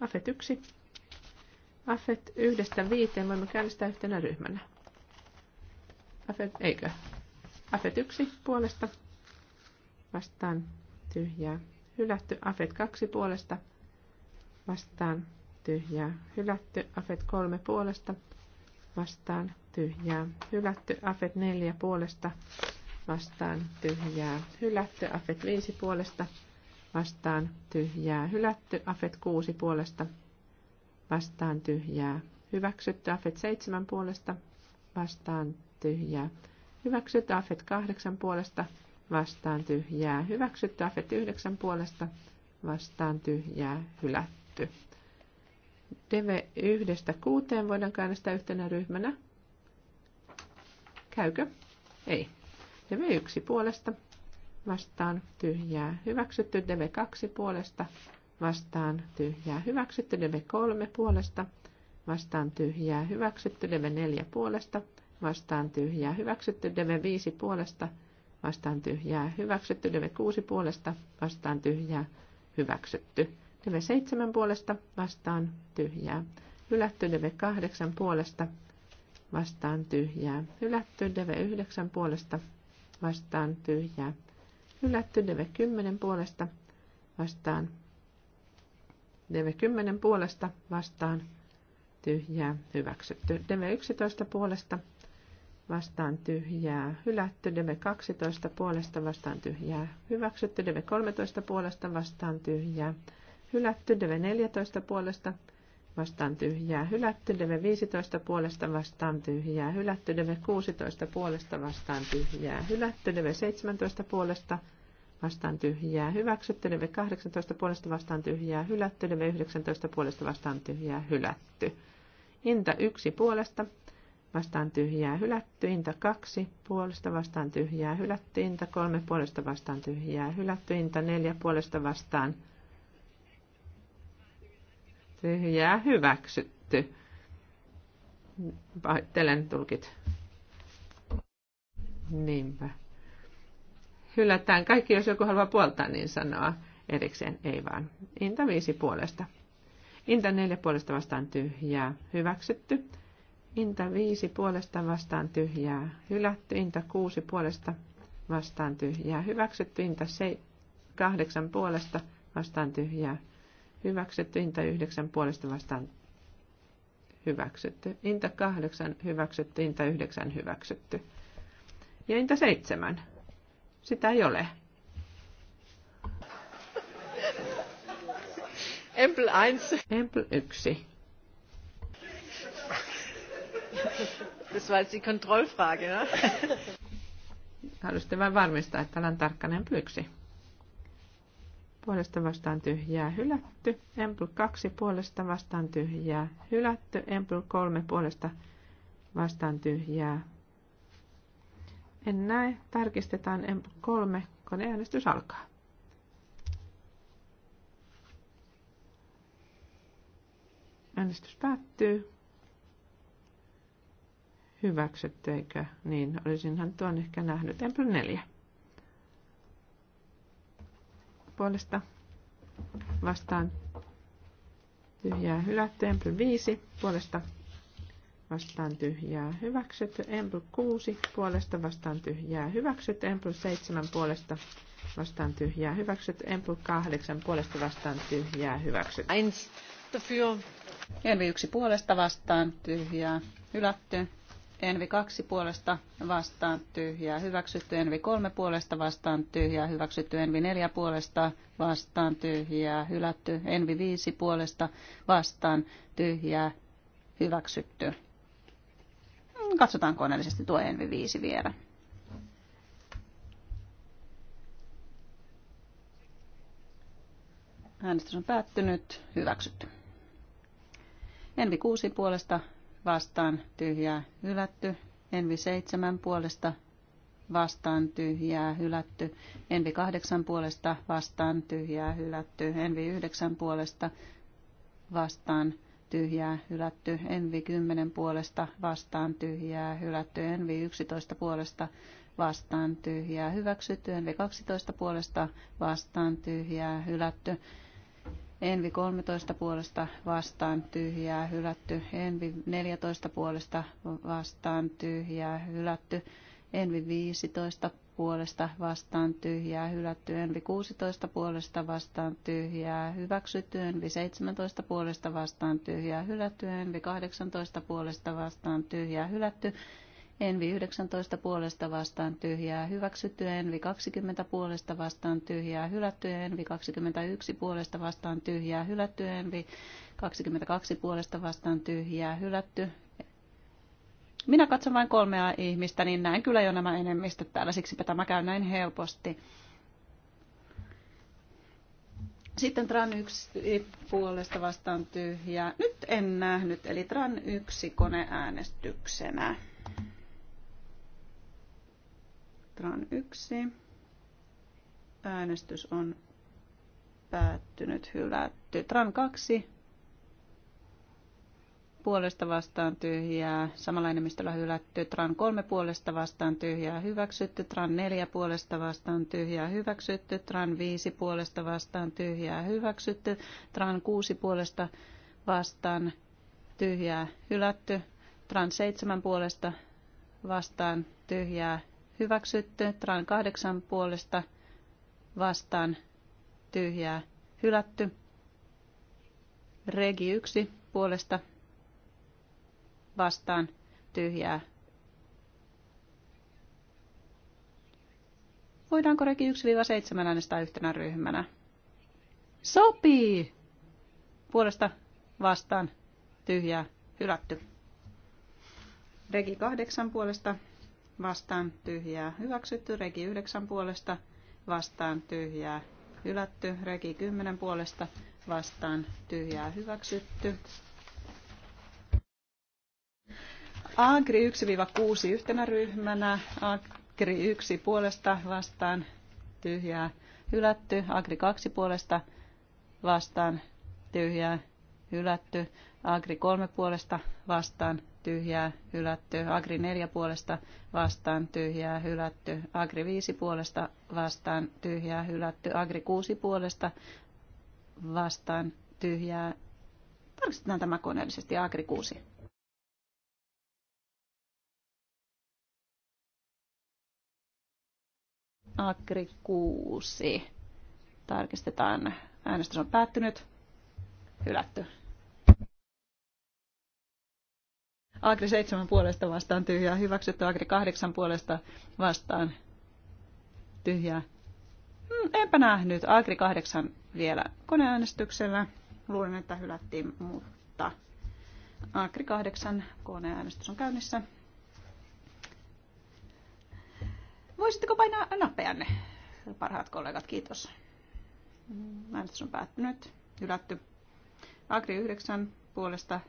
Afet 1 Afet yhdestä viiteen voimme käynnistää yhtenä ryhmänä. Afet, eikö? Afet yksi puolesta vastaan tyhjää hylätty. Afet kaksi puolesta vastaan tyhjää hylätty. Afet kolme puolesta vastaan tyhjää hylätty. Afet neljä puolesta vastaan tyhjää hylätty. Afet viisi puolesta vastaan tyhjää hylätty. Afet kuusi puolesta vastaan tyhjää hyväksytty. Afet 7 puolesta vastaan tyhjää hyväksytty. Afet 8 puolesta vastaan tyhjää hyväksytty. Afet 9 puolesta vastaan tyhjää hylätty. Deve yhdestä kuuteen voidaan äänestää yhtenä ryhmänä. Käykö? Ei. Deve 1 puolesta vastaan tyhjää hyväksytty. Deve 2 puolesta vastaan tyhjää hyväksytty, dv kolme puolesta vastaan tyhjää hyväksytty, dv neljä puolesta vastaan tyhjää hyväksytty, dv viisi puolesta vastaan tyhjää hyväksytty, dv kuusi puolesta vastaan tyhjää hyväksytty, dv seitsemän puolesta vastaan tyhjää hylätty, dv kahdeksan puolesta vastaan tyhjää hylätty, dv yhdeksän puolesta vastaan tyhjää hylätty, dv kymmenen puolesta vastaan DV10 puolesta vastaan tyhjää hyväksytty. Deve 11 puolesta vastaan tyhjää hylätty. Deve 12 puolesta vastaan tyhjää hyväksytty. Deve 13 puolesta vastaan tyhjää hylätty. Deve 14 puolesta vastaan tyhjää hylätty. Deve 15 puolesta vastaan tyhjää hylätty. Deve 16 puolesta vastaan tyhjää hylätty. Deve 17 puolesta vastaan tyhjää, vastaan tyhjää hyväksytty, neve 18 puolesta vastaan tyhjää hylätty, neve 19 puolesta vastaan tyhjää hylätty. Inta 1 puolesta vastaan tyhjää hylätty, inta 2 puolesta vastaan tyhjää hylätty, inta 3 puolesta vastaan tyhjää hylätty, inta 4 puolesta vastaan tyhjää hyväksytty. Pahoittelen tulkit. Niinpä hylätään kaikki, jos joku haluaa puoltaa, niin sanoa erikseen ei vaan. Inta viisi puolesta. Inta neljä puolesta vastaan tyhjää, hyväksytty. Inta viisi puolesta vastaan tyhjää, hylätty. Inta kuusi puolesta vastaan tyhjää, hyväksytty. Inta se, kahdeksan puolesta vastaan tyhjää, hyväksytty. Inta yhdeksän puolesta vastaan hyväksytty. Inta kahdeksan hyväksytty, inta yhdeksän hyväksytty. Ja inta seitsemän sitä ei ole. Empel 1. Empel 1. Das war jetzt die Kontrollfrage, ne? Haluaisitte vain varmistaa, että olen tarkkana Empel 1. Puolesta vastaan tyhjää hylätty. Empel 2 puolesta vastaan tyhjää hylätty. Empel 3 puolesta vastaan tyhjää en näe. Tarkistetaan M3. Koneäänestys alkaa. Äänestys päättyy. Hyväksytty, eikö? Niin, olisinhan tuon ehkä nähnyt. M4 Puolesta vastaan tyhjää hylätty. M5 puolesta vastaan tyhjää hyväksyt, Empl 6 puolesta vastaan tyhjää hyväksyt, Empl 7 puolesta vastaan tyhjää hyväksyt, Empl 8 puolesta vastaan tyhjää hyväksyt. Eins dafür. Envi 1 puolesta vastaan tyhjää hylätty. Envi 2 puolesta vastaan tyhjää hyväksytty. Envi 3 puolesta vastaan tyhjää hyväksytty. Envi 4 puolesta vastaan tyhjää hylätty. Envi 5 puolesta vastaan tyhjää hyväksytty. Mm, katsotaan koneellisesti tuo Envi 5 vielä. Äänestys on päättynyt. Hyväksytty. Envi 6 puolesta vastaan tyhjää hylätty. Envi 7 puolesta vastaan tyhjää hylätty. Envi 8 puolesta vastaan tyhjää hylätty. Envi 9 puolesta vastaan tyhjää tyhjää, hylätty, envi 10 puolesta vastaan tyhjää, hylätty, envi 11 puolesta vastaan tyhjää, hyväksytty, envi 12 puolesta vastaan tyhjää, hylätty, envi 13 puolesta vastaan tyhjää, hylätty, envi 14 puolesta vastaan tyhjää, hylätty, envi 15 puolesta vastaan tyhjää, hylätty Envi 16 puolesta vastaan tyhjää, hyväksytty Envi 17 puolesta vastaan tyhjää, hylätty Envi 18 puolesta vastaan tyhjää, hylätty Envi 19 puolesta vastaan tyhjää, hyväksytty Envi 20 puolesta vastaan tyhjää, hylätty Envi 21 puolesta vastaan tyhjää, hylätty Envi 22 puolesta vastaan tyhjää, hylätty minä katson vain kolmea ihmistä, niin näen kyllä jo nämä enemmistöt täällä, siksipä tämä käy näin helposti. Sitten TRAN 1 puolesta vastaan tyhjää. Nyt en nähnyt, eli TRAN 1 koneäänestyksenä. TRAN 1. Äänestys on päättynyt, hylätty. TRAN 2 puolesta vastaan tyhjää, samalla enemmistöllä hylätty, tran kolme puolesta vastaan tyhjää, hyväksytty, tran neljä puolesta vastaan tyhjää, hyväksytty, tran viisi puolesta vastaan tyhjää, hyväksytty, tran kuusi puolesta vastaan tyhjää, hylätty, tran seitsemän puolesta vastaan tyhjää, hyväksytty, tran kahdeksan puolesta vastaan tyhjää, hylätty, regi yksi puolesta vastaan tyhjää. Voidaanko reki 1-7 äänestää yhtenä ryhmänä? Sopii! Puolesta vastaan tyhjää hylätty. Regi 8 puolesta vastaan tyhjää hyväksytty. Regi 9 puolesta vastaan tyhjää hylätty. Regi 10 puolesta vastaan tyhjää hyväksytty. Agri 1-6 yhtenä ryhmänä, Agri 1 puolesta vastaan tyhjää hylätty, Agri 2 puolesta vastaan tyhjää hylätty, Agri 3 puolesta vastaan tyhjää hylätty, Agri 4 puolesta vastaan tyhjää hylätty, Agri 5 puolesta vastaan tyhjää hylätty, Agri 6 puolesta vastaan tyhjää. Tarkistetaan tämä koneellisesti, Agri 6. Agri 6. Tarkistetaan. Äänestys on päättynyt. Hylätty. Agri 7 puolesta vastaan tyhjää. Hyväksytty Agri 8 puolesta vastaan tyhjää. Hmm, enpä nähnyt. Agri 8 vielä koneäänestyksellä. Luulen, että hylättiin, mutta Agri 8 koneäänestys on käynnissä. Voisitteko painaa nappejanne, parhaat kollegat, kiitos. Äänestys on päättynyt, hylätty. Agri 9 puolesta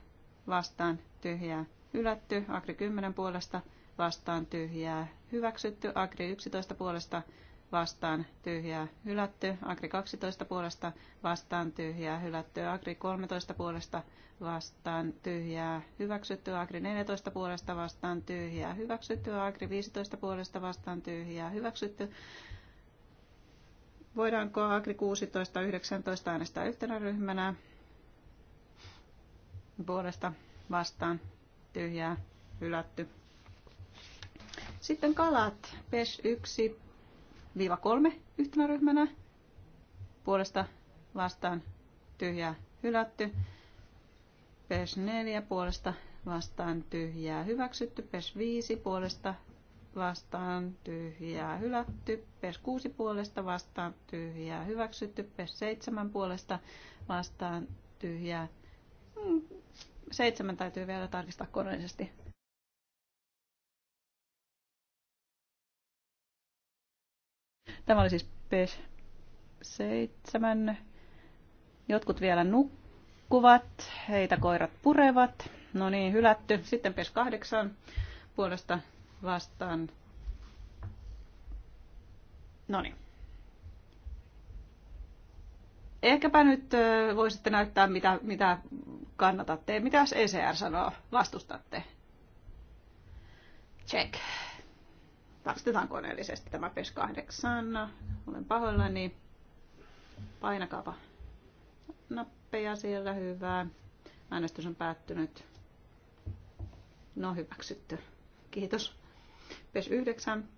vastaan tyhjää, hylätty. Agri 10 puolesta vastaan tyhjää, hyväksytty. Agri 11 puolesta vastaan tyhjää hylätty, Agri 12 puolesta vastaan tyhjää hylätty, Agri 13 puolesta vastaan tyhjää hyväksytty, Agri 14 puolesta vastaan tyhjää hyväksytty, Agri 15 puolesta vastaan tyhjää hyväksytty. Voidaanko Agri 16 19 äänestää yhtenä ryhmänä puolesta vastaan tyhjää hylätty. Sitten kalat, PES 1, 1-3 yhtymäryhmänä. Puolesta vastaan tyhjää hylätty. PES 4 puolesta vastaan tyhjää hyväksytty. PES 5 puolesta vastaan tyhjää hylätty. PES 6 puolesta vastaan tyhjää hyväksytty. PES 7 puolesta vastaan tyhjää. Hmm, seitsemän täytyy vielä tarkistaa koneellisesti. Tämä oli siis P7. Jotkut vielä nukkuvat, heitä koirat purevat. No niin, hylätty. Sitten PES 8 puolesta vastaan. No niin. Ehkäpä nyt voisitte näyttää, mitä, mitä kannatatte. Mitä ECR sanoo? Vastustatte? Check. Tarkistetaan koneellisesti tämä PES 8. Olen pahoillani. Painakaapa nappeja siellä, hyvää. Äänestys on päättynyt. No hyväksytty. Kiitos. PES 9.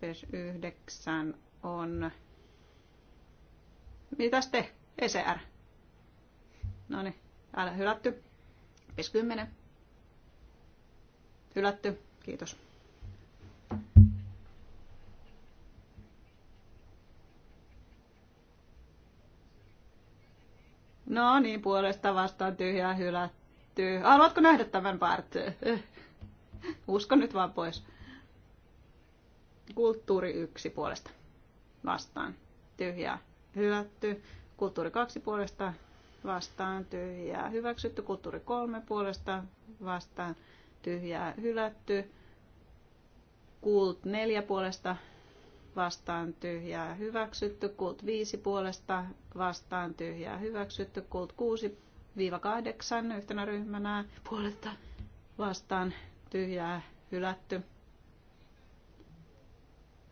PES 9 on... Mitäs te? ECR. No niin, älä hylätty. PES 10. Hylätty. Kiitos. No niin, puolesta vastaan tyhjää hylätty. Haluatko nähdä tämän part? Uskon nyt vaan pois. Kulttuuri yksi puolesta vastaan tyhjää hylätty. Kulttuuri kaksi puolesta vastaan tyhjää hyväksytty. Kulttuuri kolme puolesta vastaan tyhjää hylätty. Kult neljä puolesta vastaan tyhjää hyväksytty. Kult viisi puolesta vastaan tyhjää hyväksytty. Kult viiva kahdeksan yhtenä ryhmänä puolesta vastaan tyhjää hylätty.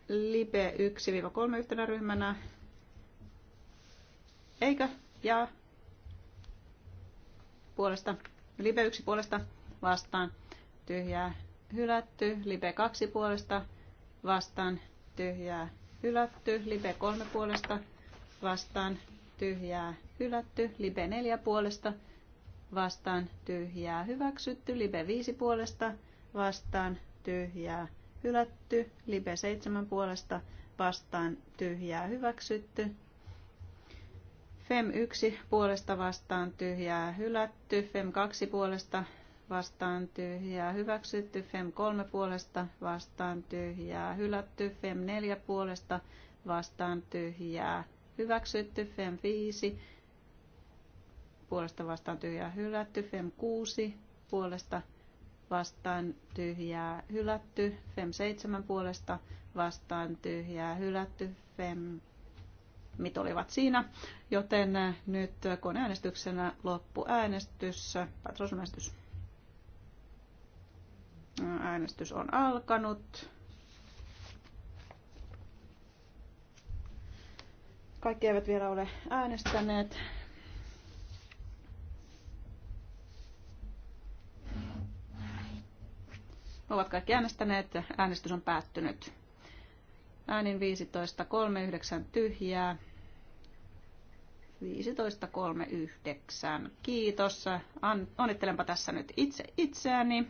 Lipe 1-3 yhtenä ryhmänä. Eikö? Ja puolesta. Lipe 1 puolesta vastaan tyhjää hylätty. Live kaksi puolesta vastaan tyhjää hylätty. Live kolme puolesta vastaan tyhjää hylätty. Live neljä puolesta vastaan tyhjää hyväksytty. Live viisi puolesta vastaan tyhjää hylätty. Live seitsemän puolesta vastaan tyhjää hyväksytty. FEM 1 puolesta vastaan tyhjää hylätty, FEM 2 puolesta vastaan tyhjää, hyväksytty FEM 3 puolesta vastaan tyhjää, hylätty FEM 4 puolesta vastaan tyhjää, hyväksytty FEM 5 puolesta vastaan tyhjää, hylätty FEM 6 puolesta vastaan tyhjää, hylätty FEM 7 puolesta vastaan tyhjää, hylätty FEM mit olivat siinä. Joten nyt koneäänestyksenä loppuäänestys, patrosumäänestys. Äänestys on alkanut. Kaikki eivät vielä ole äänestäneet. Ovat kaikki äänestäneet. Äänestys on päättynyt. Äänin 15.39 tyhjää. 15.39. Kiitos. Onnittelenpa tässä nyt itse itseäni.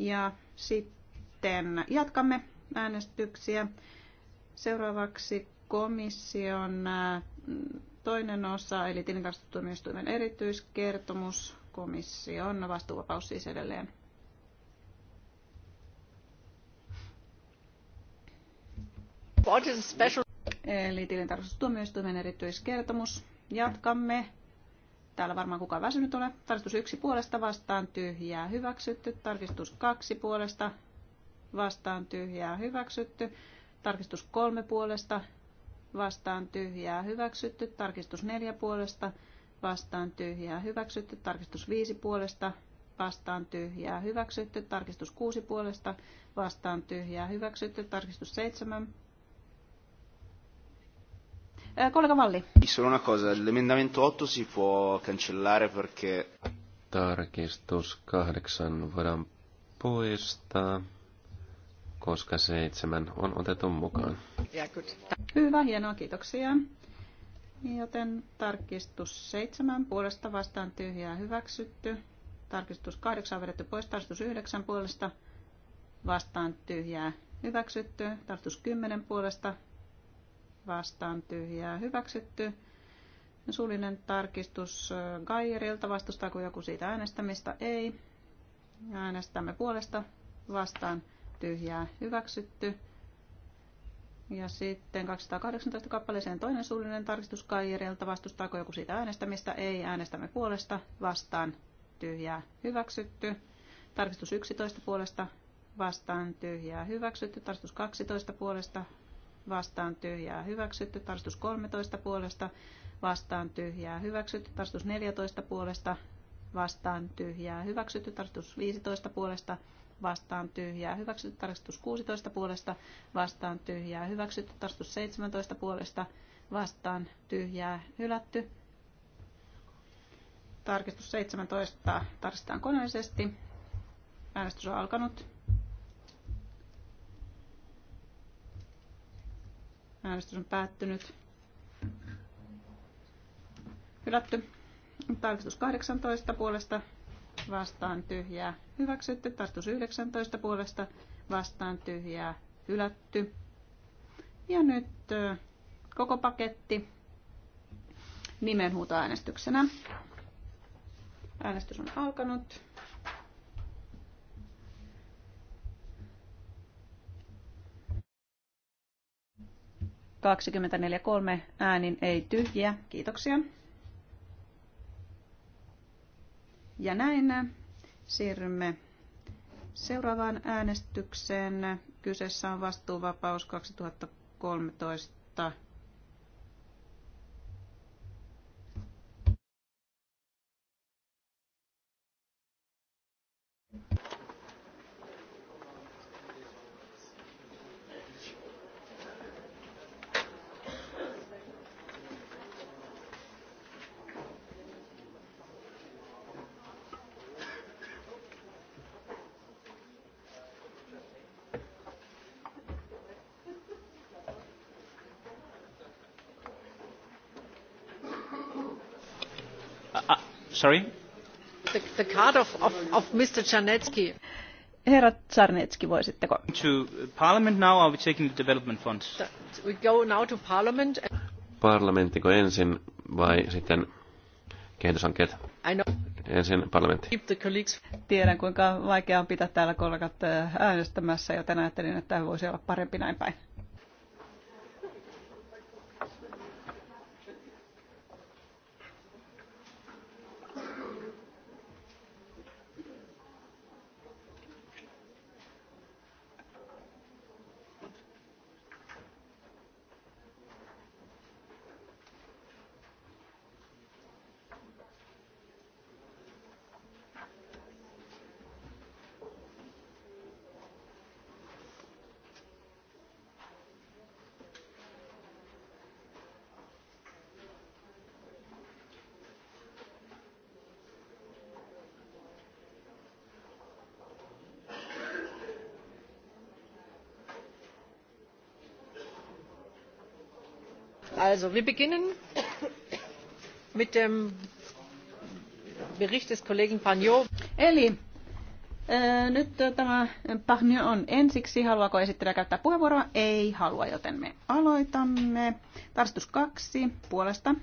Ja sitten jatkamme äänestyksiä. Seuraavaksi komission äh, toinen osa, eli tilintarkastustuomioistuimen erityiskertomus, komission vastuuvapaus siis edelleen. Eli tilintarkastustuomioistuimen erityiskertomus. Jatkamme täällä varmaan kukaan väsynyt ole. Tarkistus yksi puolesta vastaan tyhjää hyväksytty. Tarkistus kaksi puolesta vastaan tyhjää hyväksytty. Tarkistus kolme puolesta vastaan tyhjää hyväksytty. Tarkistus neljä puolesta vastaan tyhjää hyväksytty. Tarkistus viisi puolesta vastaan tyhjää hyväksytty. Tarkistus kuusi puolesta vastaan tyhjää hyväksytty. Tarkistus seitsemän. Eh, kollega Valli. Solo una cosa, l'emendamento 8 si può cancellare perché... Tarkistus kahdeksan voidaan poistaa, koska seitsemän on otettu mukaan. Hyvä, hienoa, kiitoksia. Joten tarkistus seitsemän puolesta vastaan tyhjää hyväksytty. Tarkistus kahdeksan on vedetty pois. Tarkistus yhdeksän puolesta vastaan tyhjää hyväksytty. Tarkistus kymmenen puolesta vastaan tyhjää hyväksytty. Äh, suullinen tarkistus Gaierilta. Vastustaako joku siitä äänestämistä? Ei. Äänestämme puolesta vastaan tyhjää hyväksytty. Ja sitten 218 kappaleeseen toinen suullinen tarkistus Kaijerilta. Vastustaako joku siitä äänestämistä? Ei. Äänestämme puolesta. Vastaan. Tyhjää. Hyväksytty. Tarkistus 11 puolesta. Vastaan. Tyhjää. Hyväksytty. Tarkistus 12 puolesta vastaan tyhjää hyväksytty, tarkistus 13 puolesta vastaan tyhjää hyväksytty, tarkistus 14 puolesta vastaan tyhjää hyväksytty, tarkistus 15 puolesta vastaan tyhjää hyväksytty, tarkistus 16 puolesta vastaan tyhjää hyväksytty, tarkistus 17 puolesta vastaan tyhjää hylätty. Tarkistus 17 tarkistetaan koneellisesti. Äänestys on alkanut. Äänestys on päättynyt. Hylätty. Tarkistus 18 puolesta vastaan tyhjää hyväksytty. Tarkistus 19 puolesta vastaan tyhjää hylätty. Ja nyt koko paketti nimenhuutoäänestyksenä. Äänestys on alkanut. 24.3 äänin ei tyhjiä. Kiitoksia. Ja näin siirrymme seuraavaan äänestykseen. Kyseessä on vastuuvapaus 2013 The, card of, of, of Mr. Czarnecki. Herra Czarnecki, voisitteko? To parliament now, are we taking the development funds? We go now to parliament. Parlamenttiko ensin vai sitten kehityshankkeet? I know. Ensin parlamentti. Keep the colleagues. Tiedän, kuinka vaikeaa on pitää täällä kollegat äänestämässä, joten ajattelin, että voisi olla parempi näin päin. Also, wir beginnen mit dem Bericht des Kollegen Pagnot. Eli äh, nyt tämä Pagnio on ensiksi. Haluaako esittelijä käyttää puheenvuoroa? Ei halua, joten me aloitamme. Tarstus kaksi puolesta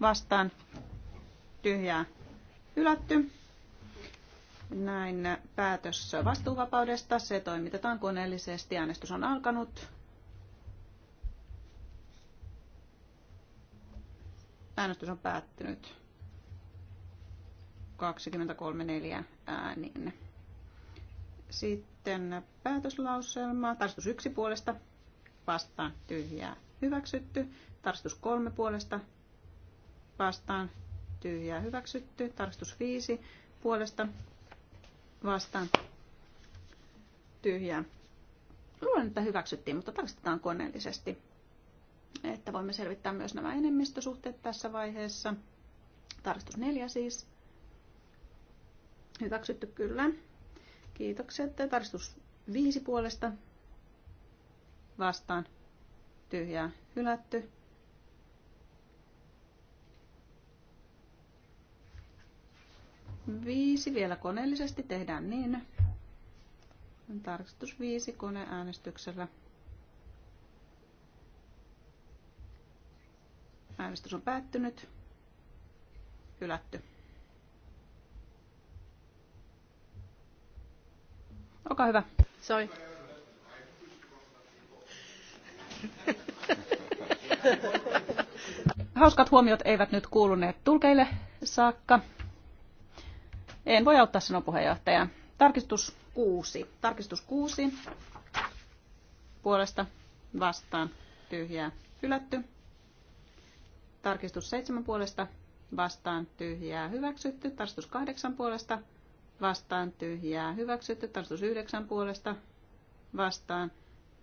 vastaan tyhjää hylätty. Näin päätös vastuuvapaudesta. Se toimitetaan koneellisesti. Äänestys on alkanut. Äänestys on päättynyt. 23.4 äänin. Sitten päätöslauselma. Tarkistus 1 puolesta. Vastaan tyhjää. Hyväksytty. Tarkistus 3 puolesta. Vastaan tyhjää. Hyväksytty. Tarkistus 5 puolesta. Vastaan tyhjää. Luulen, että hyväksyttiin, mutta tarkistetaan koneellisesti että voimme selvittää myös nämä enemmistösuhteet tässä vaiheessa. Tarkistus neljä siis. Hyväksytty kyllä. Kiitokset. Tarkistus viisi puolesta. Vastaan. Tyhjää. Hylätty. Viisi vielä koneellisesti tehdään niin. Tarkistus viisi koneäänestyksellä. Äänestys on päättynyt. Hylätty. Olkaa hyvä. Soi. Hauskat huomiot eivät nyt kuuluneet tulkeille saakka. En voi auttaa sinua puheenjohtaja. Tarkistus 6. Tarkistus 6. Puolesta vastaan tyhjää hylätty. Tarkistus 7 puolesta vastaan tyhjää hyväksytty. Tarkistus 8 puolesta vastaan tyhjää hyväksytty. Tarkistus 9 puolesta vastaan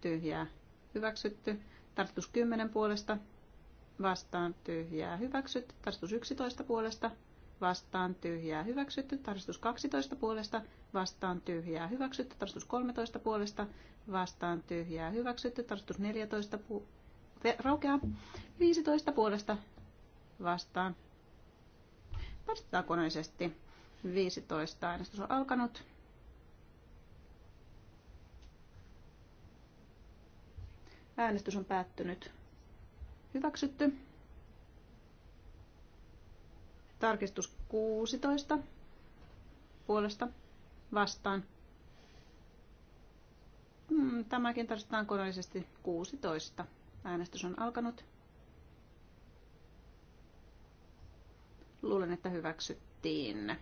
tyhjää hyväksytty. Tarkistus 10 puolesta vastaan tyhjää hyväksytty. Tarkistus 11 puolesta vastaan tyhjää hyväksytty. Tarkistus 12 puolesta vastaan tyhjää hyväksytty. Tarkistus 13 puolesta vastaan tyhjää hyväksytty. Tarkistus 14 puolesta raukeaa 15 puolesta vastaan. Tarkistetaan koneisesti 15 äänestys on alkanut. Äänestys on päättynyt. Hyväksytty. Tarkistus 16 puolesta vastaan. Hmm, tämäkin tarkistetaan koneellisesti 16. Äänestys on alkanut. Luulen, että hyväksyttiin.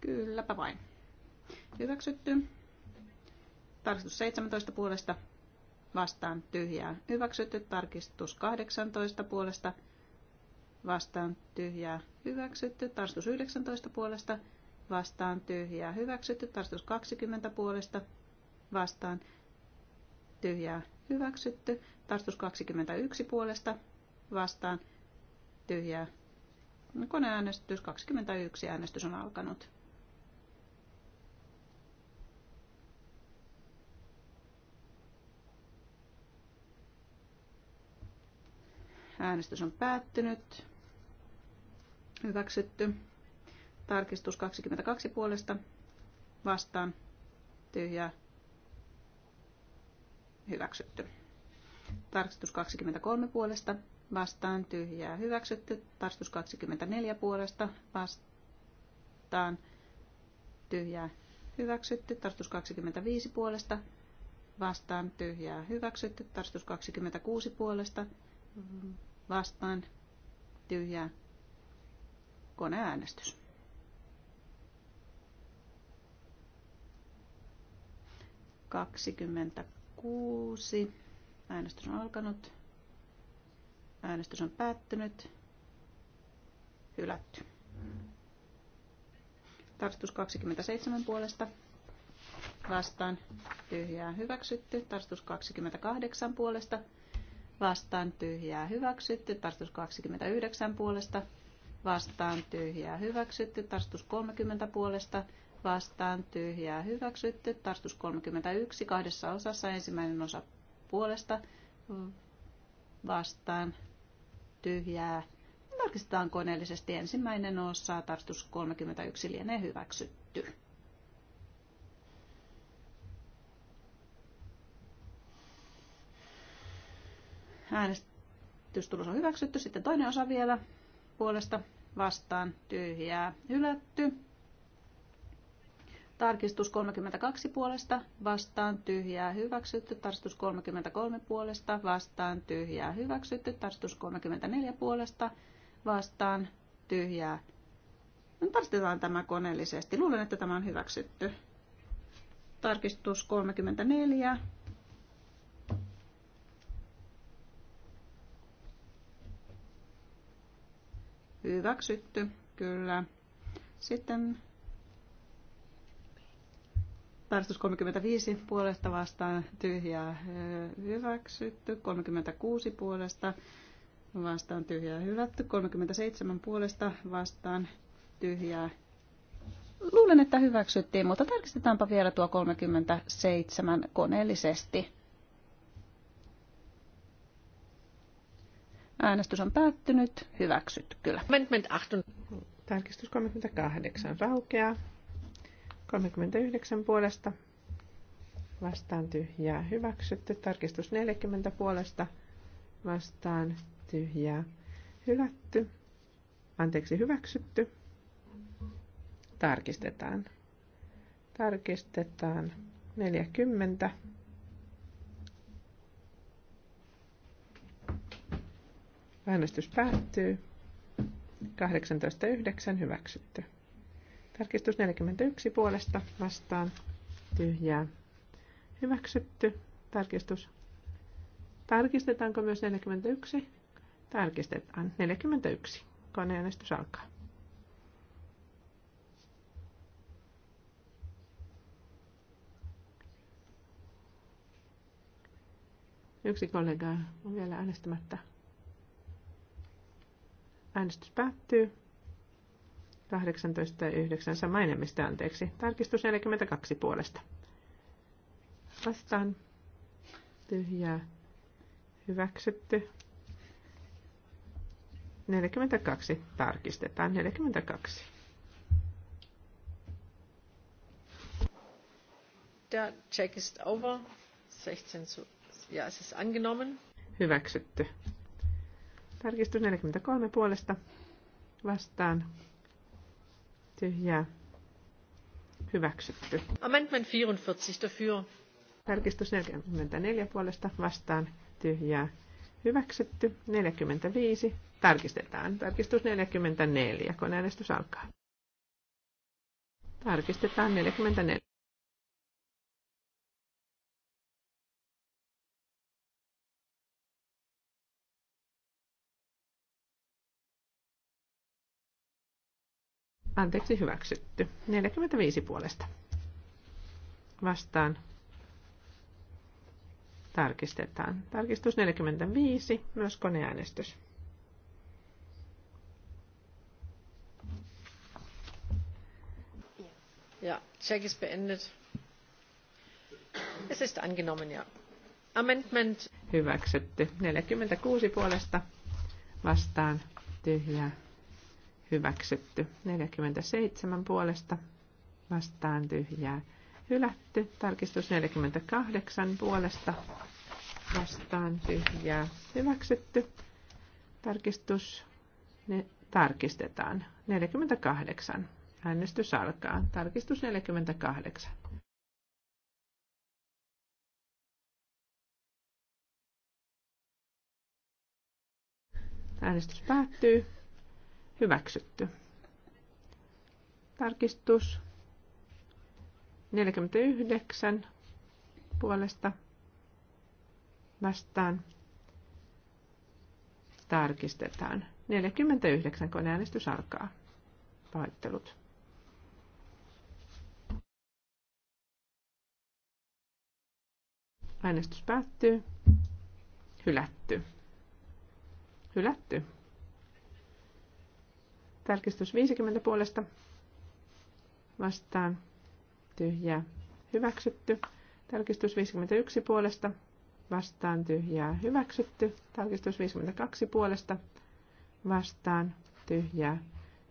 Kylläpä vain. Hyväksytty. Tarkistus 17 puolesta vastaan tyhjää. Hyväksytty. Tarkistus 18 puolesta vastaan tyhjää. Hyväksytty. Tarkistus 19 puolesta vastaan tyhjää. Hyväksytty. Tarkistus 20 puolesta vastaan tyhjää hyväksytty. Tarkistus 21 puolesta vastaan tyhjää. Koneäänestys 21. Äänestys on alkanut. Äänestys on päättynyt. Hyväksytty. Tarkistus 22 puolesta vastaan tyhjää hyväksytty. Tarkistus 23 puolesta vastaan tyhjää hyväksytty. Tarkistus 24 puolesta vastaan tyhjää hyväksytty. Tarkistus 25 puolesta vastaan tyhjää hyväksytty. Tarkistus 26 puolesta vastaan tyhjää koneäänestys. Kaksikymmentä kuusi Äänestys on alkanut. Äänestys on päättynyt. Hylätty. Tarkistus 27 puolesta. Vastaan tyhjää hyväksytty. Tarkistus 28 puolesta. Vastaan tyhjää hyväksytty. Tarkistus 29 puolesta. Vastaan tyhjää hyväksytty. Tarkistus 30 puolesta vastaan tyhjää hyväksytty. Tarstus 31 kahdessa osassa ensimmäinen osa puolesta vastaan tyhjää. Tarkistetaan koneellisesti ensimmäinen osa. Tarstus 31 lienee hyväksytty. Äänestystulos on hyväksytty. Sitten toinen osa vielä puolesta vastaan tyhjää hylätty. Tarkistus 32 puolesta vastaan tyhjää hyväksytty. Tarkistus 33 puolesta vastaan tyhjää hyväksytty. Tarkistus 34 puolesta vastaan tyhjää. No, tarkistetaan tämä koneellisesti. Luulen, että tämä on hyväksytty. Tarkistus 34. Hyväksytty, kyllä. Sitten Tarkistus 35 puolesta vastaan tyhjää hyväksytty. 36 puolesta vastaan tyhjää hylätty. 37 puolesta vastaan tyhjää. Luulen, että hyväksyttiin, mutta tarkistetaanpa vielä tuo 37 koneellisesti. Äänestys on päättynyt. Hyväksytty kyllä. Tarkistus 38 raukeaa. 39 puolesta vastaan tyhjää hyväksytty. Tarkistus 40 puolesta vastaan tyhjää hylätty. Anteeksi, hyväksytty. Tarkistetaan. Tarkistetaan 40. Äänestys päättyy. 18.9. hyväksytty. Tarkistus 41 puolesta vastaan tyhjää hyväksytty. Tarkistus. Tarkistetaanko myös 41? Tarkistetaan. 41. Koneäänestys alkaa. Yksi kollega on vielä äänestämättä. Äänestys päättyy. 18 ja 9 sama enemmistö, anteeksi. Tarkistus 42 puolesta. Vastaan. Tyhjää. Hyväksytty. 42. Tarkistetaan 42. Der check ist over. 16 zu, ja, es ist angenommen. Hyväksytty. Tarkistus 43 puolesta vastaan tyhjää hyväksytty. Amendment 44 dafür. Tarkistus 44 puolesta vastaan tyhjää hyväksytty. 45 tarkistetaan. Tarkistus 44, kun äänestys alkaa. Tarkistetaan 44. Anteeksi, hyväksytty. 45 puolesta. Vastaan. Tarkistetaan. Tarkistus 45, myös koneäänestys. Ja, check is beendet. Es ist angenommen, ja. Amendment. Hyväksytty. 46 puolesta vastaan tyhjää hyväksytty. 47 puolesta vastaan tyhjää hylätty. Tarkistus 48 puolesta vastaan tyhjää hyväksytty. Tarkistus ne tarkistetaan. 48. Äänestys alkaa. Tarkistus 48. Äänestys päättyy. Hyväksytty. Tarkistus 49 puolesta vastaan tarkistetaan. 49 koneäänestys alkaa. Pahoittelut. Äänestys päättyy. Hylätty. Hylätty. Tarkistus 50 puolesta vastaan tyhjää hyväksytty. Tarkistus 51 puolesta vastaan tyhjää hyväksytty. Tarkistus 52 puolesta vastaan tyhjää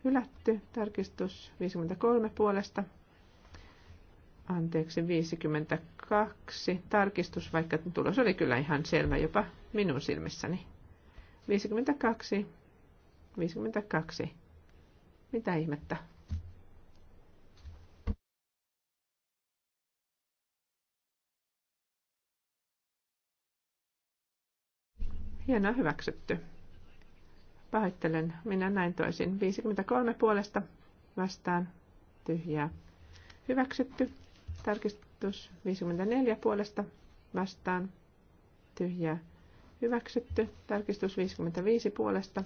hylätty. Tarkistus 53 puolesta anteeksi 52 tarkistus, vaikka tulos oli kyllä ihan selvä jopa minun silmissäni. 52, 52 mitä ihmettä? Hienoa hyväksytty. Pahoittelen, minä näin toisin. 53 puolesta vastaan tyhjää. Hyväksytty. Tarkistus 54 puolesta vastaan tyhjää. Hyväksytty. Tarkistus 55 puolesta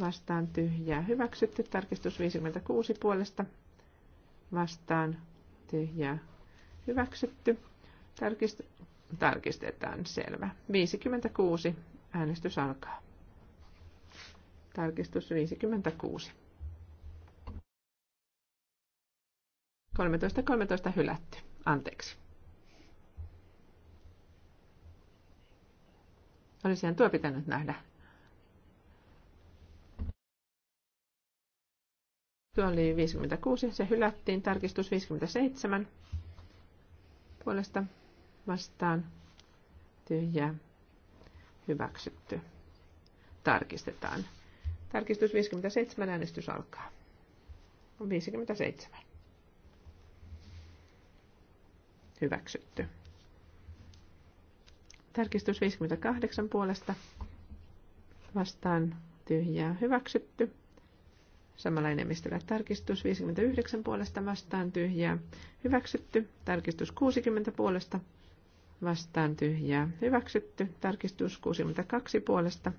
vastaan tyhjää hyväksytty. Tarkistus 56 puolesta vastaan tyhjää hyväksytty. Tarkist- tarkistetaan selvä. 56 äänestys alkaa. Tarkistus 56. 13, 13 hylätty. Anteeksi. Olisihan tuo pitänyt nähdä Tuo oli 56, se hylättiin. Tarkistus 57 puolesta vastaan tyhjää hyväksytty. Tarkistetaan. Tarkistus 57, äänestys alkaa. on 57. Hyväksytty. Tarkistus 58 puolesta vastaan tyhjää hyväksytty. Samalla enemmistöllä tarkistus 59 puolesta vastaan tyhjää. Hyväksytty. Tarkistus 60 puolesta vastaan tyhjää. Hyväksytty. Tarkistus 62 puolesta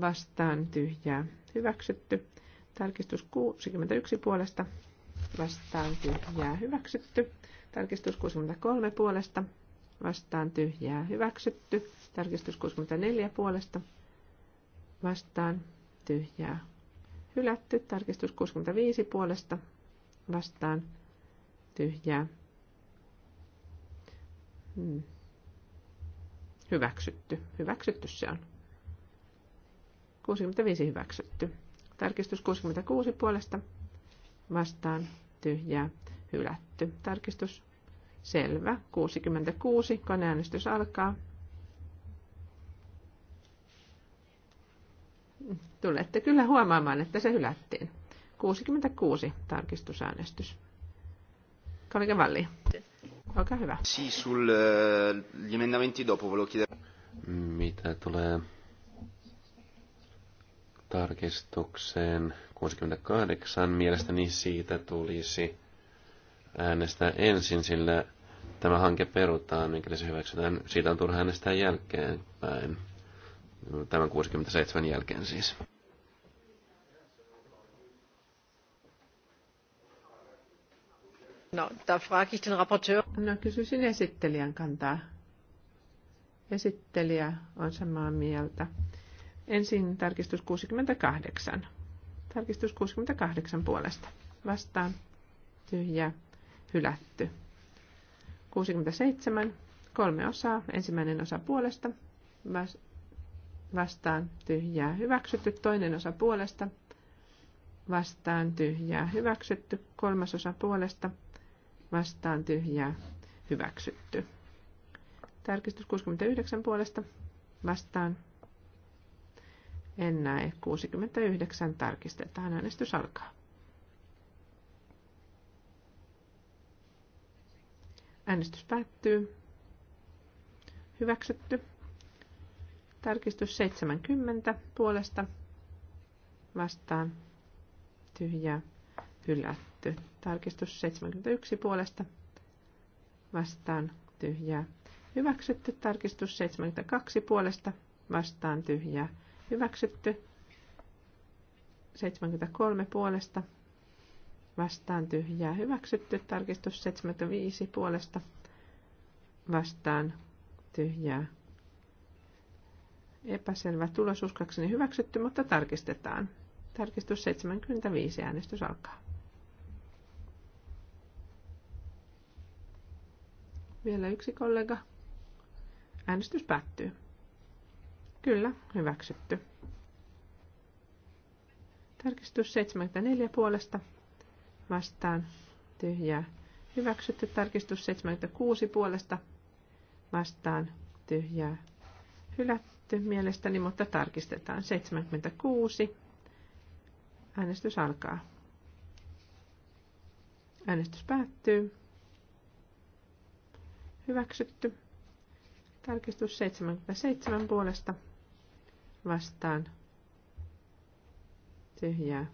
vastaan tyhjää. Hyväksytty. Tarkistus 61 puolesta vastaan tyhjää. Hyväksytty. Tarkistus 63 puolesta vastaan tyhjää. Hyväksytty. Tarkistus 64 puolesta vastaan tyhjää Hylätty. Tarkistus 65 puolesta vastaan. Tyhjää. Hmm. Hyväksytty. Hyväksytty se on. 65 hyväksytty. Tarkistus 66 puolesta vastaan tyhjää hylätty. Tarkistus selvä. 66. Koneäänestys alkaa. Tulette kyllä huomaamaan, että se hylättiin. 66 tarkistusäänestys. Kollega Valli, olkaa hyvä. Sì, sul, eh, gli emendamenti dopo volevo chiedere... Mitä tulee tarkistukseen 68, mielestäni siitä tulisi äänestää ensin, sillä tämä hanke perutaan, mikäli se hyväksytään. Siitä on turha äänestää jälkeenpäin. Tämän 67 jälkeen siis. No, da frage ich den Rapporteur. No, kysyisin esittelijän kantaa. Esittelijä on samaa mieltä. Ensin tarkistus 68. Tarkistus 68 puolesta. Vastaan. Tyhjä. Hylätty. 67. Kolme osaa. Ensimmäinen osa puolesta. vastaan. Tyhjää. Hyväksytty. Toinen osa puolesta. Vastaan. Tyhjää. Hyväksytty. Kolmas osa puolesta vastaan tyhjää hyväksytty. Tarkistus 69 puolesta vastaan. En näe. 69 tarkistetaan. Äänestys alkaa. Äänestys päättyy. Hyväksytty. Tarkistus 70 puolesta vastaan tyhjää hylätty Hyväksytty Tarkistus 71 puolesta vastaan tyhjää. Hyväksytty. Tarkistus 72 puolesta vastaan tyhjää. Hyväksytty. 73 puolesta vastaan tyhjää. Hyväksytty. Tarkistus 75 puolesta vastaan tyhjää. Epäselvä tulos uskakseni hyväksytty, mutta tarkistetaan. Tarkistus 75 äänestys alkaa. Vielä yksi kollega. Äänestys päättyy. Kyllä, hyväksytty. Tarkistus 74 puolesta vastaan tyhjää. Hyväksytty tarkistus 76 puolesta vastaan tyhjää. Hylätty mielestäni, mutta tarkistetaan 76. Äänestys alkaa. Äänestys päättyy. Hyväksytty. Tarkistus 77 puolesta vastaan. Tyhjää.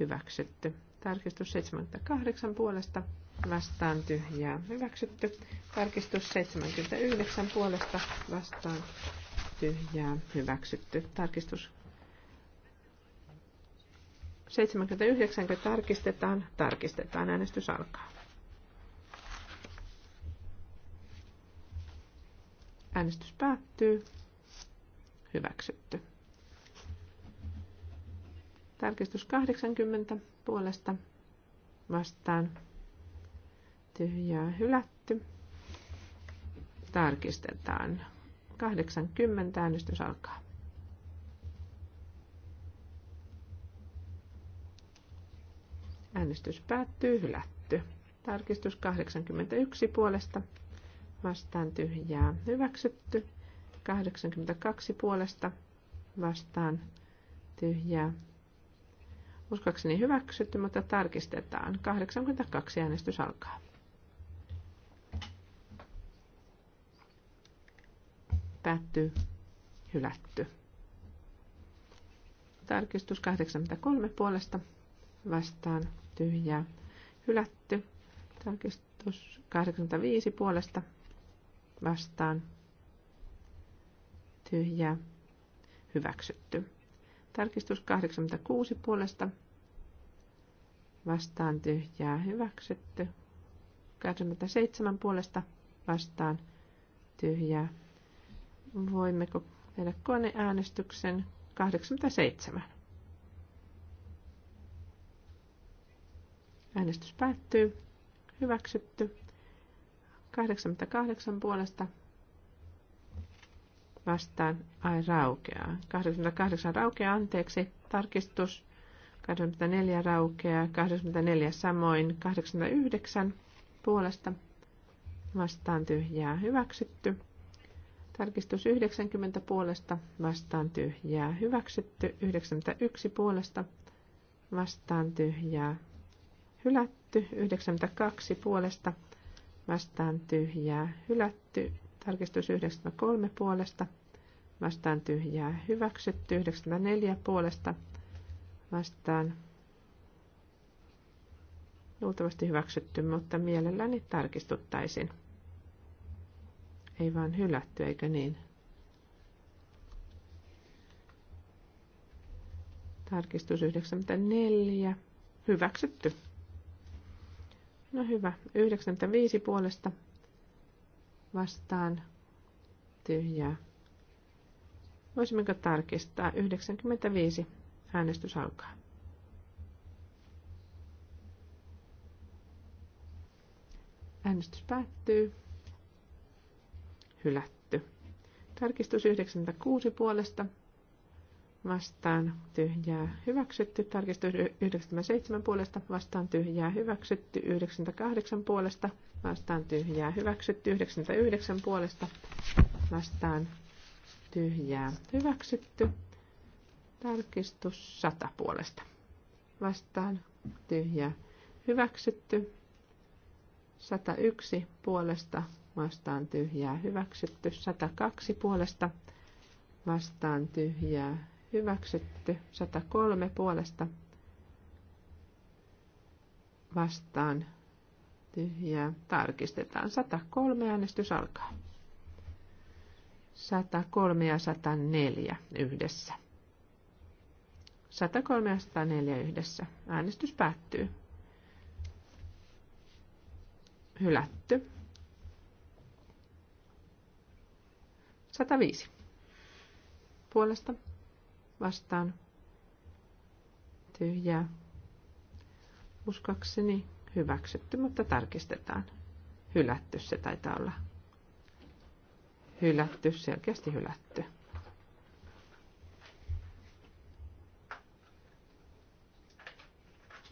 Hyväksytty. Tarkistus 78 puolesta vastaan tyhjää. Hyväksytty. Tarkistus 79 puolesta vastaan tyhjää. Hyväksytty. Tarkistus 79 tarkistetaan. Tarkistetaan. Äänestys alkaa. Äänestys päättyy. Hyväksytty. Tarkistus 80 puolesta vastaan. Tyhjää hylätty. Tarkistetaan. 80 äänestys alkaa. Äänestys päättyy hylätty. Tarkistus 81 puolesta vastaan tyhjää hyväksytty. 82 puolesta vastaan tyhjää. Uskakseni hyväksytty, mutta tarkistetaan. 82 äänestys alkaa. Päätty, Hylätty. Tarkistus 83 puolesta vastaan tyhjää. Hylätty. Tarkistus 85 puolesta vastaan tyhjä hyväksytty. Tarkistus 86 puolesta vastaan tyhjää hyväksytty. 87 puolesta vastaan tyhjää. Voimmeko tehdä koneäänestyksen 87? Äänestys päättyy. Hyväksytty. 88 puolesta vastaan. Ai raukeaa. 88 raukeaa, anteeksi. Tarkistus. 84 raukeaa. 84 samoin. 89 puolesta vastaan tyhjää hyväksytty. Tarkistus 90 puolesta vastaan tyhjää hyväksytty. 91 puolesta vastaan tyhjää hylätty. 92 puolesta vastaan tyhjää hylätty. Tarkistus 93 puolesta vastaan tyhjää hyväksytty. 94 puolesta vastaan luultavasti hyväksytty, mutta mielelläni tarkistuttaisin. Ei vaan hylätty, eikö niin? Tarkistus 94. Hyväksytty. No hyvä. 95 puolesta vastaan tyhjää. Voisimmeko tarkistaa? 95. Äänestys alkaa. Äänestys päättyy. Hylätty. Tarkistus 96 puolesta vastaan tyhjää hyväksytty, tarkistus 97 puolesta vastaan tyhjää hyväksytty, 98 puolesta vastaan tyhjää hyväksytty, 99 puolesta vastaan tyhjää hyväksytty, tarkistus 100 puolesta vastaan tyhjää hyväksytty, 101 puolesta vastaan tyhjää hyväksytty, 102 puolesta vastaan tyhjää hyväksytty 103 puolesta vastaan tyhjää. Tarkistetaan 103 äänestys alkaa. 103 ja 104 yhdessä. 103 ja 104 yhdessä. Äänestys päättyy. Hylätty. 105. Puolesta vastaan tyhjää. Uskakseni hyväksytty, mutta tarkistetaan. Hylätty se taitaa olla. Hylätty, selkeästi hylätty.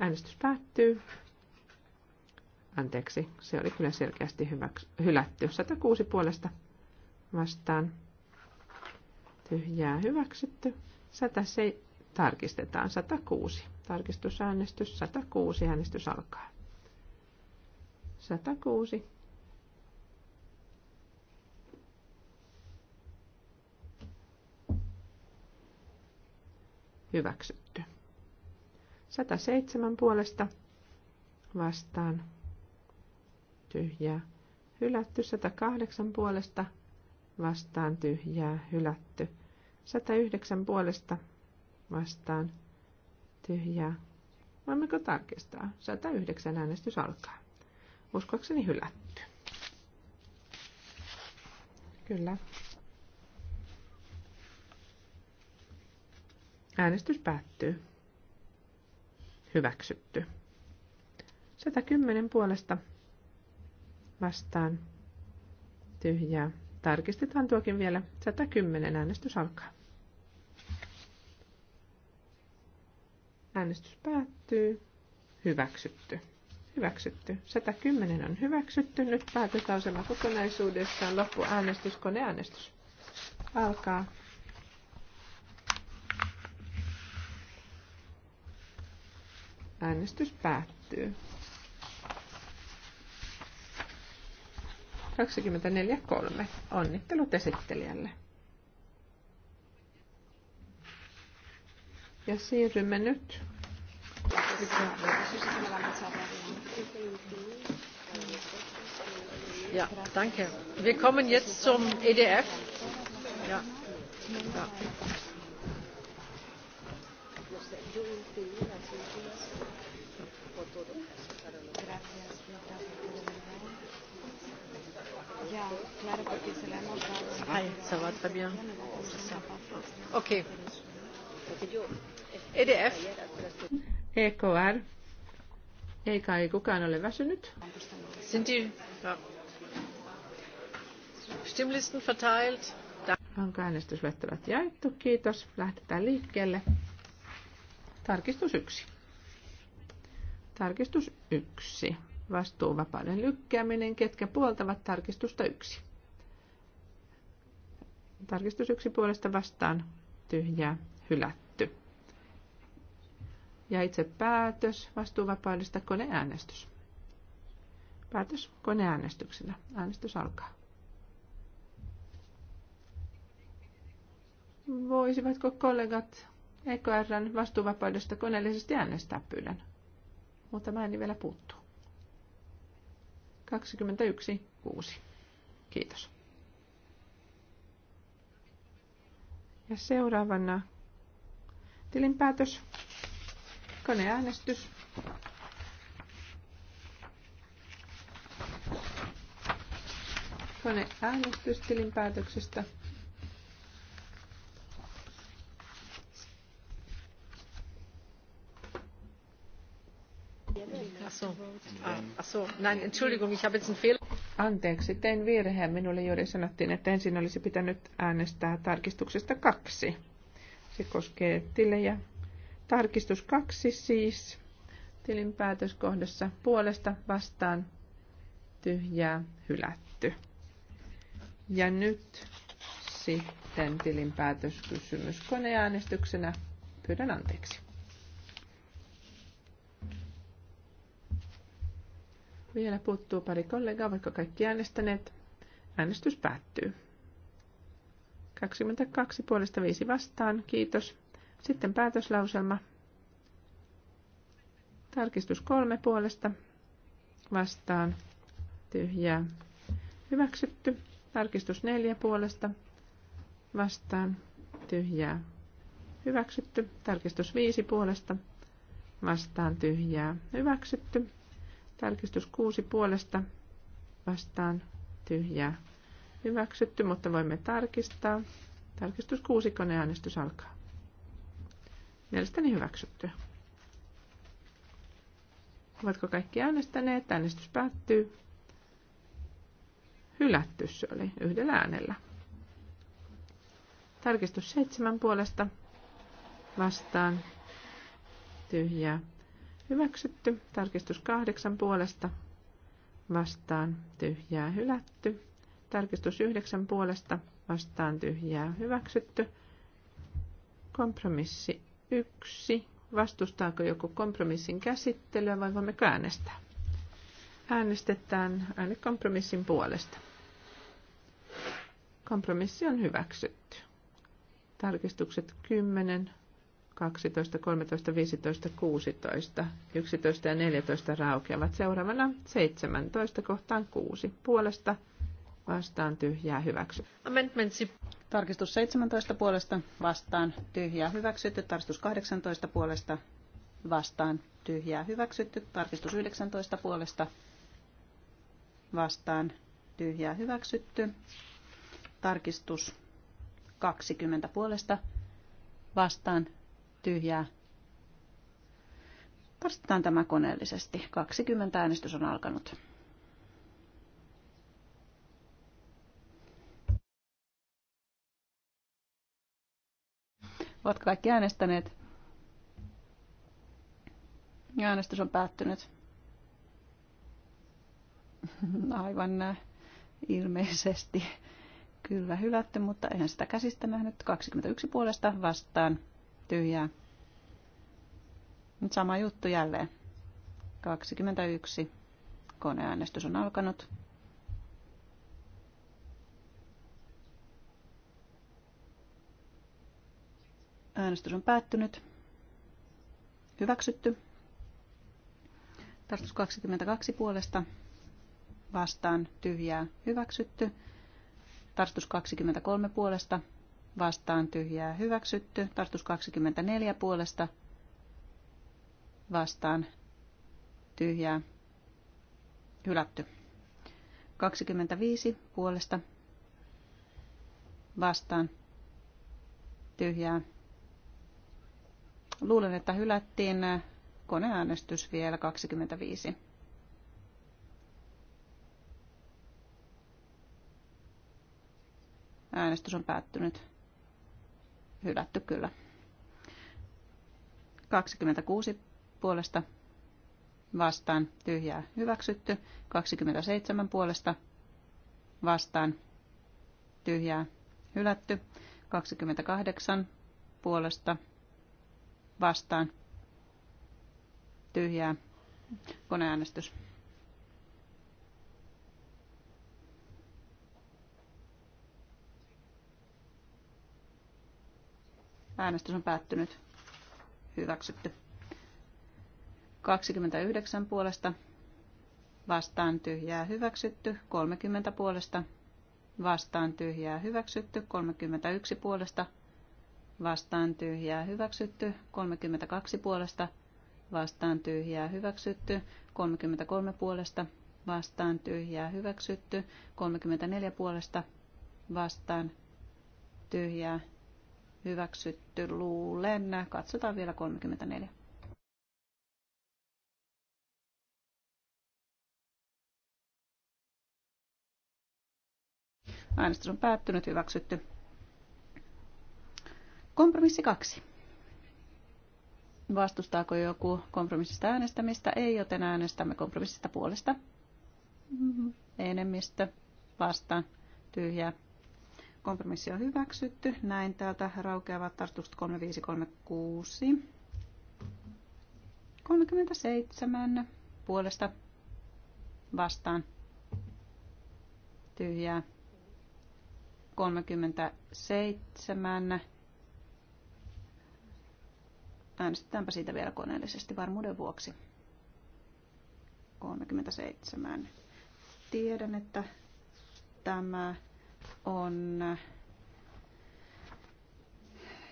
Äänestys päättyy. Anteeksi, se oli kyllä selkeästi hyväks- hylätty. 106 puolesta vastaan. Tyhjää hyväksytty. 107 tarkistetaan 106. Tarkistusäänestys 106. Äänestys alkaa. 106. Hyväksytty. 107 puolesta vastaan tyhjää. Hylätty 108 puolesta vastaan tyhjää. Hylätty 109 puolesta vastaan tyhjää. Voimmeko tarkistaa? 109 äänestys alkaa. Uskoakseni hylätty. Kyllä. Äänestys päättyy. Hyväksytty. 110 puolesta vastaan tyhjää Tarkistetaan tuokin vielä. 110 äänestys alkaa. Äänestys päättyy. Hyväksytty. Hyväksytty. 110 on hyväksytty. Nyt päätöslausema kokonaisuudessaan loppuäänestys, koneäänestys. Alkaa. Äänestys päättyy. 24.3. Onnittelut esittelijälle. Ja siirrymme nyt. Ja, danke. Wir kommen jetzt zum EDF. Ja. ja. Hi, ça va très bien. Ok. EDF. EKR. Ei kai kukaan ole väsynyt. Sind die? Ja. Stimmlisten verteilt. Onko äänestysluettelot jaettu? Kiitos. Lähdetään liikkeelle. Tarkistus yksi. Tarkistus yksi vastuuvapauden lykkääminen, ketkä puoltavat tarkistusta yksi. Tarkistus yksi puolesta vastaan tyhjää hylätty. Ja itse päätös vastuuvapaudesta koneäänestys. Päätös koneäänestyksellä. Äänestys alkaa. Voisivatko kollegat EKRn vastuuvapaudesta koneellisesti äänestää pyydän? mä en niin vielä puuttuu. 21.6. Kiitos. Ja seuraavana tilinpäätös, koneäänestys. Koneäänestys tilinpäätöksestä. Ah, anteeksi, tein virheen. Minulle juuri sanottiin, että ensin olisi pitänyt äänestää tarkistuksesta kaksi. Se koskee tilejä. Tarkistus kaksi siis tilinpäätöskohdassa puolesta vastaan tyhjää hylätty. Ja nyt sitten tilinpäätöskysymys koneäänestyksenä. Pyydän anteeksi. Vielä puuttuu pari kollegaa, vaikka kaikki äänestäneet. Äänestys päättyy. 22 puolesta 5 vastaan, kiitos. Sitten päätöslauselma. Tarkistus kolme puolesta vastaan, tyhjää. Hyväksytty. Tarkistus neljä puolesta vastaan, tyhjää. Hyväksytty. Tarkistus viisi puolesta vastaan, tyhjää. Hyväksytty. Tarkistus 6 puolesta vastaan tyhjää. Hyväksytty, mutta voimme tarkistaa. Tarkistus 6 koneäänestys alkaa. Mielestäni hyväksytty. Ovatko kaikki äänestäneet? Äänestys päättyy. Hylätty se oli yhdellä äänellä. Tarkistus seitsemän puolesta vastaan tyhjää Hyväksytty. Tarkistus kahdeksan puolesta. Vastaan tyhjää hylätty. Tarkistus yhdeksän puolesta. Vastaan tyhjää hyväksytty. Kompromissi yksi. Vastustaako joku kompromissin käsittelyä vai voimme äänestää? Äänestetään kompromissin puolesta. Kompromissi on hyväksytty. Tarkistukset 10, 12, 13, 15, 16, 11 ja 14 raukeavat. Seuraavana 17 kohtaan 6 puolesta vastaan tyhjää hyväksy. Amendmentsi. Tarkistus 17 puolesta vastaan tyhjää hyväksytty. Tarkistus 18 puolesta vastaan tyhjää hyväksytty. Tarkistus 19 puolesta vastaan tyhjää hyväksytty. Tarkistus 20 puolesta vastaan tyhjää. Tarkistetaan tämä koneellisesti. 20 äänestys on alkanut. Ovatko kaikki äänestäneet? Äänestys on päättynyt. Aivan äh, ilmeisesti kyllä hylätty, mutta eihän sitä käsistä nähnyt. 21 puolesta vastaan tyhjää. Nyt sama juttu jälleen. 21. Koneäänestys on alkanut. Äänestys on päättynyt. Hyväksytty. Tartus 22 puolesta vastaan tyhjää hyväksytty. Tartus 23 puolesta vastaan tyhjää hyväksytty. Tartus 24 puolesta vastaan tyhjää hylätty. 25 puolesta vastaan tyhjää. Luulen, että hylättiin koneäänestys vielä 25. Äänestys on päättynyt hylätty kyllä. 26 puolesta vastaan tyhjää hyväksytty. 27 puolesta vastaan tyhjää hylätty. 28 puolesta vastaan tyhjää koneäänestys. Äänestys on päättynyt. Hyväksytty. 29 puolesta vastaan tyhjää hyväksytty. 30 puolesta vastaan tyhjää hyväksytty. 31 puolesta vastaan tyhjää hyväksytty. 32 puolesta vastaan tyhjää hyväksytty. 33 puolesta vastaan tyhjää hyväksytty. 34 puolesta vastaan tyhjää hyväksytty luulen. Katsotaan vielä 34. Äänestys on päättynyt, hyväksytty. Kompromissi kaksi. Vastustaako joku kompromissista äänestämistä? Ei, joten äänestämme kompromissista puolesta. Mm, enemmistö vastaan. Tyhjää Kompromissi on hyväksytty. Näin täältä raukeavat tarkistukset 3536. 37 puolesta vastaan tyhjää. 37. Äänestetäänpä siitä vielä koneellisesti varmuuden vuoksi. 37. Tiedän, että tämä on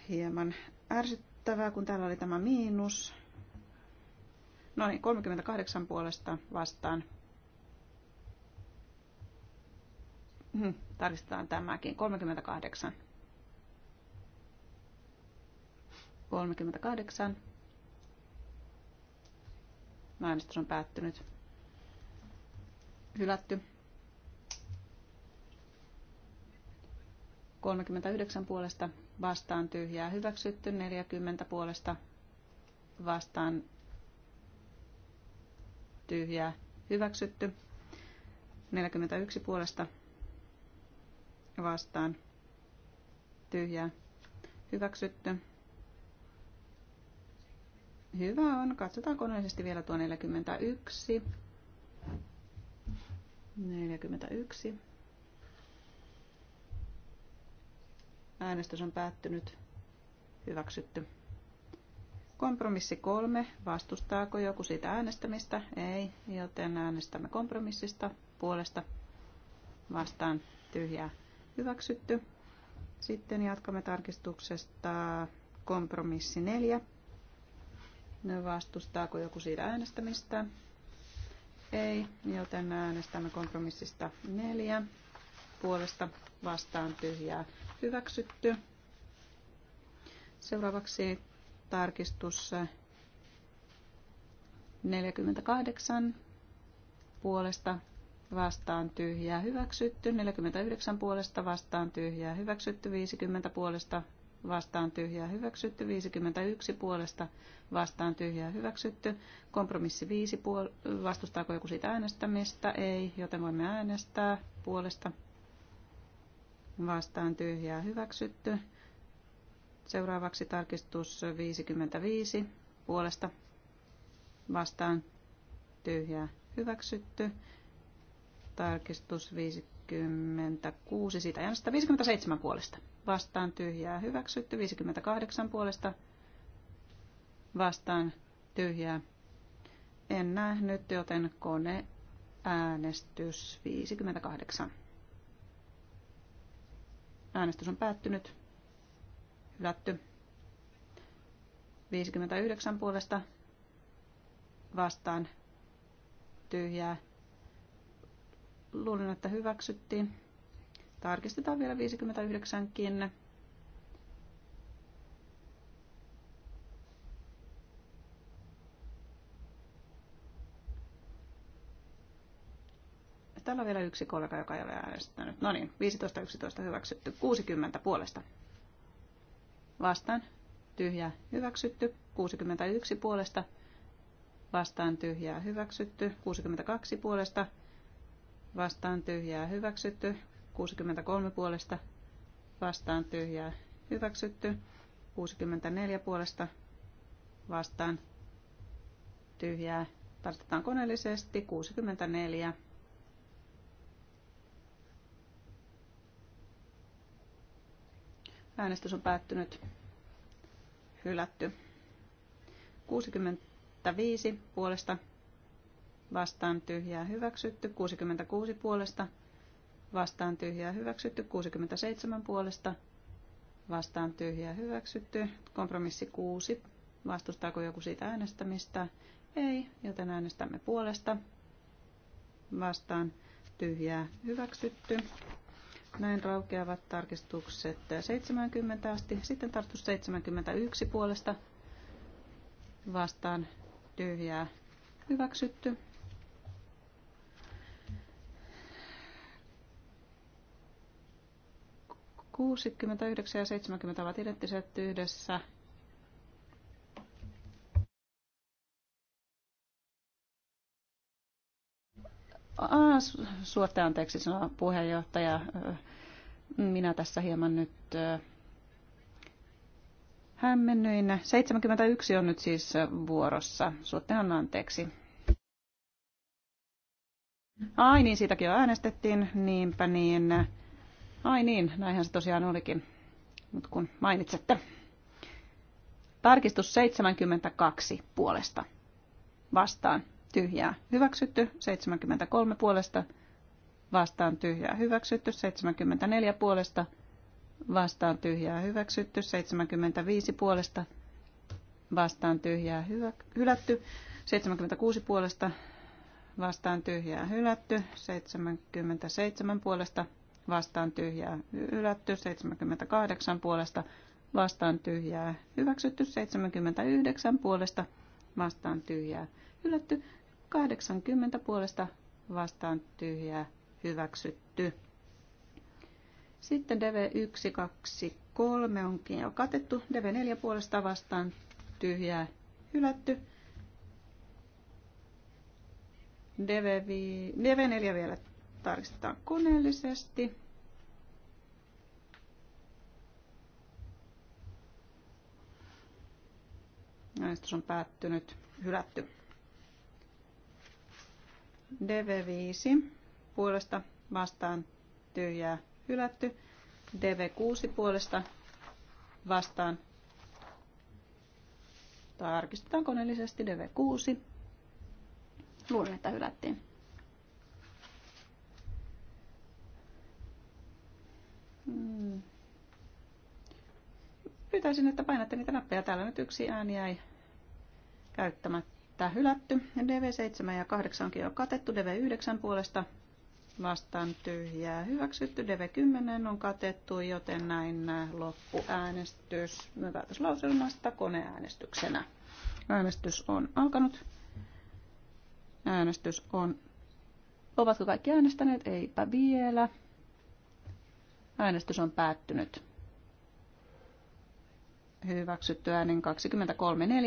hieman ärsyttävää, kun täällä oli tämä miinus. No niin, 38 puolesta vastaan. Hmm, tarkistetaan tämäkin. 38. 38. Äänestys on päättynyt. Hylätty. 39 puolesta vastaan tyhjää hyväksytty, 40 puolesta vastaan tyhjää hyväksytty, 41 puolesta vastaan tyhjää hyväksytty. Hyvä on. Katsotaan koneellisesti vielä tuo 41. 41. Äänestys on päättynyt. Hyväksytty. Kompromissi kolme. Vastustaako joku siitä äänestämistä? Ei, joten äänestämme kompromissista puolesta vastaan tyhjää hyväksytty. Sitten jatkamme tarkistuksesta kompromissi neljä. Vastustaako joku siitä äänestämistä? Ei, joten äänestämme kompromissista neljä puolesta vastaan tyhjää hyväksytty. Seuraavaksi tarkistus 48 puolesta vastaan tyhjää hyväksytty, 49 puolesta vastaan tyhjää hyväksytty, 50 puolesta vastaan tyhjää hyväksytty, 51 puolesta vastaan tyhjää hyväksytty, kompromissi 5 puol- vastustaako joku siitä äänestämistä, ei, joten voimme äänestää puolesta vastaan tyhjää hyväksytty. Seuraavaksi tarkistus 55 puolesta vastaan tyhjää hyväksytty. Tarkistus 56, siitä äänestä 57 puolesta. Vastaan tyhjää hyväksytty, 58 puolesta. Vastaan tyhjää. En nähnyt, joten kone äänestys 58. Äänestys on päättynyt. Hylätty. 59 puolesta vastaan tyhjää. Luulen, että hyväksyttiin. Tarkistetaan vielä 59kin. Täällä on vielä yksi kollega, joka ei ole äänestänyt. No niin, 15.11 hyväksytty. 60 puolesta. Vastaan. Tyhjää hyväksytty. 61 puolesta. Vastaan tyhjää hyväksytty. 62 puolesta. Vastaan tyhjää hyväksytty. 63 puolesta. Vastaan tyhjää hyväksytty. 64 puolesta. Vastaan tyhjää. Tartetaan koneellisesti. 64 Äänestys on päättynyt. Hylätty. 65 puolesta vastaan tyhjää hyväksytty. 66 puolesta vastaan tyhjää hyväksytty. 67 puolesta vastaan tyhjää hyväksytty. Kompromissi 6. Vastustaako joku siitä äänestämistä? Ei, joten äänestämme puolesta. Vastaan tyhjää hyväksytty. Näin raukeavat tarkistukset 70 asti. Sitten tarkistus 71 puolesta vastaan tyhjää hyväksytty. Kuusikymmentä yhdeksän ja 70 ovat identtiset yhdessä Aa, suotte anteeksi sanoa puheenjohtaja. Minä tässä hieman nyt hämmennyin. 71 on nyt siis vuorossa. Suotte anteeksi. Ai niin, siitäkin jo äänestettiin. Niinpä niin. Ai niin, näinhän se tosiaan olikin. Mutta kun mainitsette. Tarkistus 72 puolesta. Vastaan tyhjää hyväksytty, 73 puolesta vastaan tyhjää hyväksytty, 74 puolesta vastaan tyhjää hyväksytty, 75 puolesta vastaan tyhjää hyvä, hylätty, 76 puolesta vastaan tyhjää hylätty, 77 puolesta vastaan tyhjää hylätty, 78 puolesta vastaan tyhjää hyväksytty, 79 puolesta vastaan tyhjää hylätty, 80 puolesta vastaan tyhjää hyväksytty. Sitten DV1, 2, 3 onkin jo katettu. DV4 puolesta vastaan tyhjää hylätty. DV5, DV4 vielä tarkistetaan koneellisesti. Äänestys on päättynyt, hylätty. DV5 puolesta vastaan tyhjää hylätty. DV6 puolesta vastaan. Tarkistetaan koneellisesti DV6. Luulen, että hylättiin. Hmm. Pyytäisin, että painatte niitä nappeja. Täällä nyt yksi ääni jäi käyttämättä. Tämä hylätty. DV7 ja 8 onkin jo katettu. DV9 puolesta vastaan tyhjää hyväksytty. DV10 on katettu, joten näin loppuäänestys myöpäätöslauselmasta koneäänestyksenä. Äänestys on alkanut. Äänestys on... Ovatko kaikki äänestäneet? Eipä vielä. Äänestys on päättynyt. Hyväksytty äänen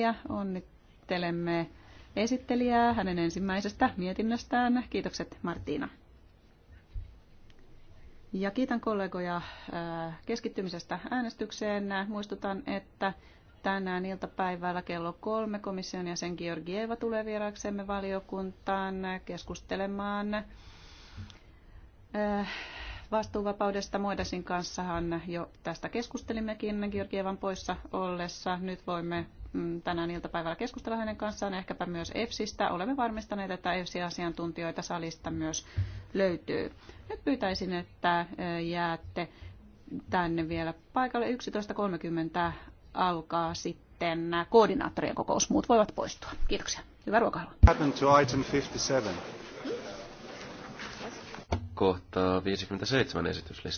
23.4. Onnittelut Onnittelemme esittelijää hänen ensimmäisestä mietinnöstään. Kiitokset Martina. Ja kiitän kollegoja äh, keskittymisestä äänestykseen. Muistutan, että tänään iltapäivällä kello kolme komission sen Georgieva tulee vieraaksemme valiokuntaan keskustelemaan äh, vastuuvapaudesta Moidasin kanssahan jo tästä keskustelimmekin Georgievan poissa ollessa. Nyt voimme Mm, tänään iltapäivällä keskustella hänen kanssaan, ehkäpä myös EFSistä. Olemme varmistaneet, että EFSI-asiantuntijoita salista myös löytyy. Nyt pyytäisin, että e, jäätte tänne vielä paikalle. 11.30 alkaa sitten koordinaattorien kokous. Muut voivat poistua. Kiitoksia. Hyvää ruokailua. Kohta 57 esityslista.